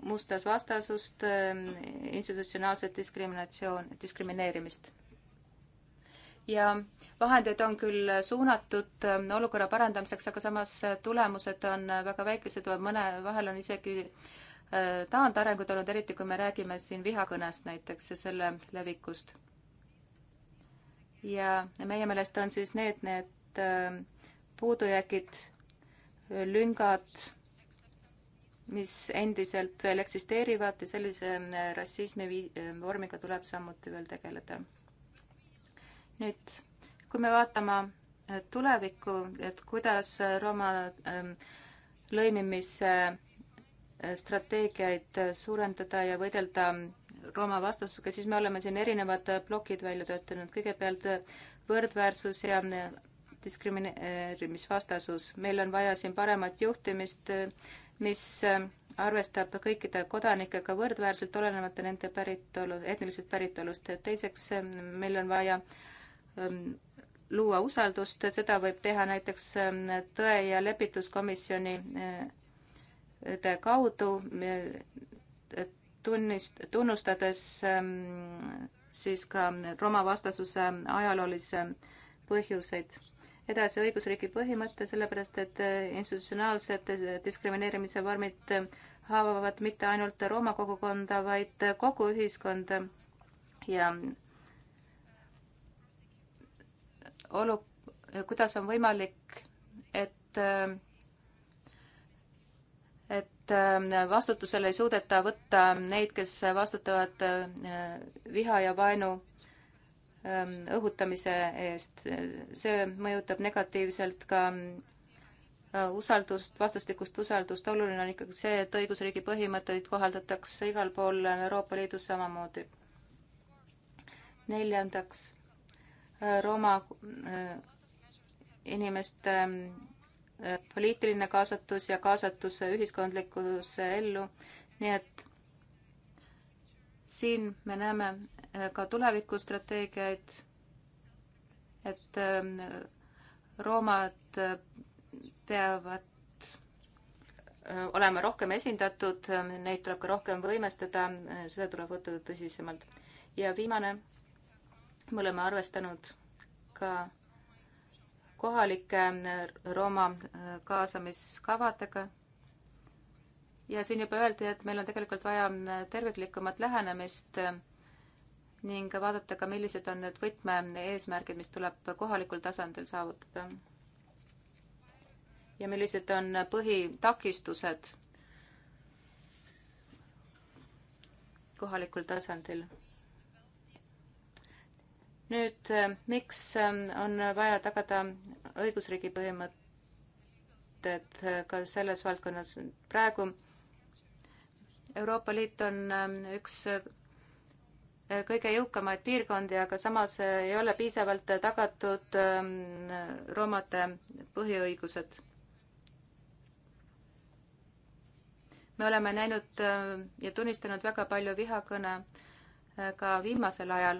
mustas vastasust, ähm, institutsionaalset diskriminatsioon, diskrimineerimist. ja vahendeid on küll suunatud ähm, olukorra parandamiseks, aga samas tulemused on väga väikesed, mõne vahel on isegi äh, taandarengud olnud, eriti kui me räägime siin vihakõnest näiteks ja selle levikust ja meie meelest on siis need, need äh, puudujäägid, äh, lüngad, mis endiselt veel eksisteerivad ja sellise äh, rassismi vormiga tuleb samuti veel tegeleda. nüüd, kui me vaatame tulevikku, et kuidas Rooma ähm, lõimimise strateegiaid suurendada ja võidelda Rooma vastastusega, siis me oleme siin erinevad plokid välja töötanud. kõigepealt võrdväärsus ja diskrimineerimisvastasus. meil on vaja siin paremat juhtimist, mis arvestab kõikide kodanikega võrdväärselt, olenemata nende päritolu, etnilisest päritolust. teiseks, meil on vaja ähm, luua usaldust, seda võib teha näiteks ähm, tõe- ja lepituskomisjoni äh, kaudu, äh, et tunnist, tunnustades ähm, siis ka Roma vastasuse ajaloolisi põhjuseid. edasi õigusriigi põhimõte, sellepärast et äh, institutsionaalsed diskrimineerimise vormid haavavad mitte ainult Rooma kogukonda, vaid kogu ühiskonda ja olu-, kuidas on võimalik, et äh, et ähm, vastutusele ei suudeta võtta neid, kes vastutavad äh, viha ja vaenu ähm, õhutamise eest. see mõjutab negatiivselt ka äh, usaldust, vastastikust usaldust. oluline on ikkagi see, et õigusriigi põhimõtteid kohaldatakse igal pool Euroopa Liidus samamoodi. neljandaks, äh, Rooma inimeste ähm, poliitiline kaasatus ja kaasatus ühiskondlikusse ellu. nii et siin me näeme äh, ka tulevikustrateegiaid, et ähm, roomad äh, peavad äh, olema rohkem esindatud, neid tuleb ka rohkem võimestada, seda tuleb võtta tõsisemalt. ja viimane, me oleme arvestanud ka kohalike äh, Rooma äh, kaasamiskavadega. ja siin juba öeldi, et meil on tegelikult vaja äh, terviklikumat lähenemist ning vaadata ka, millised on need võtme-eesmärgid, mis tuleb kohalikul tasandil saavutada. ja millised on põhitakistused kohalikul tasandil nüüd, äh, miks ähm, on vaja tagada õigusriigi põhimõtted äh, ka selles valdkonnas? praegu Euroopa Liit on ähm, üks äh, kõige jõukamaid piirkondi, aga samas ei ole piisavalt tagatud ähm, roomade põhiõigused. me oleme näinud ja tunnistanud väga palju vihakõne ka viimasel ajal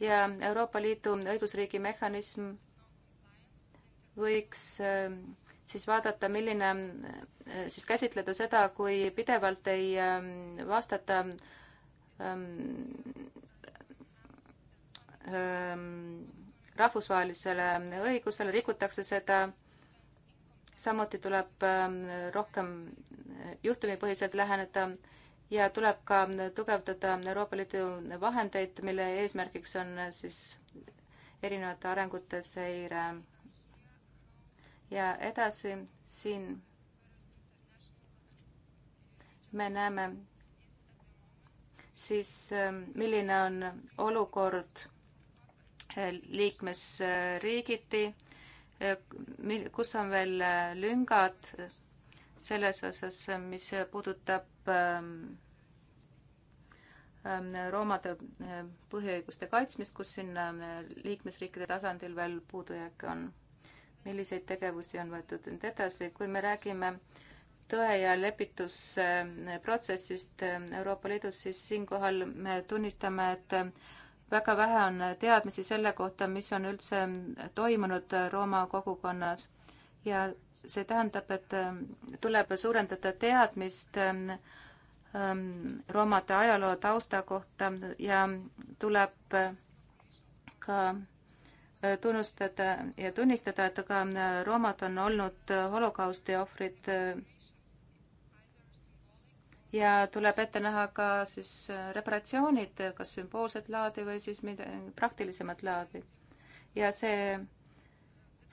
ja Euroopa Liidu õigusriigi mehhanism võiks äh, siis vaadata, milline, äh, siis käsitleda seda, kui pidevalt ei äh, vastata ähm, ähm, rahvusvahelisele õigusele, rikutakse seda, samuti tuleb ähm, rohkem juhtumipõhiselt läheneda ja tuleb ka tugevdada Euroopa Liidu vahendeid, mille eesmärgiks on siis erinevate arengute seire. ja edasi siin me näeme siis, milline on olukord eh, liikmesriigiti, eh, kus on veel lüngad selles osas, mis puudutab Ähm, ähm, roomade äh, põhiõiguste kaitsmist, kus siin ähm, liikmesriikide tasandil veel puudujääke on. milliseid tegevusi on võetud nüüd edasi, kui me räägime tõe ja lepitusprotsessist Euroopa Liidus, siis siinkohal me tunnistame, et väga vähe on teadmisi selle kohta, mis on üldse toimunud äh, Rooma kogukonnas ja see tähendab, et ähm, tuleb suurendada teadmist ähm, ähm, roomade ajaloo tausta kohta ja tuleb äh, ka äh, tunnustada ja tunnistada, et ka äh, roomad on olnud holokausti ohvrid. ja tuleb ette näha ka siis reparatsioonid, kas sümboolset laadi või siis midagi praktilisemat laadi. ja see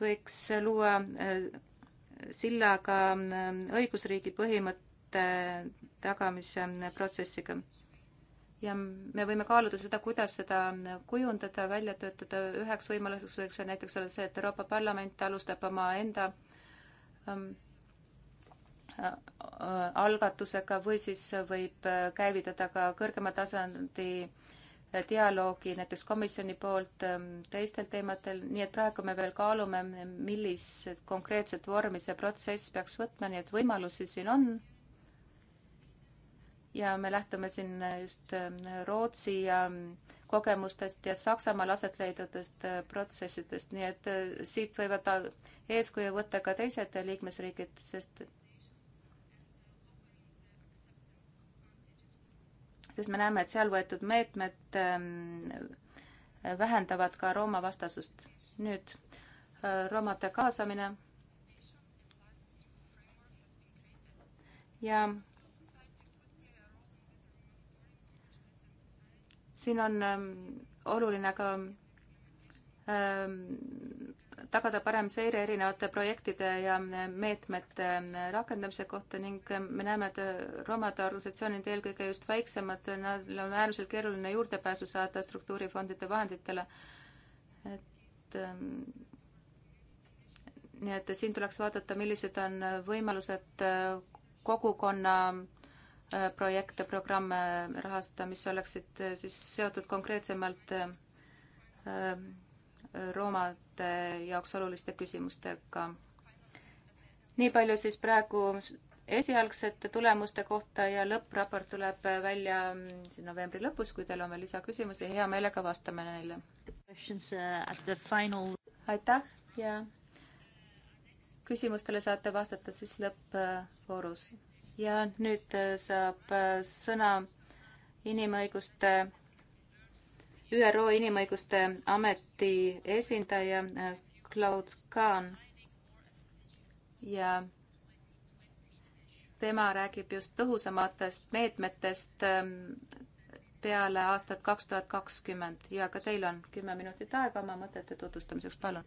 võiks luua sillaga ähm, õigusriigi põhimõtte tagamise äh, protsessiga. ja me võime kaaluda seda, kuidas seda äh, kujundada, välja töötada, üheks võimaluseks võiks näiteks olla see, et Euroopa Parlament alustab omaenda ähm, äh, algatusega või siis võib käivitada ka kõrgema tasandi äh, dialoogi näiteks komisjoni poolt ähm, teistel teemadel, nii et praegu me veel kaalume, millist konkreetset vormi see protsess peaks võtma, nii et võimalusi siin on. ja me lähtume siin just ähm, Rootsi ja ähm, kogemustest ja Saksamaal aset leidvatest äh, protsessidest, nii et äh, siit võivad eeskuju võtta ka teised liikmesriigid, sest sest me näeme, et seal võetud meetmed ähm, vähendavad ka Rooma vastasust. nüüd äh, roomade kaasamine ja siin on ähm, oluline ka ähm, tagada parem seire erinevate projektide ja meetmete rakendamise kohta ning me näeme, et romade organisatsioonid, eelkõige just väiksemad, neil on äärmiselt keeruline juurdepääsu saada struktuurifondide vahenditele. et ähm, nii et siin tuleks vaadata, millised on võimalused kogukonna äh, projekte, programme rahastada, mis oleksid äh, siis seotud konkreetsemalt äh, roomade jaoks oluliste küsimustega. nii palju siis praegu esialgsete tulemuste kohta ja lõppraport tuleb välja mm, novembri lõpus, kui teil on veel lisaküsimusi, hea meelega vastame neile. Uh, aitäh ja küsimustele saate vastata siis lõppvoorus. ja nüüd uh, saab uh, sõna inimõiguste ÜRO Inimõiguste Ameti esindaja äh, Claude Kahn ja tema räägib just tõhusamatest meetmetest ähm, peale aastat kaks tuhat kakskümmend ja ka teil on kümme minutit aega oma mõtete tutvustamiseks, palun.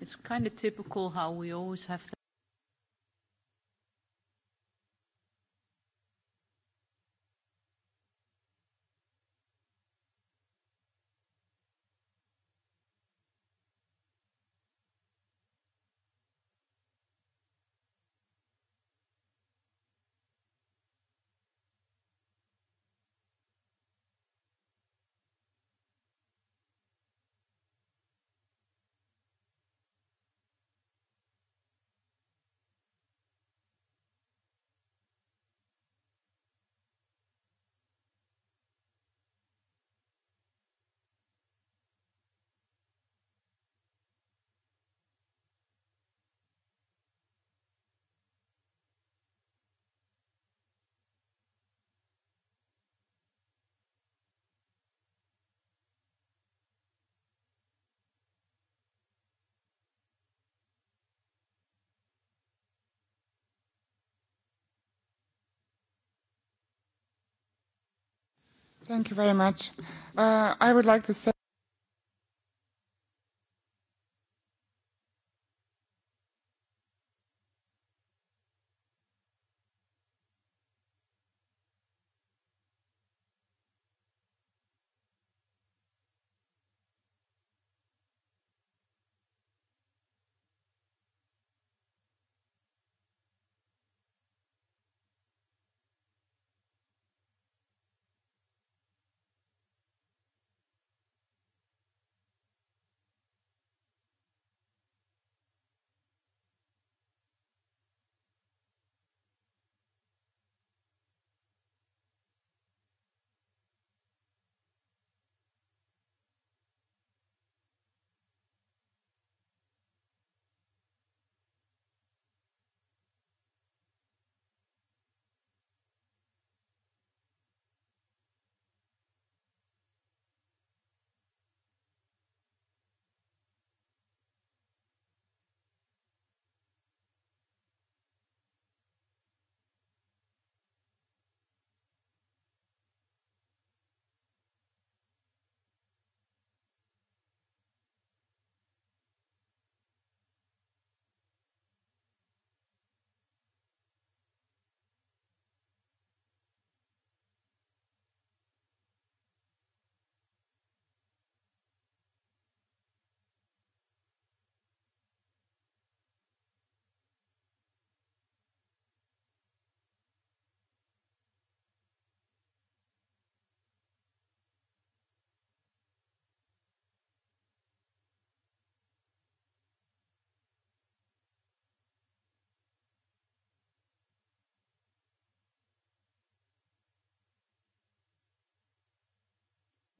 It's kind of typical how we always have Thank you very much. Uh, I would like to say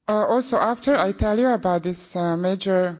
Uh, also after I tell you about this uh, major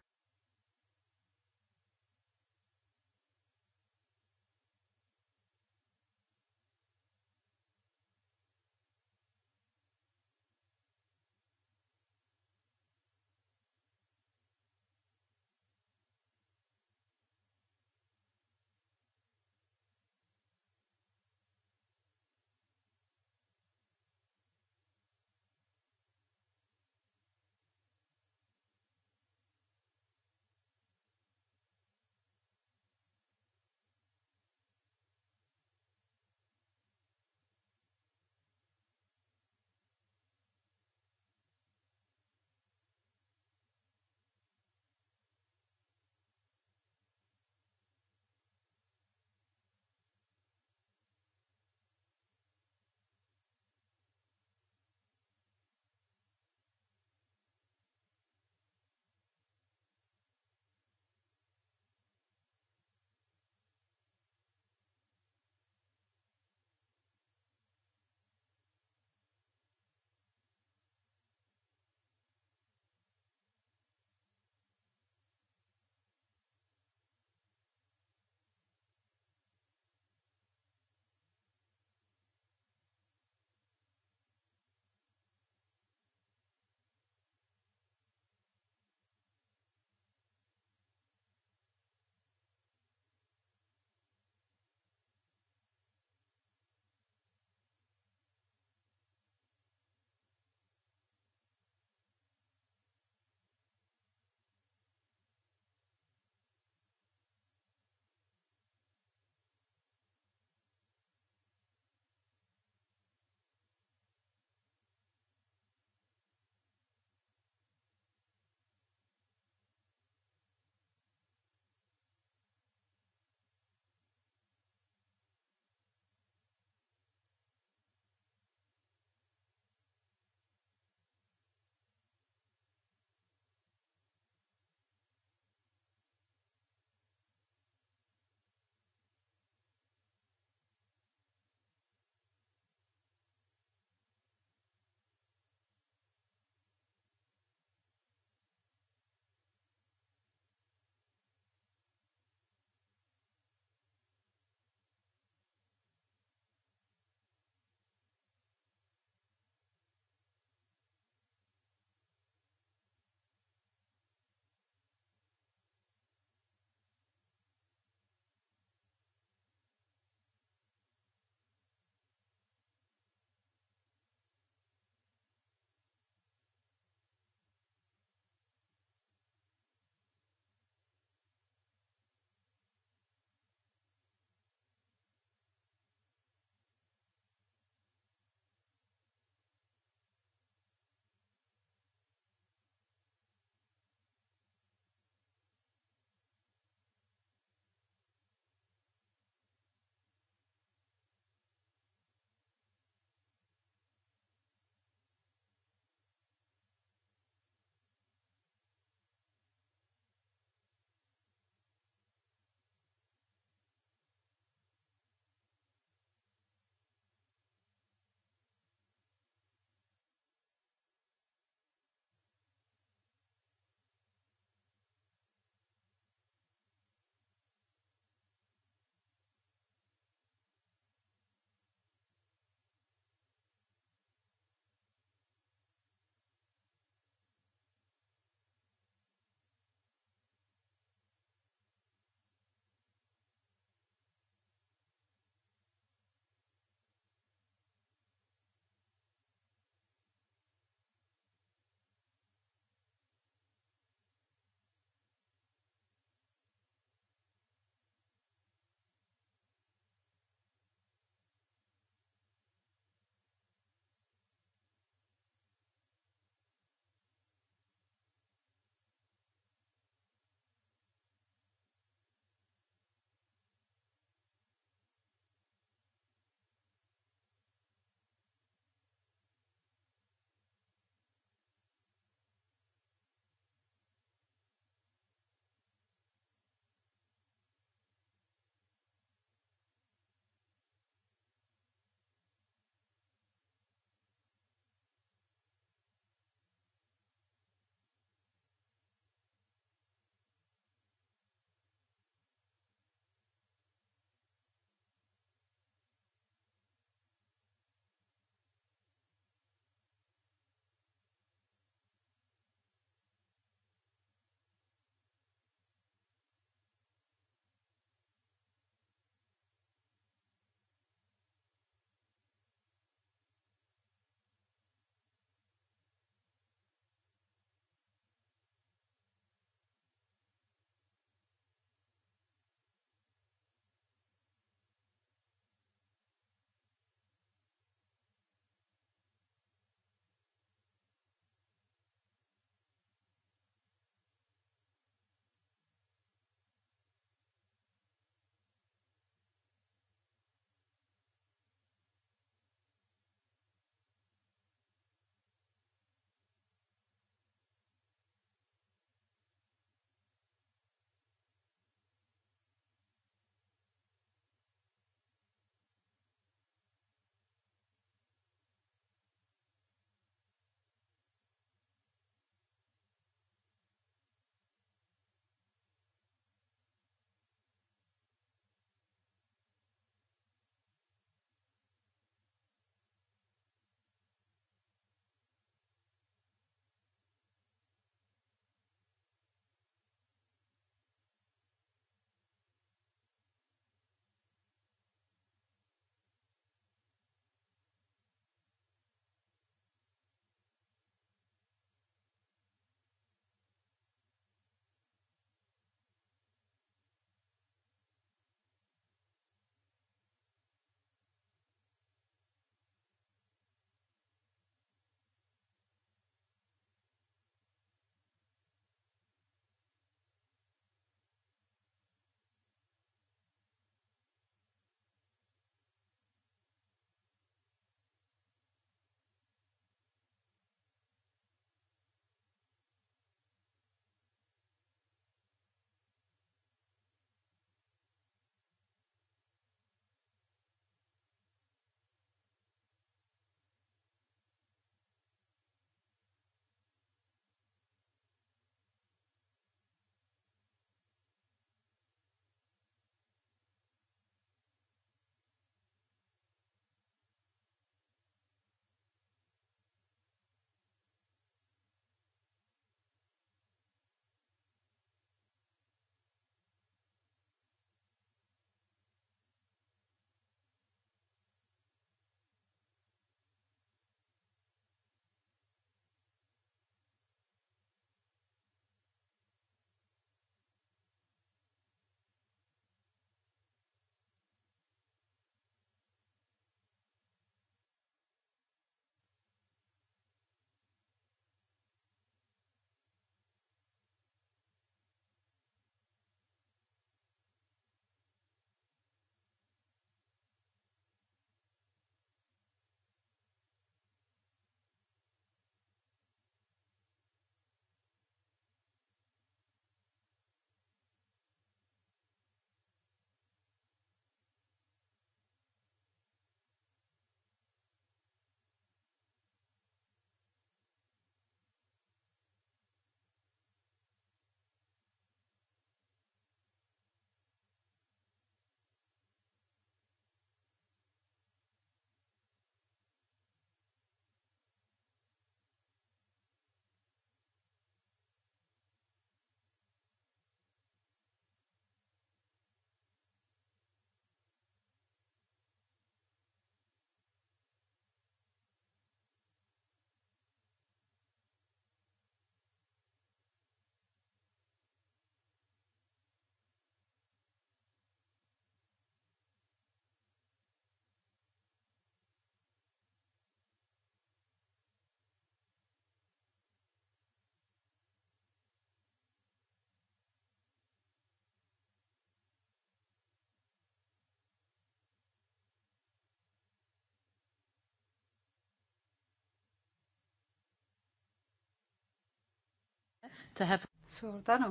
have... suur tänu.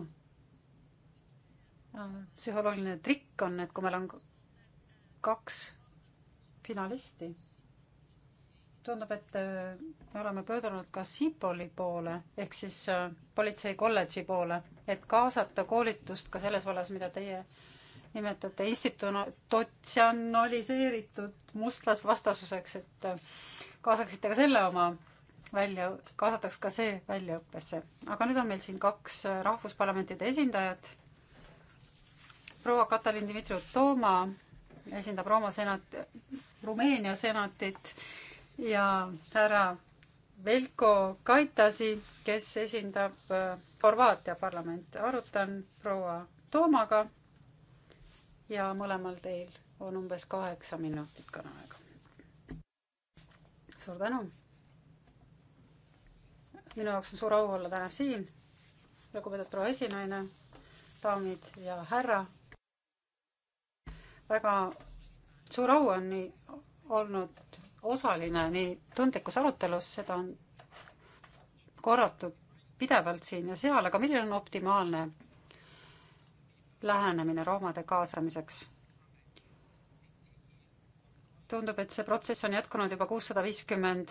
Äh, psühholoogiline trikk on, et kui meil on kaks finalisti, tundub, et äh, me oleme pöördunud ka SIPOL-i poole ehk siis äh, politsei kolledži poole, et kaasata koolitust ka selles vallas, mida teie nimetate institutsionaliseeritud mustlasvastasuseks, et kaasaksite ka selle oma välja, kaasataks ka see väljaõppesse. aga nüüd on meil siin kaks äh, rahvusparlamentide esindajat. proua Katalin Dmitriu Tooma esindab Rooma senat, Rumeenia senatit ja härra Velko Kaitasi, kes esindab äh, Horvaatia parlamenti. arutan proua Toomaga ja mõlemal teil on umbes kaheksa minutit kõneaega. suur tänu minu jaoks on suur au olla täna siin, lugupeetud proua esinaine, daamid ja härra. väga suur au on nii olnud osaline nii tundlikus arutelus, seda on korratud pidevalt siin ja seal, aga milline on optimaalne lähenemine roomade kaasamiseks? tundub, et see protsess on jätkunud juba kuussada viiskümmend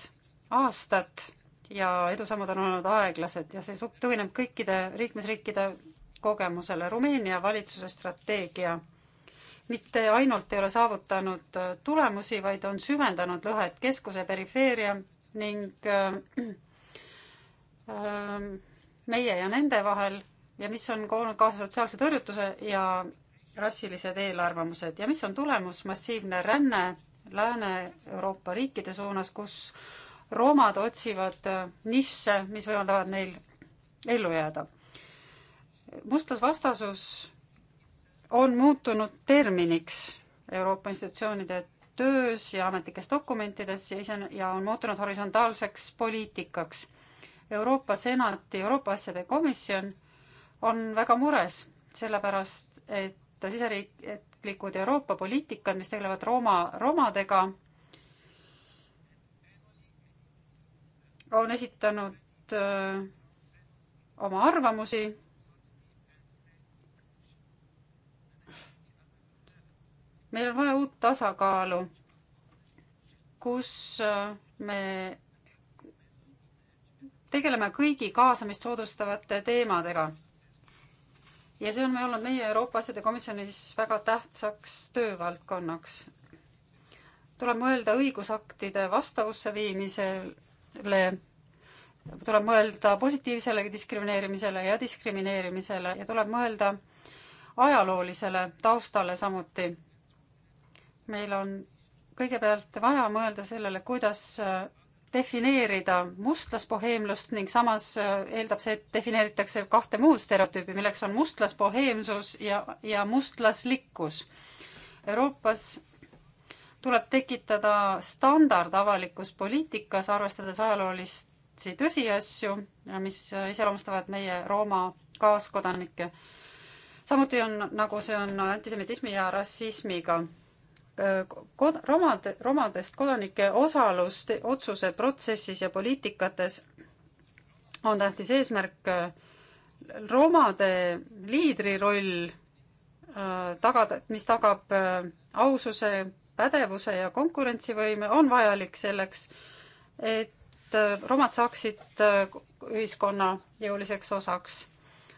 aastat ja edusammud on olnud aeglased ja see tugineb kõikide liikmesriikide kogemusele. Rumeenia valitsuse strateegia mitte ainult ei ole saavutanud äh, tulemusi, vaid on süvendanud lõhet keskuse perifeeria ning äh, ähm, meie ja nende vahel ja mis on koonud kaasa sotsiaalse tõrjutuse ja rassilised eelarvamused ja mis on tulemus, massiivne ränne Lääne-Euroopa riikide suunas, kus roomad otsivad äh, nišše, mis võimaldavad neil ellu jääda. mustasvastasus on muutunud terminiks Euroopa institutsioonide töös ja ametlikes dokumentides ja ise ja on muutunud horisontaalseks poliitikaks. Euroopa Senati Euroopa Asjade Komisjon on väga mures, sellepärast et siseriiklikud Euroopa poliitikad, mis tegelevad Rooma, romadega, on esitanud öö, äh, oma arvamusi. meil on vaja uut tasakaalu, kus äh, me tegeleme kõigi kaasamist soodustavate teemadega. ja see on me olnud meie Euroopa Asjade Komisjonis väga tähtsaks töövaldkonnaks. tuleb mõelda õigusaktide vastavusse viimisel tuleb mõelda positiivsele diskrimineerimisele ja diskrimineerimisele ja tuleb mõelda ajaloolisele taustale samuti. meil on kõigepealt vaja mõelda sellele, kuidas äh, defineerida mustlasboheemlust ning samas äh, eeldab see, et defineeritakse kahte muud stereotüüpi, milleks on mustlasboheemsus ja, ja mustlaslikkus. Euroopas tuleb tekitada standard avalikus poliitikas, arvestades ajaloolisi tõsiasju, mis iseloomustavad meie Rooma kaaskodanikke. samuti on, nagu see on antisemitismi ja rassismiga, kod-, romade, romadest kodanike osalus otsuse protsessis ja poliitikates on tähtis eesmärk, romade liidri roll tagada, mis tagab aususe, pädevuse ja konkurentsivõime on vajalik selleks, et äh, romad saaksid äh, ühiskonna jõuliseks osaks.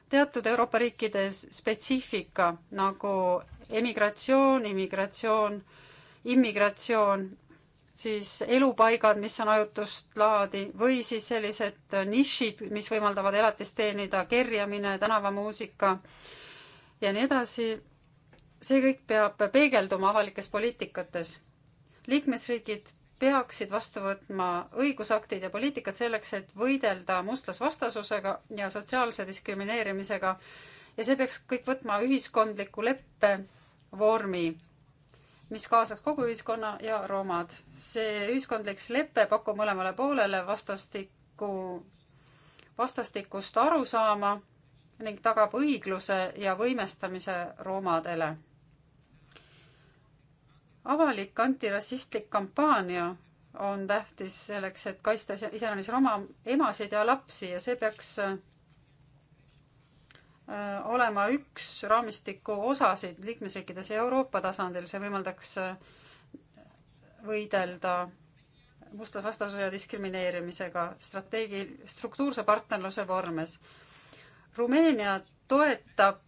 teatud Euroopa riikides spetsiifika nagu emigratsioon, immigratsioon, immigratsioon, siis elupaigad, mis on ajutust laadi või siis sellised äh, nišid, mis võimaldavad elatist teenida, kerjamine, tänavamuusika ja nii edasi see kõik peab peegelduma avalikes poliitikates. liikmesriigid peaksid vastu võtma õigusaktid ja poliitikad selleks, et võidelda mustlasvastasusega ja sotsiaalse diskrimineerimisega ja see peaks kõik võtma ühiskondliku leppe vormi, mis kaasaks kogu ühiskonna ja romad. see ühiskondlik lepe pakub mõlemale poolele vastastikku, vastastikust arusaama ning tagab õigluse ja võimestamise romadele avalik antirassistlik kampaania on tähtis selleks, et kaitsta iseäranis roma emasid ja lapsi ja see peaks äh, olema üks raamistiku osasid liikmesriikides ja Euroopa tasandil, see võimaldaks äh, võidelda mustlasvastasuse ja diskrimineerimisega strateegi-, struktuurse partnerluse vormes. Rumeeniat toetab,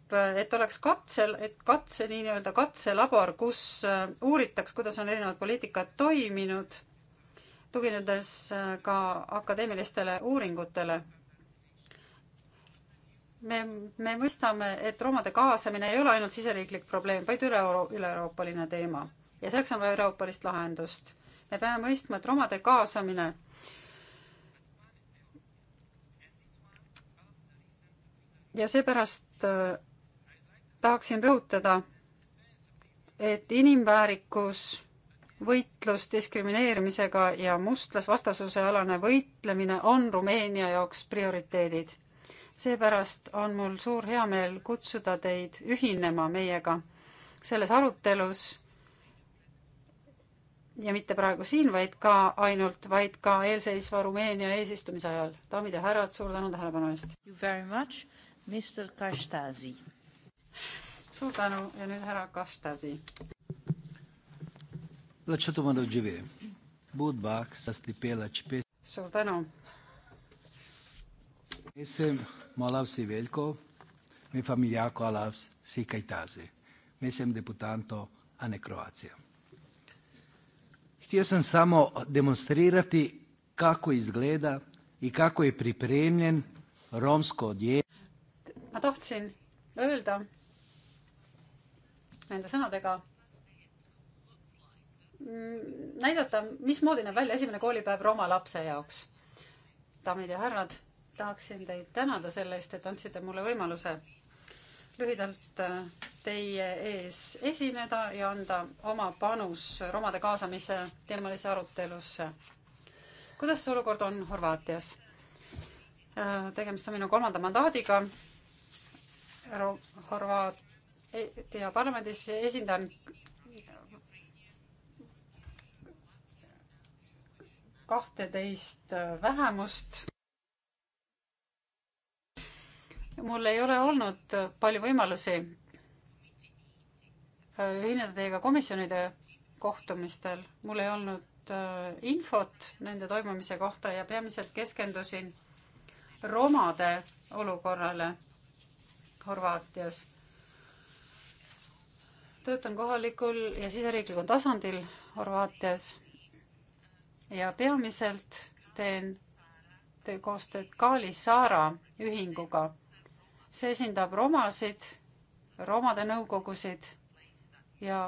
et oleks katse, et katse, nii-öelda katselabor, kus äh, uuritaks, kuidas on erinevad poliitikad toiminud, tuginedes äh, ka akadeemilistele uuringutele. me, me mõistame, et roomade kaasamine ei ole ainult siseriiklik probleem, vaid üle, üle-euroopaline teema ja selleks on vaja üle-euroopalist lahendust. me peame mõistma, et roomade kaasamine ja seepärast äh, tahaksin rõhutada, et inimväärikus, võitlus diskrimineerimisega ja mustlasvastasuse alane võitlemine on Rumeenia jaoks prioriteedid. seepärast on mul suur heameel kutsuda teid ühinema meiega selles arutelus ja mitte praegu siin, vaid ka ainult, vaid ka eelseisva Rumeenia eesistumise ajal. daamid ja härrad, suur tänu tähelepanu eest! Mr Kastasi. suur tänu ja nüüd härra Kastasi. suur tänu. Esem Malavsi Veljko, mi familjako Alavs Sikajtazi. Mi sem deputanto Ane Croatia. Htio sam samo demonstrirati kako izgleda i kako je pripremljen romsko odjeće ma tahtsin öelda nende sõnadega, mm, näidata, mismoodi näeb välja esimene koolipäev Rooma lapse jaoks. daamid ja härrad, tahaksin teid tänada selle eest, et andsite mulle võimaluse lühidalt äh, teie ees esineda ja anda oma panus romade kaasamise teemalise arutelusse. kuidas see olukord on Horvaatias? Äh, tegemist on minu kolmanda mandaadiga Horvaatia e-, parlamendis esindan kahteteist vähemust. mul ei ole olnud palju võimalusi ühineda teiega komisjonide kohtumistel, mul ei olnud äh, infot nende toimumise kohta ja peamiselt keskendusin romade olukorrale Horvaatias. töötan kohalikul ja siseriiklikul tasandil Horvaatias ja peamiselt teen, teen koostööd Kaali Saara ühinguga. see esindab romasid, romade nõukogusid ja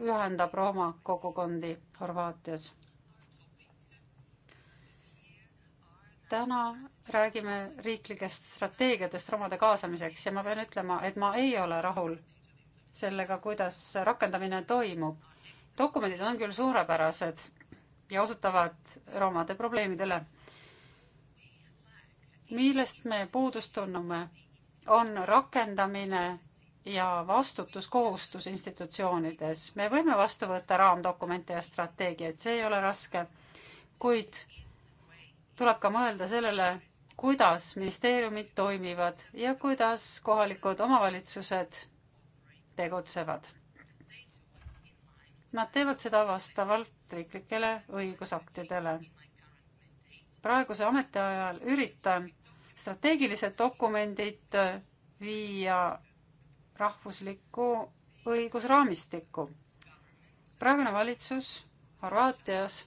ühendab Rooma kogukondi Horvaatias täna räägime riiklikest strateegiatest romade kaasamiseks ja ma pean ütlema, et ma ei ole rahul sellega, kuidas rakendamine toimub. dokumendid on küll suurepärased ja osutavad romade probleemidele. millest me puudust tunneme, on rakendamine ja vastutuskohustus institutsioonides. me võime vastu võtta raamdokumente ja strateegiaid, see ei ole raske, kuid tuleb ka mõelda sellele, kuidas ministeeriumid toimivad ja kuidas kohalikud omavalitsused tegutsevad. Nad teevad seda vastavalt riiklikele õigusaktidele. praeguse ametiajal üritan strateegilised dokumendid viia rahvuslikku õigusraamistikku. praegune valitsus Horvaatias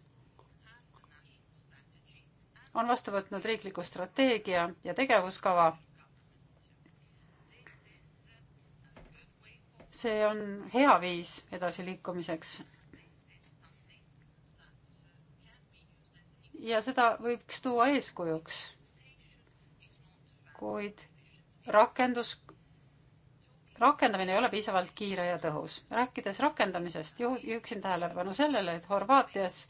on vastu võtnud riikliku strateegia ja tegevuskava. see on hea viis edasiliikumiseks. ja seda võiks tuua eeskujuks. kuid rakendus, rakendamine ei ole piisavalt kiire ja tõhus. rääkides rakendamisest, juhiksin tähelepanu sellele, et Horvaatias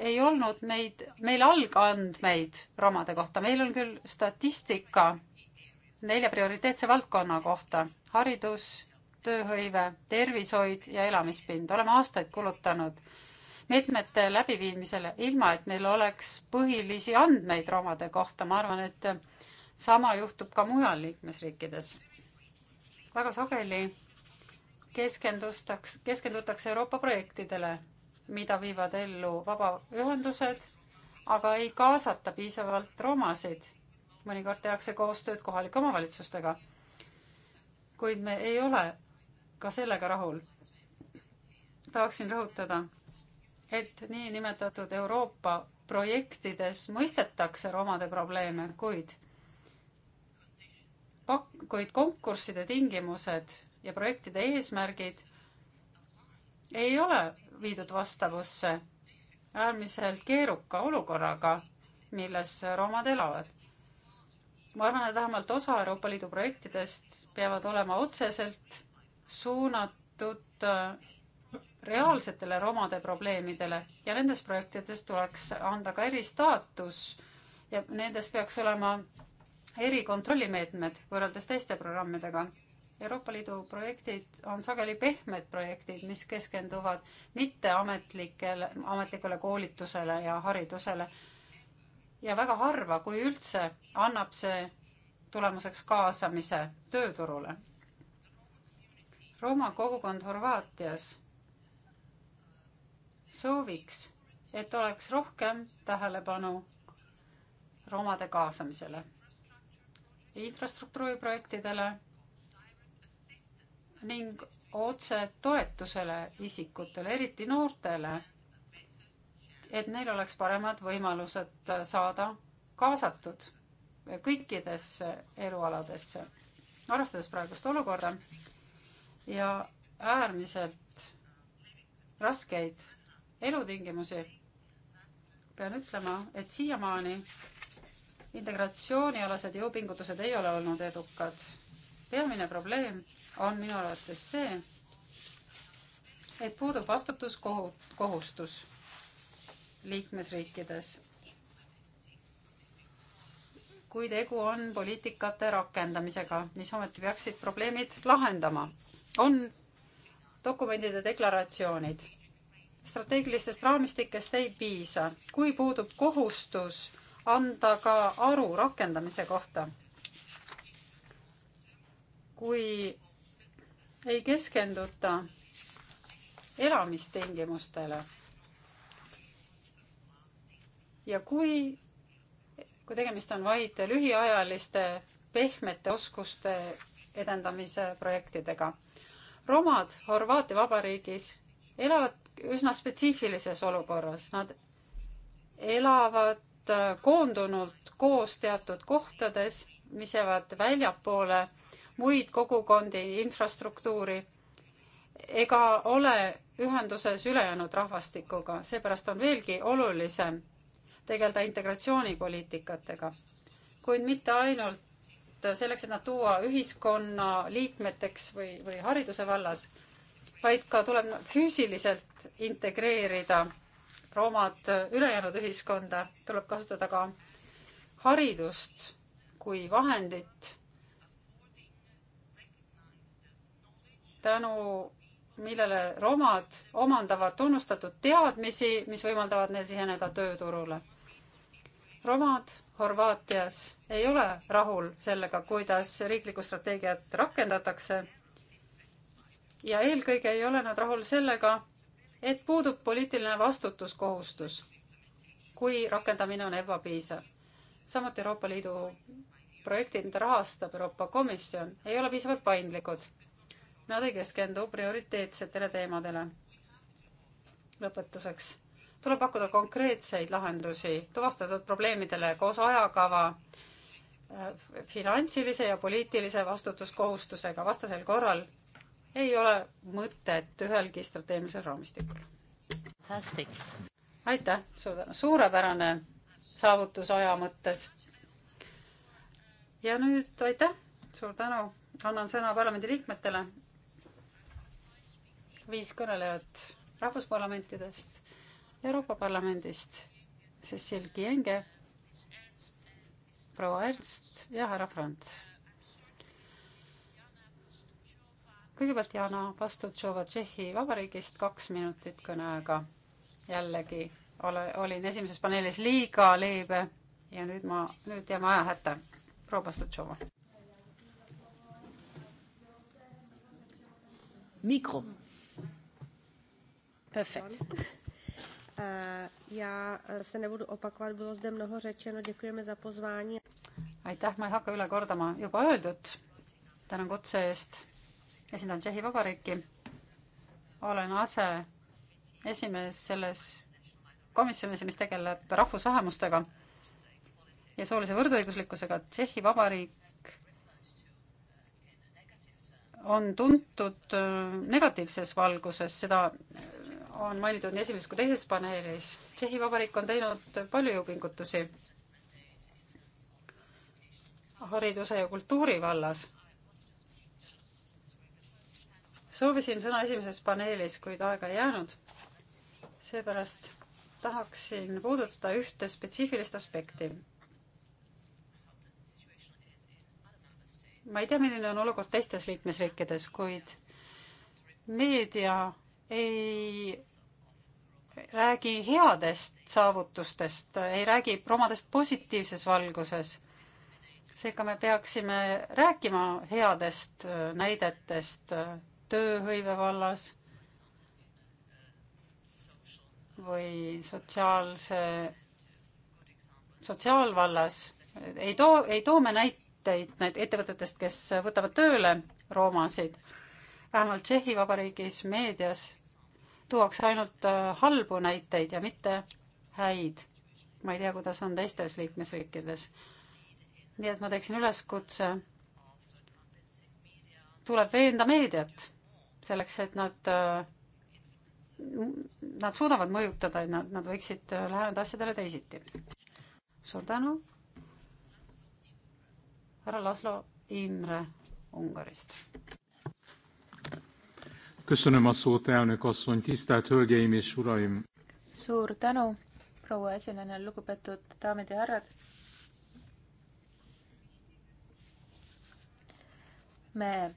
ei olnud meid, meil algandmeid romade kohta, meil on küll statistika nelja prioriteetse valdkonna kohta, haridus, tööhõive, tervishoid ja elamispind. oleme aastaid kulutanud meetmete läbiviimisele, ilma et meil oleks põhilisi andmeid romade kohta. ma arvan, et sama juhtub ka mujal liikmesriikides. väga sageli keskendustaks, keskendutakse Euroopa projektidele mida viivad ellu vabaühendused, aga ei kaasata piisavalt romasid. mõnikord tehakse koostööd kohalike omavalitsustega. kuid me ei ole ka sellega rahul. tahaksin rõhutada, et niinimetatud Euroopa projektides mõistetakse romade probleeme, kuid pak-, kuid konkursside tingimused ja projektide eesmärgid ei ole viidud vastavusse äärmiselt keeruka olukorraga, milles roomad elavad. ma arvan, et vähemalt osa Euroopa Liidu projektidest peavad olema otseselt suunatud äh, reaalsetele romade probleemidele ja nendes projektides tuleks anda ka eristaatus ja nendes peaks olema erikontrollimeetmed võrreldes teiste programmidega Euroopa Liidu projektid on sageli pehmed projektid, mis keskenduvad mitteametlikele, ametlikule koolitusele ja haridusele. ja väga harva, kui üldse, annab see tulemuseks kaasamise tööturule. Rooma kogukond Horvaatias sooviks, et oleks rohkem tähelepanu roomade kaasamisele, infrastruktuuriprojektidele ning otsetoetusele isikutele, eriti noortele, et neil oleks paremad võimalused saada kaasatud kõikidesse elualadesse. arvestades praegust olukorda ja äärmiselt raskeid elutingimusi, pean ütlema, et siiamaani integratsioonialased jõupingutused ei ole olnud edukad. peamine probleem on minu arvates see, et puudub vastutuskohustus liikmesriikides, kui tegu on poliitikate rakendamisega, mis ometi peaksid probleemid lahendama. on dokumendid ja deklaratsioonid. strateegilistest raamistikest ei piisa, kui puudub kohustus anda ka aru rakendamise kohta. kui ei keskenduta elamistingimustele. ja kui, kui tegemist on vaid lühiajaliste pehmete oskuste edendamise projektidega. romad Horvaatia Vabariigis elavad üsna spetsiifilises olukorras, nad elavad äh, koondunult koos teatud kohtades, mis jäävad väljapoole muid kogukondi, infrastruktuuri, ega ole ühenduses ülejäänud rahvastikuga, seepärast on veelgi olulisem tegeleda integratsioonipoliitikatega. kuid mitte ainult selleks, et nad tuua ühiskonna liikmeteks või, või hariduse vallas, vaid ka tuleb füüsiliselt integreerida roomad ülejäänud ühiskonda, tuleb kasutada ka haridust kui vahendit tänu millele romad omandavad tunnustatud teadmisi, mis võimaldavad neil siseneda tööturule. romad Horvaatias ei ole rahul sellega, kuidas riiklikku strateegiat rakendatakse. ja eelkõige ei ole nad rahul sellega, et puudub poliitiline vastutuskohustus, kui rakendamine on ebapiisav. samuti Euroopa Liidu projektid, mida rahastab Euroopa Komisjon, ei ole piisavalt paindlikud Nad ei keskendu prioriteetsetele teemadele. lõpetuseks tuleb pakkuda konkreetseid lahendusi tuvastatud probleemidele koos ajakava, äh, finantsilise ja poliitilise vastutuskohustusega. vastasel korral ei ole mõtet ühelgi strateegilisel raamistikul. aitäh, suur tänu, suurepärane saavutus aja mõttes. ja nüüd aitäh, suur tänu, annan sõna parlamendi liikmetele viis kõnelejat rahvusparlamentidest, Euroopa Parlamendist, Cecil Kienge, proua Ernst ja härra Franz. kõigepealt Jana Vastutšova Tšehhi Vabariigist, kaks minutit kõneaega. jällegi ole, olin esimeses paneelis liiga leebe ja nüüd ma, nüüd jääme ajahätta. proua Vastutšova. mikro Perfect. Eh, ja eh, se nebudu opakovat, bylo zde mnoho řečeno, děkujeme za pozvání. aitäh, ma ei hakka üle kordama juba öeldut. tänan kutse eest. esindan Tšehhi Vabariiki. olen ase esimees selles komisjonis, mis tegeleb rahvusvähemustega ja soolise võrdõiguslikkusega. Tšehhi Vabariik on tuntud eh, negatiivses valguses, seda on mainitud nii esimeses kui teises paneelis. Tšehhi Vabariik on teinud palju jõupingutusi hariduse ja kultuuri vallas. soovisin sõna esimeses paneelis, kuid aega ei jäänud. seepärast tahaksin puudutada ühte spetsiifilist aspekti. ma ei tea, milline on olukord teistes liikmesriikides, kuid meedia ei räägi headest saavutustest, ei räägi promadest positiivses valguses. seega me peaksime rääkima headest äh, näidetest äh, tööhõive vallas või sotsiaalse, sotsiaalvallas. ei too, ei too me näiteid need ettevõtetest, kes võtavad tööle roomasid. vähemalt Tšehhi Vabariigis meedias tuuakse ainult äh, halbu näiteid ja mitte häid. ma ei tea, kuidas on teistes liikmesriikides. nii et ma teeksin üleskutse. tuleb veenda meediat selleks, et nad, äh, nad suudavad mõjutada, et nad, nad võiksid äh, läheneda asjadele teisiti. suur tänu. härra Laslo Imre Ungarist. Köszönöm a szót, elnök asszony, tisztelt hölgyeim és uraim! Suur tänu, proua esinejana, lugupeetud daamid ja härrad! me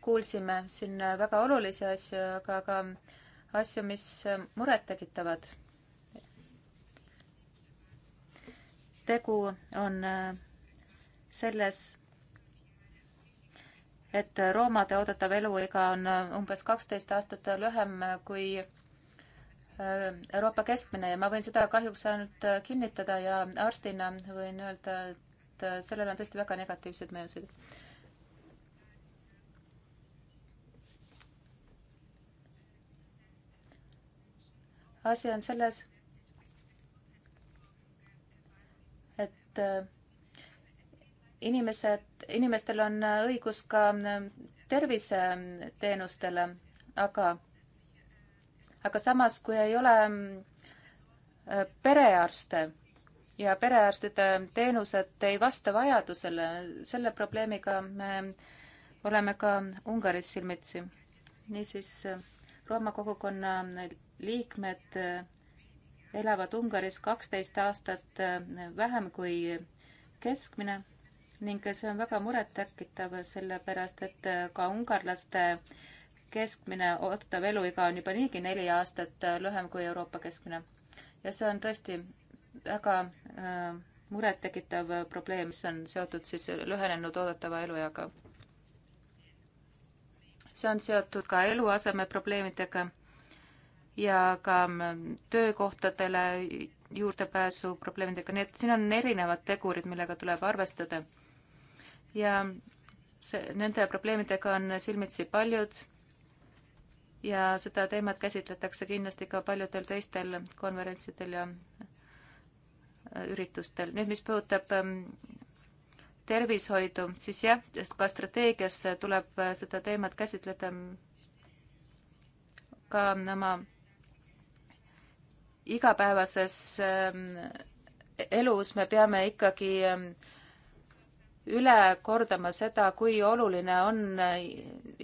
kuulsime siin väga olulisi asju, aga ka asju, mis muret tekitavad. tegu on selles et roomade oodatav eluiga on umbes kaksteist aastat lühem kui äh, Euroopa keskmine ja ma võin seda kahjuks ainult kinnitada ja arstina võin öelda, et sellel on tõesti väga negatiivsed mõjusid. asi on selles, et äh, inimesed, inimestel on õigus ka äh, terviseteenustele, aga, aga samas, kui ei ole mm, äh, perearste ja perearstide teenused ei vasta vajadusele, selle probleemiga me oleme ka Ungaris silmitsi. niisiis, äh, Rooma kogukonna liikmed elavad Ungaris kaksteist aastat vähem kui keskmine ning see on väga murettekitav, sellepärast et ka ungarlaste keskmine oodatav eluiga on juba niigi neli aastat lühem kui Euroopa keskmine. ja see on tõesti väga äh, murettekitav probleem, mis on seotud siis lühenenud oodatava elueaga. see on seotud ka eluasemeprobleemidega ja ka mm, töökohtadele juurdepääsu probleemidega, nii et siin on erinevad tegurid, millega tuleb arvestada ja see, nende probleemidega on silmitsi paljud ja seda teemat käsitletakse kindlasti ka paljudel teistel konverentsidel ja äh, üritustel. nüüd, mis puudutab ähm, tervishoidu, siis jah, ka strateegias tuleb äh, seda teemat käsitleda ka oma igapäevases ähm, elus me peame ikkagi ähm, üle kordama seda, kui oluline on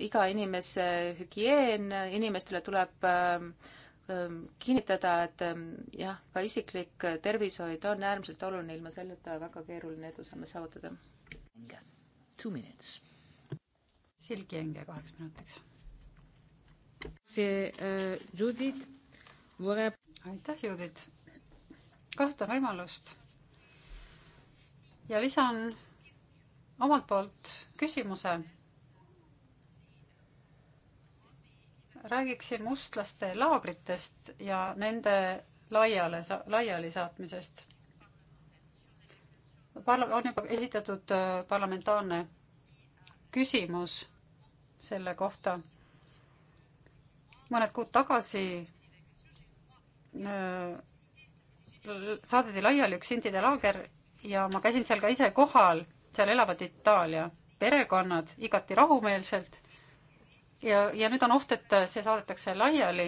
iga inimese hügieen, inimestele tuleb ähm, ähm, kinnitada, et ähm, jah, ka isiklik tervishoid on äärmiselt oluline, ilma selleta väga keeruline edu saame saavutada. Two minutes. Silgi Enge kaheks minutiks. see uh, Judith Vore. aitäh, Judith. kasutan võimalust ja lisan omalt poolt küsimuse. räägiksin mustlaste laagritest ja nende laiale, laialisaatmisest. Parla-, on juba esitatud äh, parlamentaarne küsimus selle kohta. mõned kuud tagasi öö, äh, saadeti laiali üks sintide laager ja ma käisin seal ka ise kohal seal elavad Itaalia perekonnad igati rahumeelselt. ja, ja nüüd on oht, et see saadetakse laiali.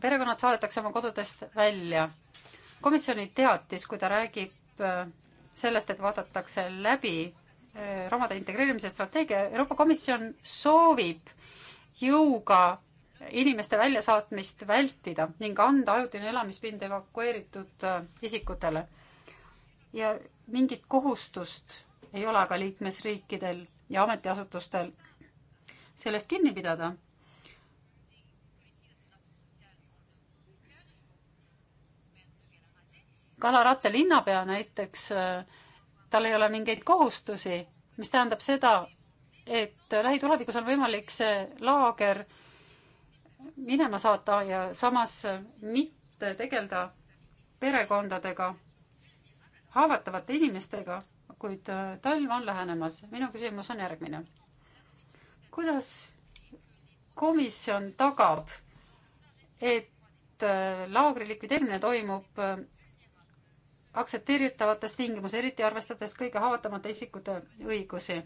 perekonnad saadetakse oma kodudest välja. komisjoni teatis, kui ta räägib äh, sellest, et vaadatakse läbi äh, romade integreerimise strateegia, Euroopa Komisjon soovib jõuga inimeste väljasaatmist vältida ning anda ajutine elamispind evakueeritud äh, isikutele. ja mingit kohustust ei ole aga liikmesriikidel ja ametiasutustel sellest kinni pidada. Kalaratte linnapea näiteks, tal ei ole mingeid kohustusi, mis tähendab seda, et lähitulevikus on võimalik see laager minema saata ja samas mitte tegeleda perekondadega, haavatavate inimestega kuid äh, talv on lähenemas. minu küsimus on järgmine. kuidas komisjon tagab, et äh, laagri likvideerimine toimub äh, aktsepteeritavates tingimustes, eriti arvestades kõige haavatavamate isikute õigusi.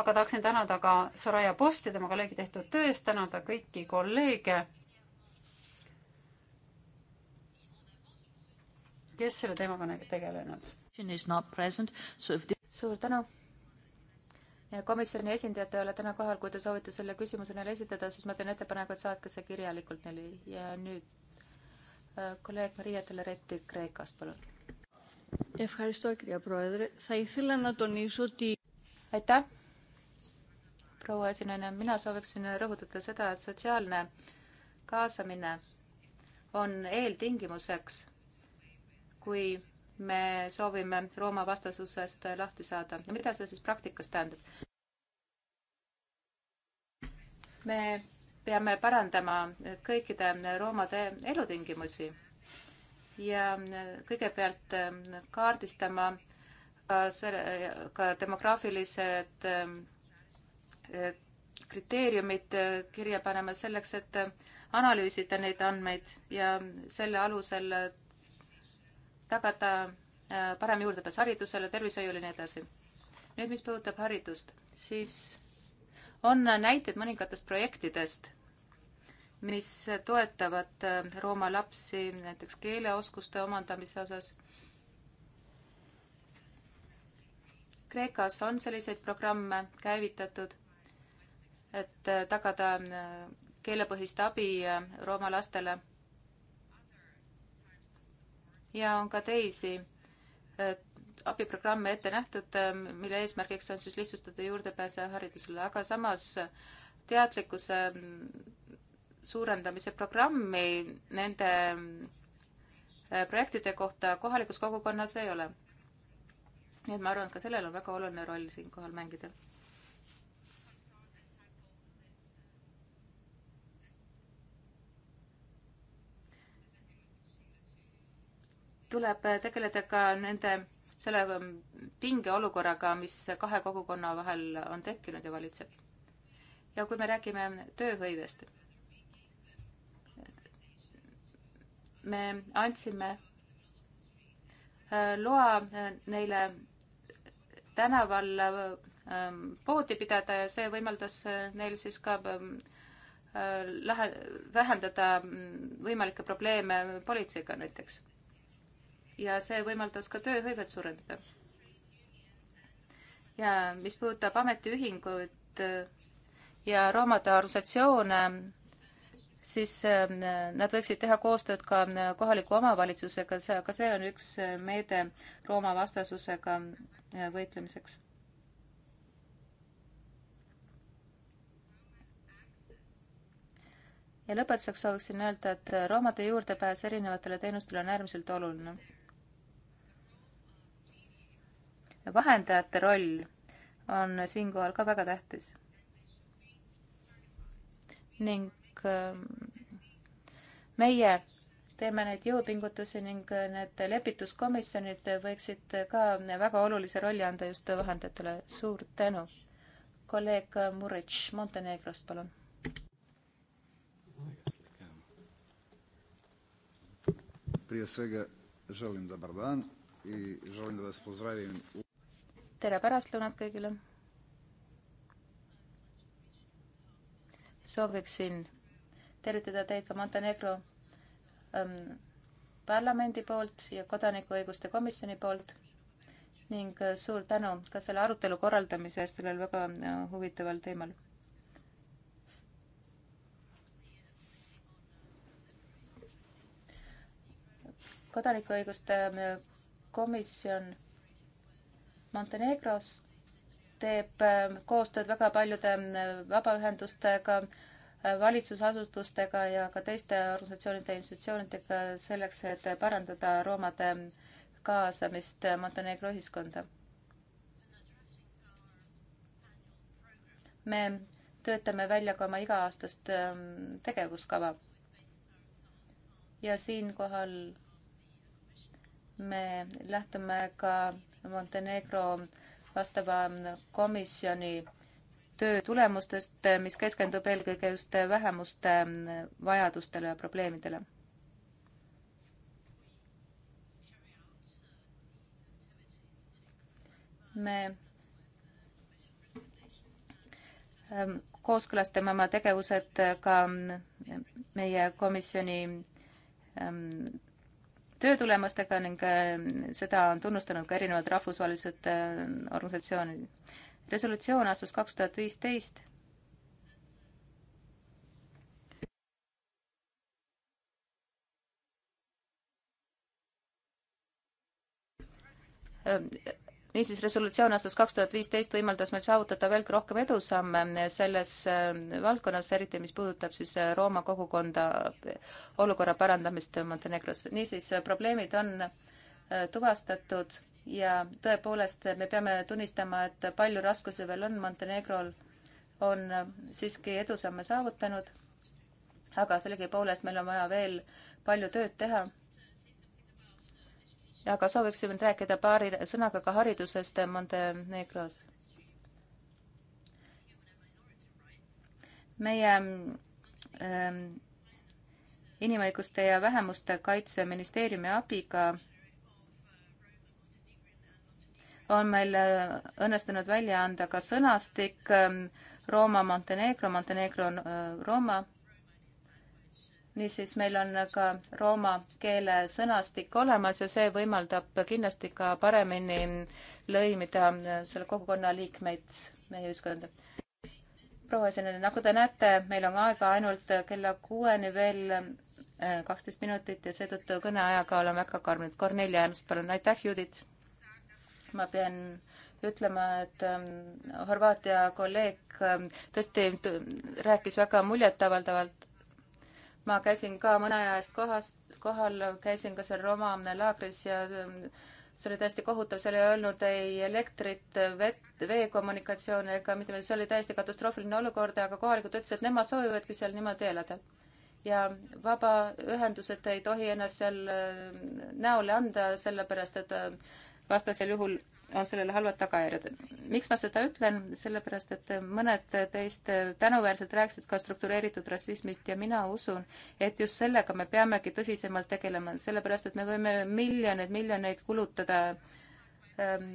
aga tahaksin tänada ka Soraya Posti, tema kolleegi tehtud töö eest, tänada kõiki kolleege, kes selle teemaga on tegelenud suur tänu. komisjoni esindajad ei ole täna kohal, kui te soovite selle küsimuse neile esitada, siis ma teen ettepaneku, et saatke see kirjalikult neile ja nüüd äh, kolleeg Maria Teleretti Kreekast, palun. aitäh, proua esinaine, mina sooviksin rõhutada seda, et sotsiaalne kaasamine on eeltingimuseks, kui me soovime Rooma vastasusest lahti saada. ja mida see siis praktikas tähendab? me peame parandama kõikide roomade elutingimusi ja kõigepealt kaardistama ka selle, ka demograafilised eh, kriteeriumid kirja panema selleks, et analüüsida neid andmeid ja selle alusel tagada äh, parem juurdepääs haridusele, tervishoiule ja nii edasi. nüüd, mis puudutab haridust, siis on näiteid mõningatest projektidest, mis toetavad äh, Rooma lapsi näiteks keeleoskuste omandamise osas. Kreekas on selliseid programme käivitatud, et äh, tagada keelepõhist abi Rooma lastele ja on ka teisi äh, abiprogramme ette nähtud, äh, mille eesmärgiks on siis lihtsustada juurdepääse haridusele, aga samas äh, teadlikkuse mm, suurendamise programmi nende mm, projektide kohta kohalikus kogukonnas ei ole. nii et ma arvan, et ka sellel on väga oluline roll siinkohal mängida tuleb tegeleda ka nende, selle pingeolukorraga, mis kahe kogukonna vahel on tekkinud ja valitseb. ja kui me räägime tööhõivest, me andsime äh, loa äh, neile tänaval äh, poodi pidada ja see võimaldas neil siis ka lähe-, vähendada mm, võimalikke probleeme politseiga näiteks ja see võimaldas ka tööhõivet suurendada. ja mis puudutab ametiühinguid äh, ja roomade organisatsioone, siis äh, nad võiksid teha koostööd ka äh, kohaliku omavalitsusega, see, aga see on üks meede Rooma vastasusega võitlemiseks. ja lõpetuseks sooviksin öelda, et roomade juurdepääs erinevatele teenustele on äärmiselt oluline vahendajate roll on siinkohal ka väga tähtis. ning ähm, meie teeme neid jõupingutusi ning äh, need lepituskomisjonid võiksid ka väga olulise rolli anda just vahendajatele. suur tänu. kolleeg Murritš Montenegrost, palun. prije svega želim dobar dan i želim da vas pozdravim tere pärastlõunat kõigile. sooviksin tervitada teid ka Montenegro ähm, parlamendi poolt ja kodanikuõiguste komisjoni poolt ning äh, suur tänu ka selle arutelu korraldamise eest sellel väga äh, huvitaval teemal. kodanikuõiguste äh, komisjon Montenegros teeb äh, koostööd väga paljude äh, vabaühendustega, äh, valitsusasutustega ja ka teiste organisatsioonide ja institutsioonidega selleks, et parandada roomade kaasamist Montenegro ühiskonda. me töötame välja ka oma iga-aastast ähm, tegevuskava. ja siinkohal me lähtume ka Montenegro vastava komisjoni töö tulemustest, mis keskendub eelkõige just vähemuste vajadustele ja probleemidele. me ähm, kooskõlastame oma tegevused ka meie komisjoni ähm, töö tulemustega ning äh, seda on tunnustanud ka erinevad rahvusvahelised äh, organisatsioonid. resolutsioon aastast kaks tuhat viisteist niisiis, resolutsioon aastast kaks tuhat viisteist võimaldas meil saavutada veelgi rohkem edusamme selles äh, valdkonnas, eriti mis puudutab siis äh, Rooma kogukonda olukorra parandamist Montenegros. niisiis, äh, probleemid on tuvastatud ja tõepoolest, me peame tunnistama, et palju raskusi veel on Montenegrol, on siiski edusamme saavutanud, aga sellegipoolest meil on vaja veel palju tööd teha aga sooviksin rääkida paari sõnaga ka haridusest Montenegros. meie ähm, inimõiguste ja vähemuste kaitseministeeriumi abiga on meil äh, õnnestunud välja anda ka sõnastik ähm, Rooma Montenegro, Montenegro on äh, Rooma niisiis, meil on ka rooma keele sõnastik olemas ja see võimaldab kindlasti ka paremini lõimida äh, selle kogukonna liikmeid meie ühiskonda. proua esineja, nagu te näete, meil on aega ainult kella kuueni veel äh, kaksteist minutit ja seetõttu kõneajaga olen väga karminud. Kornelia Ernst, palun, aitäh, Judit! ma pean ütlema, et ähm, Horvaatia kolleeg ähm, tõesti rääkis väga muljetavaldavalt ma käisin ka mõne aja eest kohast, kohal, käisin ka seal Roma laagris ja ähm, see oli täiesti kohutav, seal ei olnud ei elektrit, vett, veekommunikatsiooni ega mitte midagi, see oli täiesti katastroofiline olukord, aga kohalikud ütlesid, et nemad soovivadki seal niimoodi elada. ja vabaühendused ei tohi ennast seal äh, näole anda, sellepärast et äh, vastasel juhul on äh, sellel halvad tagajärjed. miks ma seda ütlen, sellepärast et mõned teist tänuväärselt rääkisid ka struktureeritud rassismist ja mina usun, et just sellega me peamegi tõsisemalt tegelema, sellepärast et me võime miljoneid-miljoneid kulutada ähm,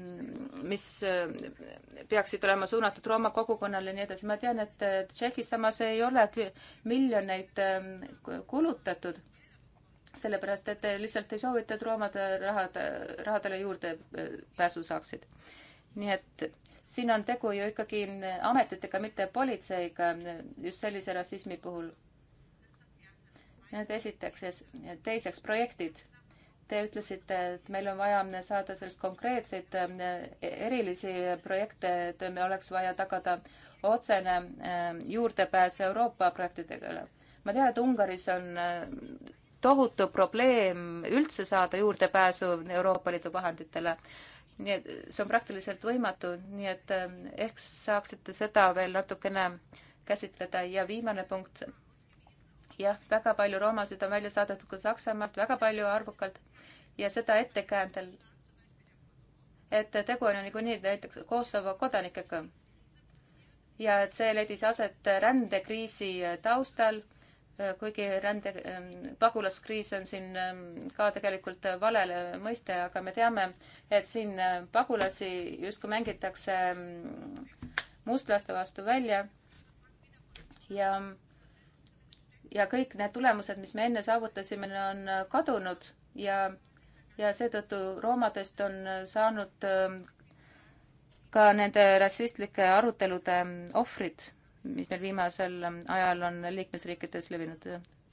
mis äh, peaksid olema suunatud Rooma kogukonnale ja nii edasi. ma tean, et Tšehhis samas ei ole miljoneid ähm, kulutatud sellepärast et lihtsalt ei soovita, et roomad rahad, rahadele juurdepääsu äh, saaksid. nii et siin on tegu ju ikkagi ametitega, mitte politseiga, just sellise rassismi puhul. Need esiteks ja teiseks projektid. Te ütlesite, et meil on vaja saada sellest konkreetseid äh, erilisi projekte, et me oleks vaja tagada otsene äh, juurdepääs Euroopa projektidele. ma tean, et Ungaris on tohutu probleem üldse saada juurdepääsu Euroopa Liidu vahenditele. nii et see on praktiliselt võimatu, nii et ähm, ehk saaksite seda veel natukene käsitleda ja viimane punkt. jah, väga palju roomasid on välja saadetud ka Saksamaalt, väga palju arvukalt ja seda ettekäändel, et tegu on niikuinii näiteks Kosovo kodanikega. ja et see leidis aset rändekriisi taustal kuigi rände, ähm, pagulaskriis on siin ähm, ka tegelikult vale mõiste, aga me teame, et siin äh, pagulasi justkui mängitakse ähm, mustlaste vastu välja ja, ja kõik need tulemused, mis me enne saavutasime, on äh, kadunud ja, ja seetõttu roomadest on äh, saanud ka nende rassistlike arutelude ohvrid mis meil viimasel ajal on liikmesriikides levinud.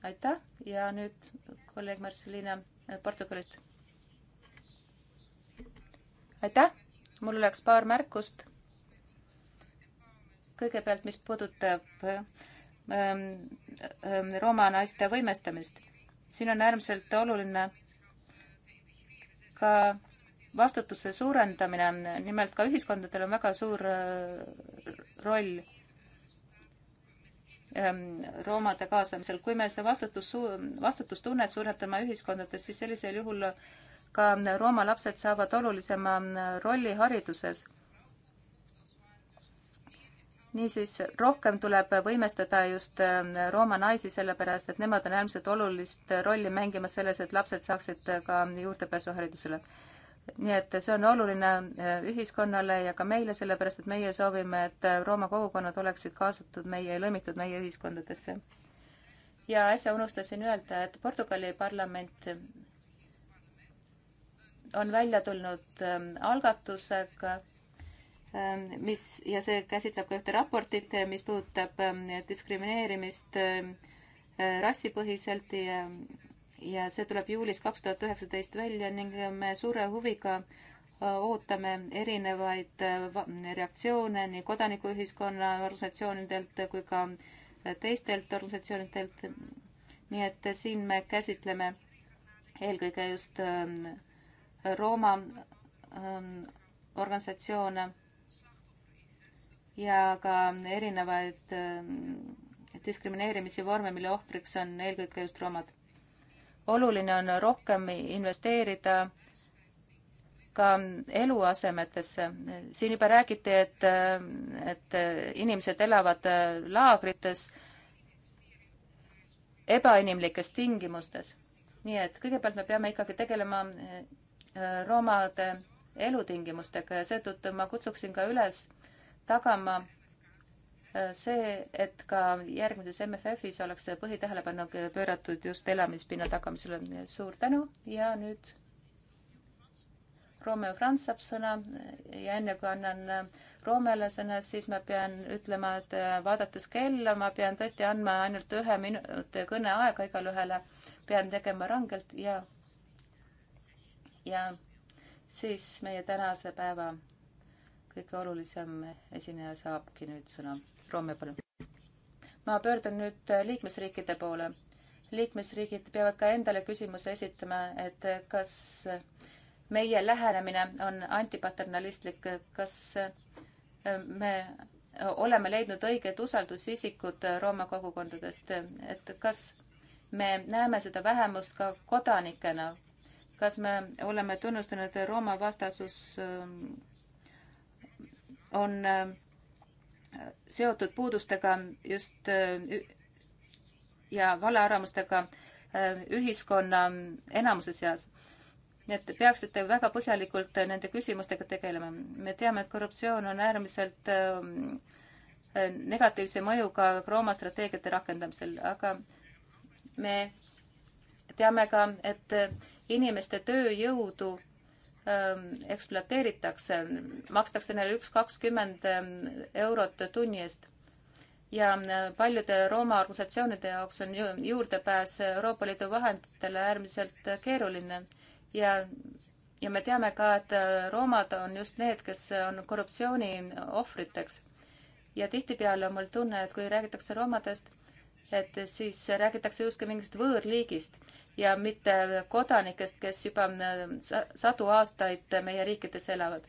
aitäh ja nüüd kolleeg Marcelina Portugalist. aitäh, mul oleks paar märkust. kõigepealt, mis puudutab ähm, ähm, Rooma naiste võimestamist. siin on äärmiselt oluline ka vastutuse suurendamine, nimelt ka ühiskondadel on väga suur äh, roll Ähm, roomade kaasamisel. kui me seda vastutus, vastutustunnet suurendame ühiskondades, siis sellisel juhul ka rooma lapsed saavad olulisema ähm, rolli hariduses. niisiis, rohkem tuleb võimestada just ähm, rooma naisi, sellepärast et nemad on äärmiselt olulist rolli mängimas selles, et lapsed saaksid äh, ka juurdepääsu haridusele nii et see on oluline äh, ühiskonnale ja ka meile, sellepärast et meie soovime, et äh, Rooma kogukonnad oleksid kaasatud meie, lõimitud meie ühiskondadesse. ja äsja unustasin öelda, et Portugali parlament on välja tulnud ähm, algatusega, ähm, mis, ja see käsitleb ka ühte raportit, mis puudutab ähm, diskrimineerimist äh, rassipõhiselt ja ja see tuleb juulis kaks tuhat üheksateist välja ning me suure huviga äh, ootame erinevaid äh, reaktsioone nii kodanikuühiskonna organisatsioonidelt kui ka äh, teistelt organisatsioonidelt. nii et siin me käsitleme eelkõige just ähm, Rooma ähm, organisatsioone ja ka erinevaid ähm, diskrimineerimise vorme, mille ohvriks on eelkõige just roomad oluline on rohkem investeerida ka eluasemetesse. siin juba räägiti, et, et inimesed elavad laagrites ebainimlikes tingimustes. nii et kõigepealt me peame ikkagi tegelema äh, romade elutingimustega ja seetõttu ma kutsuksin ka üles tagama see, et ka järgmises MFF-is oleks põhitähelepanu pööratud just elamispinna tagamisele. suur tänu ja nüüd Romeo Franz saab sõna ja enne kui annan Roomele sõna, siis ma pean ütlema, et vaadates kella, ma pean tõesti andma ainult ühe minuti kõneaega igalühele, pean tegema rangelt ja, ja siis meie tänase päeva kõige olulisem esineja saabki nüüd sõna Roome, palun. ma pöördun nüüd äh, liikmesriikide poole. liikmesriigid peavad ka endale küsimuse esitama, et äh, kas äh, meie lähenemine on antipaternalistlik, kas me oleme leidnud õiged usaldusisikud Rooma kogukondadest, et kas me näeme seda vähemust ka kodanikena, kas me oleme tunnustanud Rooma vastasus ähm, on seotud puudustega just äh, ja valearvamustega äh, ühiskonna enamuse seas. nii et peaksite väga põhjalikult äh, nende küsimustega tegelema. me teame, et korruptsioon on äärmiselt negatiivse mõjuga Rooma strateegiate rakendamisel, aga me teame ka, et inimeste tööjõudu Ähm, ekspluateeritakse, makstakse neile üks kakskümmend ähm, eurot tunni eest. ja ähm, paljude Rooma organisatsioonide jaoks on ju, juurdepääs Euroopa Liidu vahenditele äärmiselt keeruline ja, ja me teame ka, et äh, roomad on just need, kes on korruptsiooni ohvriteks. ja tihtipeale on mul tunne, et kui räägitakse roomadest et siis räägitakse justkui mingist võõrliigist ja mitte kodanikest, kes juba äh, sadu aastaid meie riikides elavad.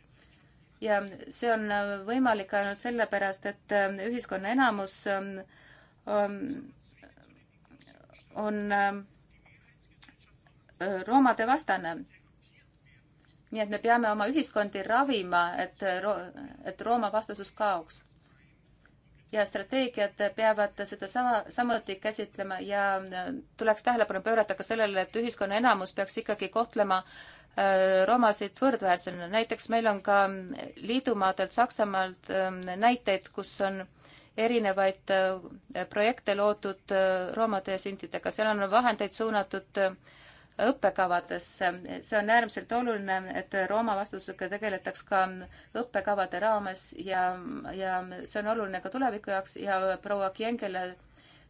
ja see on äh, võimalik ainult sellepärast, et äh, ühiskonna enamus ähm, ähm, on, on roomade vastane. nii et me peame oma ühiskondi ravima, et, et Rooma vastasus kaoks ja strateegiad peavad seda sama, samuti käsitlema ja äh, tuleks tähelepanu pöörata ka sellele, et ühiskonna enamus peaks ikkagi kohtlema äh, romasid võrdväärsena. näiteks meil on ka liidumaadelt Saksamaalt ähm, näiteid, kus on erinevaid äh, projekte loodud romade ja sintidega, seal on vahendeid suunatud äh, õppekavadesse. see on äärmiselt oluline, et Rooma vastusega tegeletaks ka õppekavade raames ja, ja see on oluline ka tuleviku jaoks ja proua Kiengele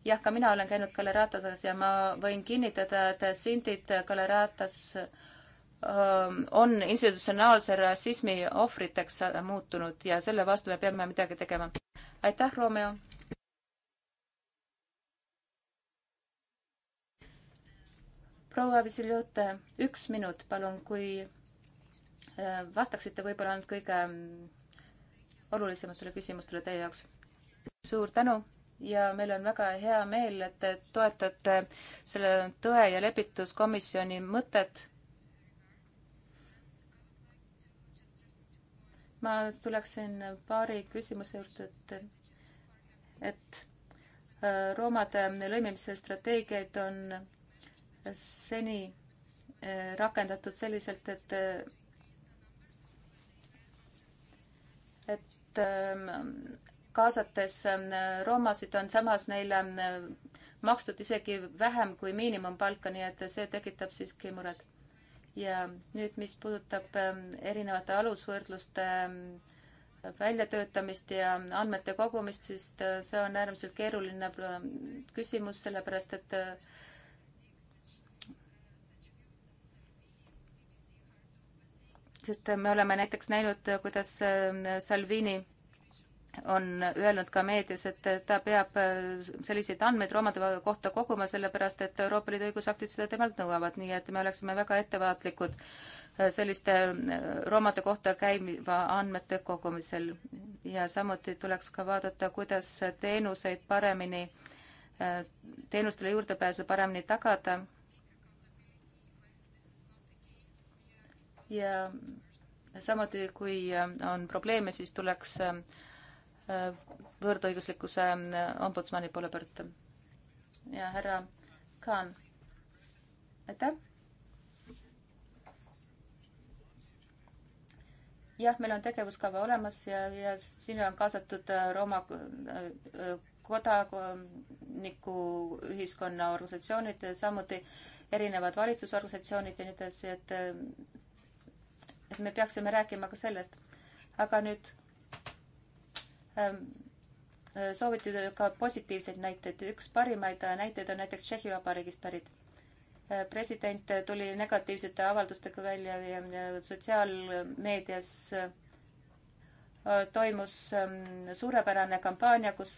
jah, ka mina olen käinud Galeratas ja ma võin kinnitada, et sindid Galeratas ähm, on institutsionaalse rassismi ohvriteks muutunud ja selle vastu me peame midagi tegema. aitäh, Romeo! proua Vasiljute, üks minut, palun, kui äh, vastaksite võib-olla ainult kõige mm, olulisematele küsimustele teie jaoks. suur tänu ja meil on väga hea meel, et te toetate selle Tõe ja Lepituskomisjoni mõtet. ma tuleksin paari küsimuse juurde, et, et äh, roomade lõimimise strateegiaid on seni eh, rakendatud selliselt, et eh, et eh, kaasates roomasid on samas neile makstud isegi vähem kui miinimumpalka, nii et see tekitab siiski muret. ja nüüd, mis puudutab erinevate alusvõrdluste väljatöötamist ja andmete kogumist, siis see on äärmiselt keeruline küsimus, sellepärast et sest me oleme näiteks näinud, kuidas äh, Salvini on öelnud ka meedias, et ta peab äh, selliseid andmeid romade kohta koguma, sellepärast et Euroopa Liidu õigusaktid seda temalt nõuavad, nii et me oleksime väga ettevaatlikud äh, selliste romade kohta käiva andmete kogumisel. ja samuti tuleks ka vaadata, kuidas teenuseid paremini, teenustele juurdepääsu paremini tagada ja samuti, kui äh, on probleeme, siis tuleks äh, võõrdõiguslikkuse äh, ombudsmani poole pöörduda. ja härra Kaan, aitäh. jah, meil on tegevuskava olemas ja, ja sinna on kaasatud Rooma kodanikuühiskonna organisatsioonid, samuti erinevad valitsusorganisatsioonid ja nii edasi, et et me peaksime rääkima ka sellest. aga nüüd ähm, äh, sooviti ka positiivseid näiteid. üks parimaid näiteid on näiteks Tšehhi Vabariigist pärit. Äh, president tuli negatiivsete avaldustega välja ja sotsiaalmeedias äh, toimus ähm, suurepärane kampaania, kus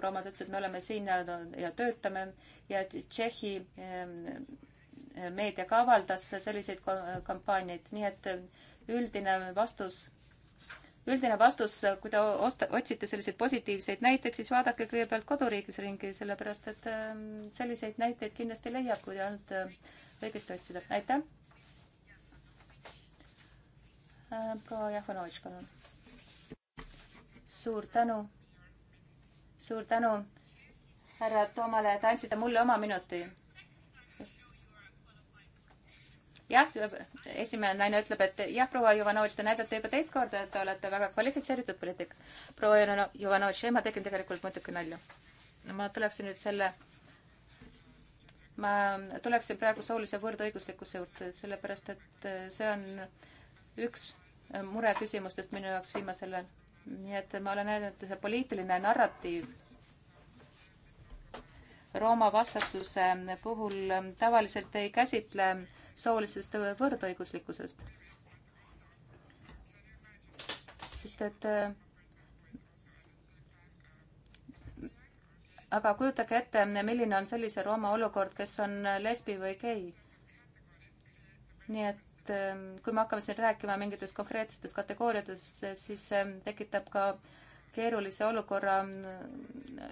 roomad ütlesid, me oleme siin ja, ja töötame ja Tšehhi ähm, meedia ka avaldas selliseid kampaaniaid, nii et üldine vastus, üldine vastus, kui te osta, otsite selliseid positiivseid näiteid, siis vaadake kõigepealt koduriigis ringi, sellepärast et ähm, selliseid näiteid kindlasti leiab, kui ainult äh, õigesti otsida. aitäh. Äh, proua Jahvanovitš, palun. suur tänu. suur tänu, härra Toomale, et andsite mulle oma minuti jah, esimene naine ütleb, et jah, proua Juvanovitš, te näidate juba teist korda, et te olete väga kvalifitseeritud poliitik. proua Juvanovitš, ei, ma tegin tegelikult muidugi nalja. ma tuleksin nüüd selle, ma tuleksin praegu soolise võrdõiguslikkuse juurde, sellepärast et see on üks mureküsimustest minu jaoks viimasel ajal. nii et ma olen näinud, see poliitiline narratiiv Rooma vastatsuse puhul tavaliselt ei käsitle soolisest võrdõiguslikkusest. sest et äh, aga kujutage ette, milline on sellise Rooma olukord, kes on lesbi või gei. nii et ähm, kui me hakkame siin rääkima mingitest konkreetsetest kategooriatest, siis see äh, tekitab ka keerulise olukorra äh,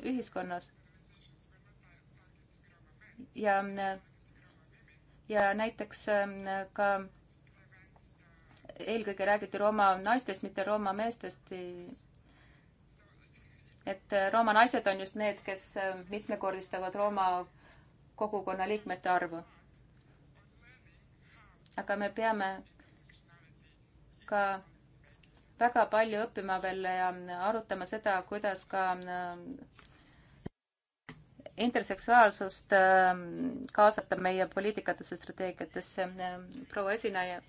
ühiskonnas. ja ja näiteks ähm, ka eelkõige räägiti Rooma naistest, mitte Rooma meestest. et äh, Rooma naised on just need, kes ähm, mitmekordistavad Rooma kogukonna liikmete arvu. aga me peame ka väga palju õppima veel ja arutama seda, kuidas ka ähm, interseksuaalsust ähm, kaasata meie poliitikatesse, strateegiatesse. Ähm, proua esineja,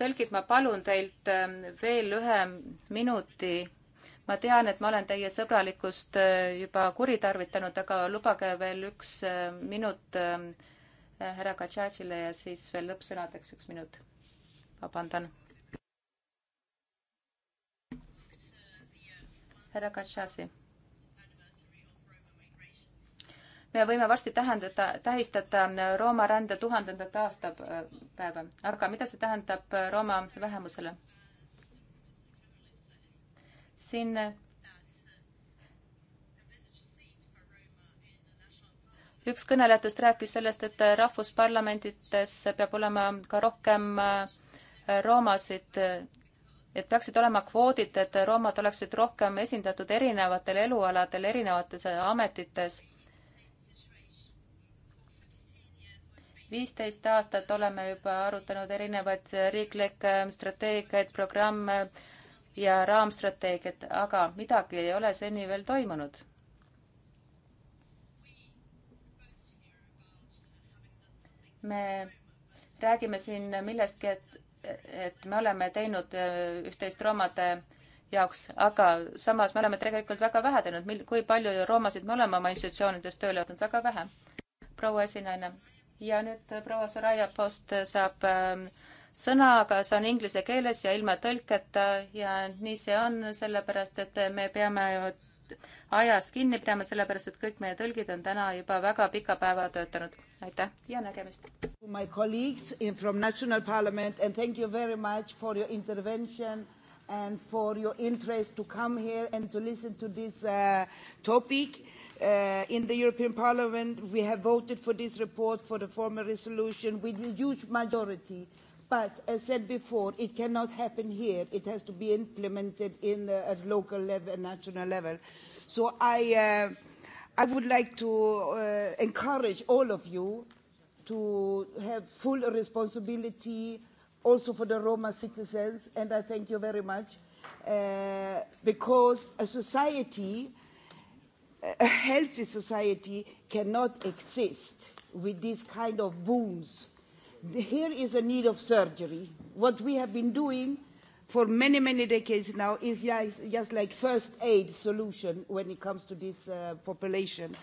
tõlgid, ma palun teilt ähm, veel ühe minuti. ma tean, et ma olen teie sõbralikust äh, juba kuritarvitanud, aga lubage veel üks äh, minut härra Katšatšile ja siis veel lõppsõnadeks üks minut. vabandan. härra Katšasi me võime varsti tähendada, tähistada Rooma rände tuhandendat aastapäeva, aga mida see tähendab Rooma vähemusele? siin üks kõnelejatest rääkis sellest, et rahvusparlamentides peab olema ka rohkem äh, roomasid, et peaksid olema kvoodid, et roomad oleksid rohkem esindatud erinevatel elualadel, erinevates ametites. viisteist aastat oleme juba arutanud erinevaid riiklikke strateegiaid, programme ja raamstrateegiat, aga midagi ei ole seni veel toimunud. me räägime siin millestki, et, et me oleme teinud äh, üht-teist roomade jaoks, aga samas me oleme tegelikult väga vähe teinud, mil-, kui palju roomasid me oleme oma institutsioonides tööle võtnud, väga vähe. proua esinaine ja nüüd äh, proua Soraya Post äh, saab ähm, sõna, aga see on inglise keeles ja ilma tõlketa ja nii see on, sellepärast et äh, me peame ajast kinni pidama, sellepärast et kõik meie tõlgid on täna juba väga pika päeva töötanud. aitäh ja nägemist! My colleagues from national parliament and thank you very much for your intervention and for your interest to come here and to listen to this uh, topic. Uh, in the European Parliament, we have voted for this report for the former resolution with a huge majority. But as said before, it cannot happen here. It has to be implemented in, uh, at local level and national level. So I, uh, I would like to uh, encourage all of you to have full responsibility also for the Roma citizens, and I thank you very much, uh, because a society, a healthy society, cannot exist with these kind of wounds. Here is a need of surgery. What we have been doing for many, many decades now is just like first aid solution when it comes to this uh, population.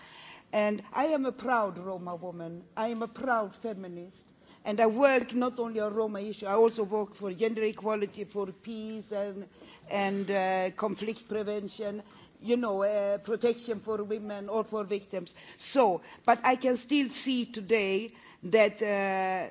And I am a proud Roma woman. I am a proud feminist And I work not only on Roma issue, I also work for gender equality, for peace and, and uh, conflict prevention, you know, uh, protection for women or for victims. So, but I can still see today that uh,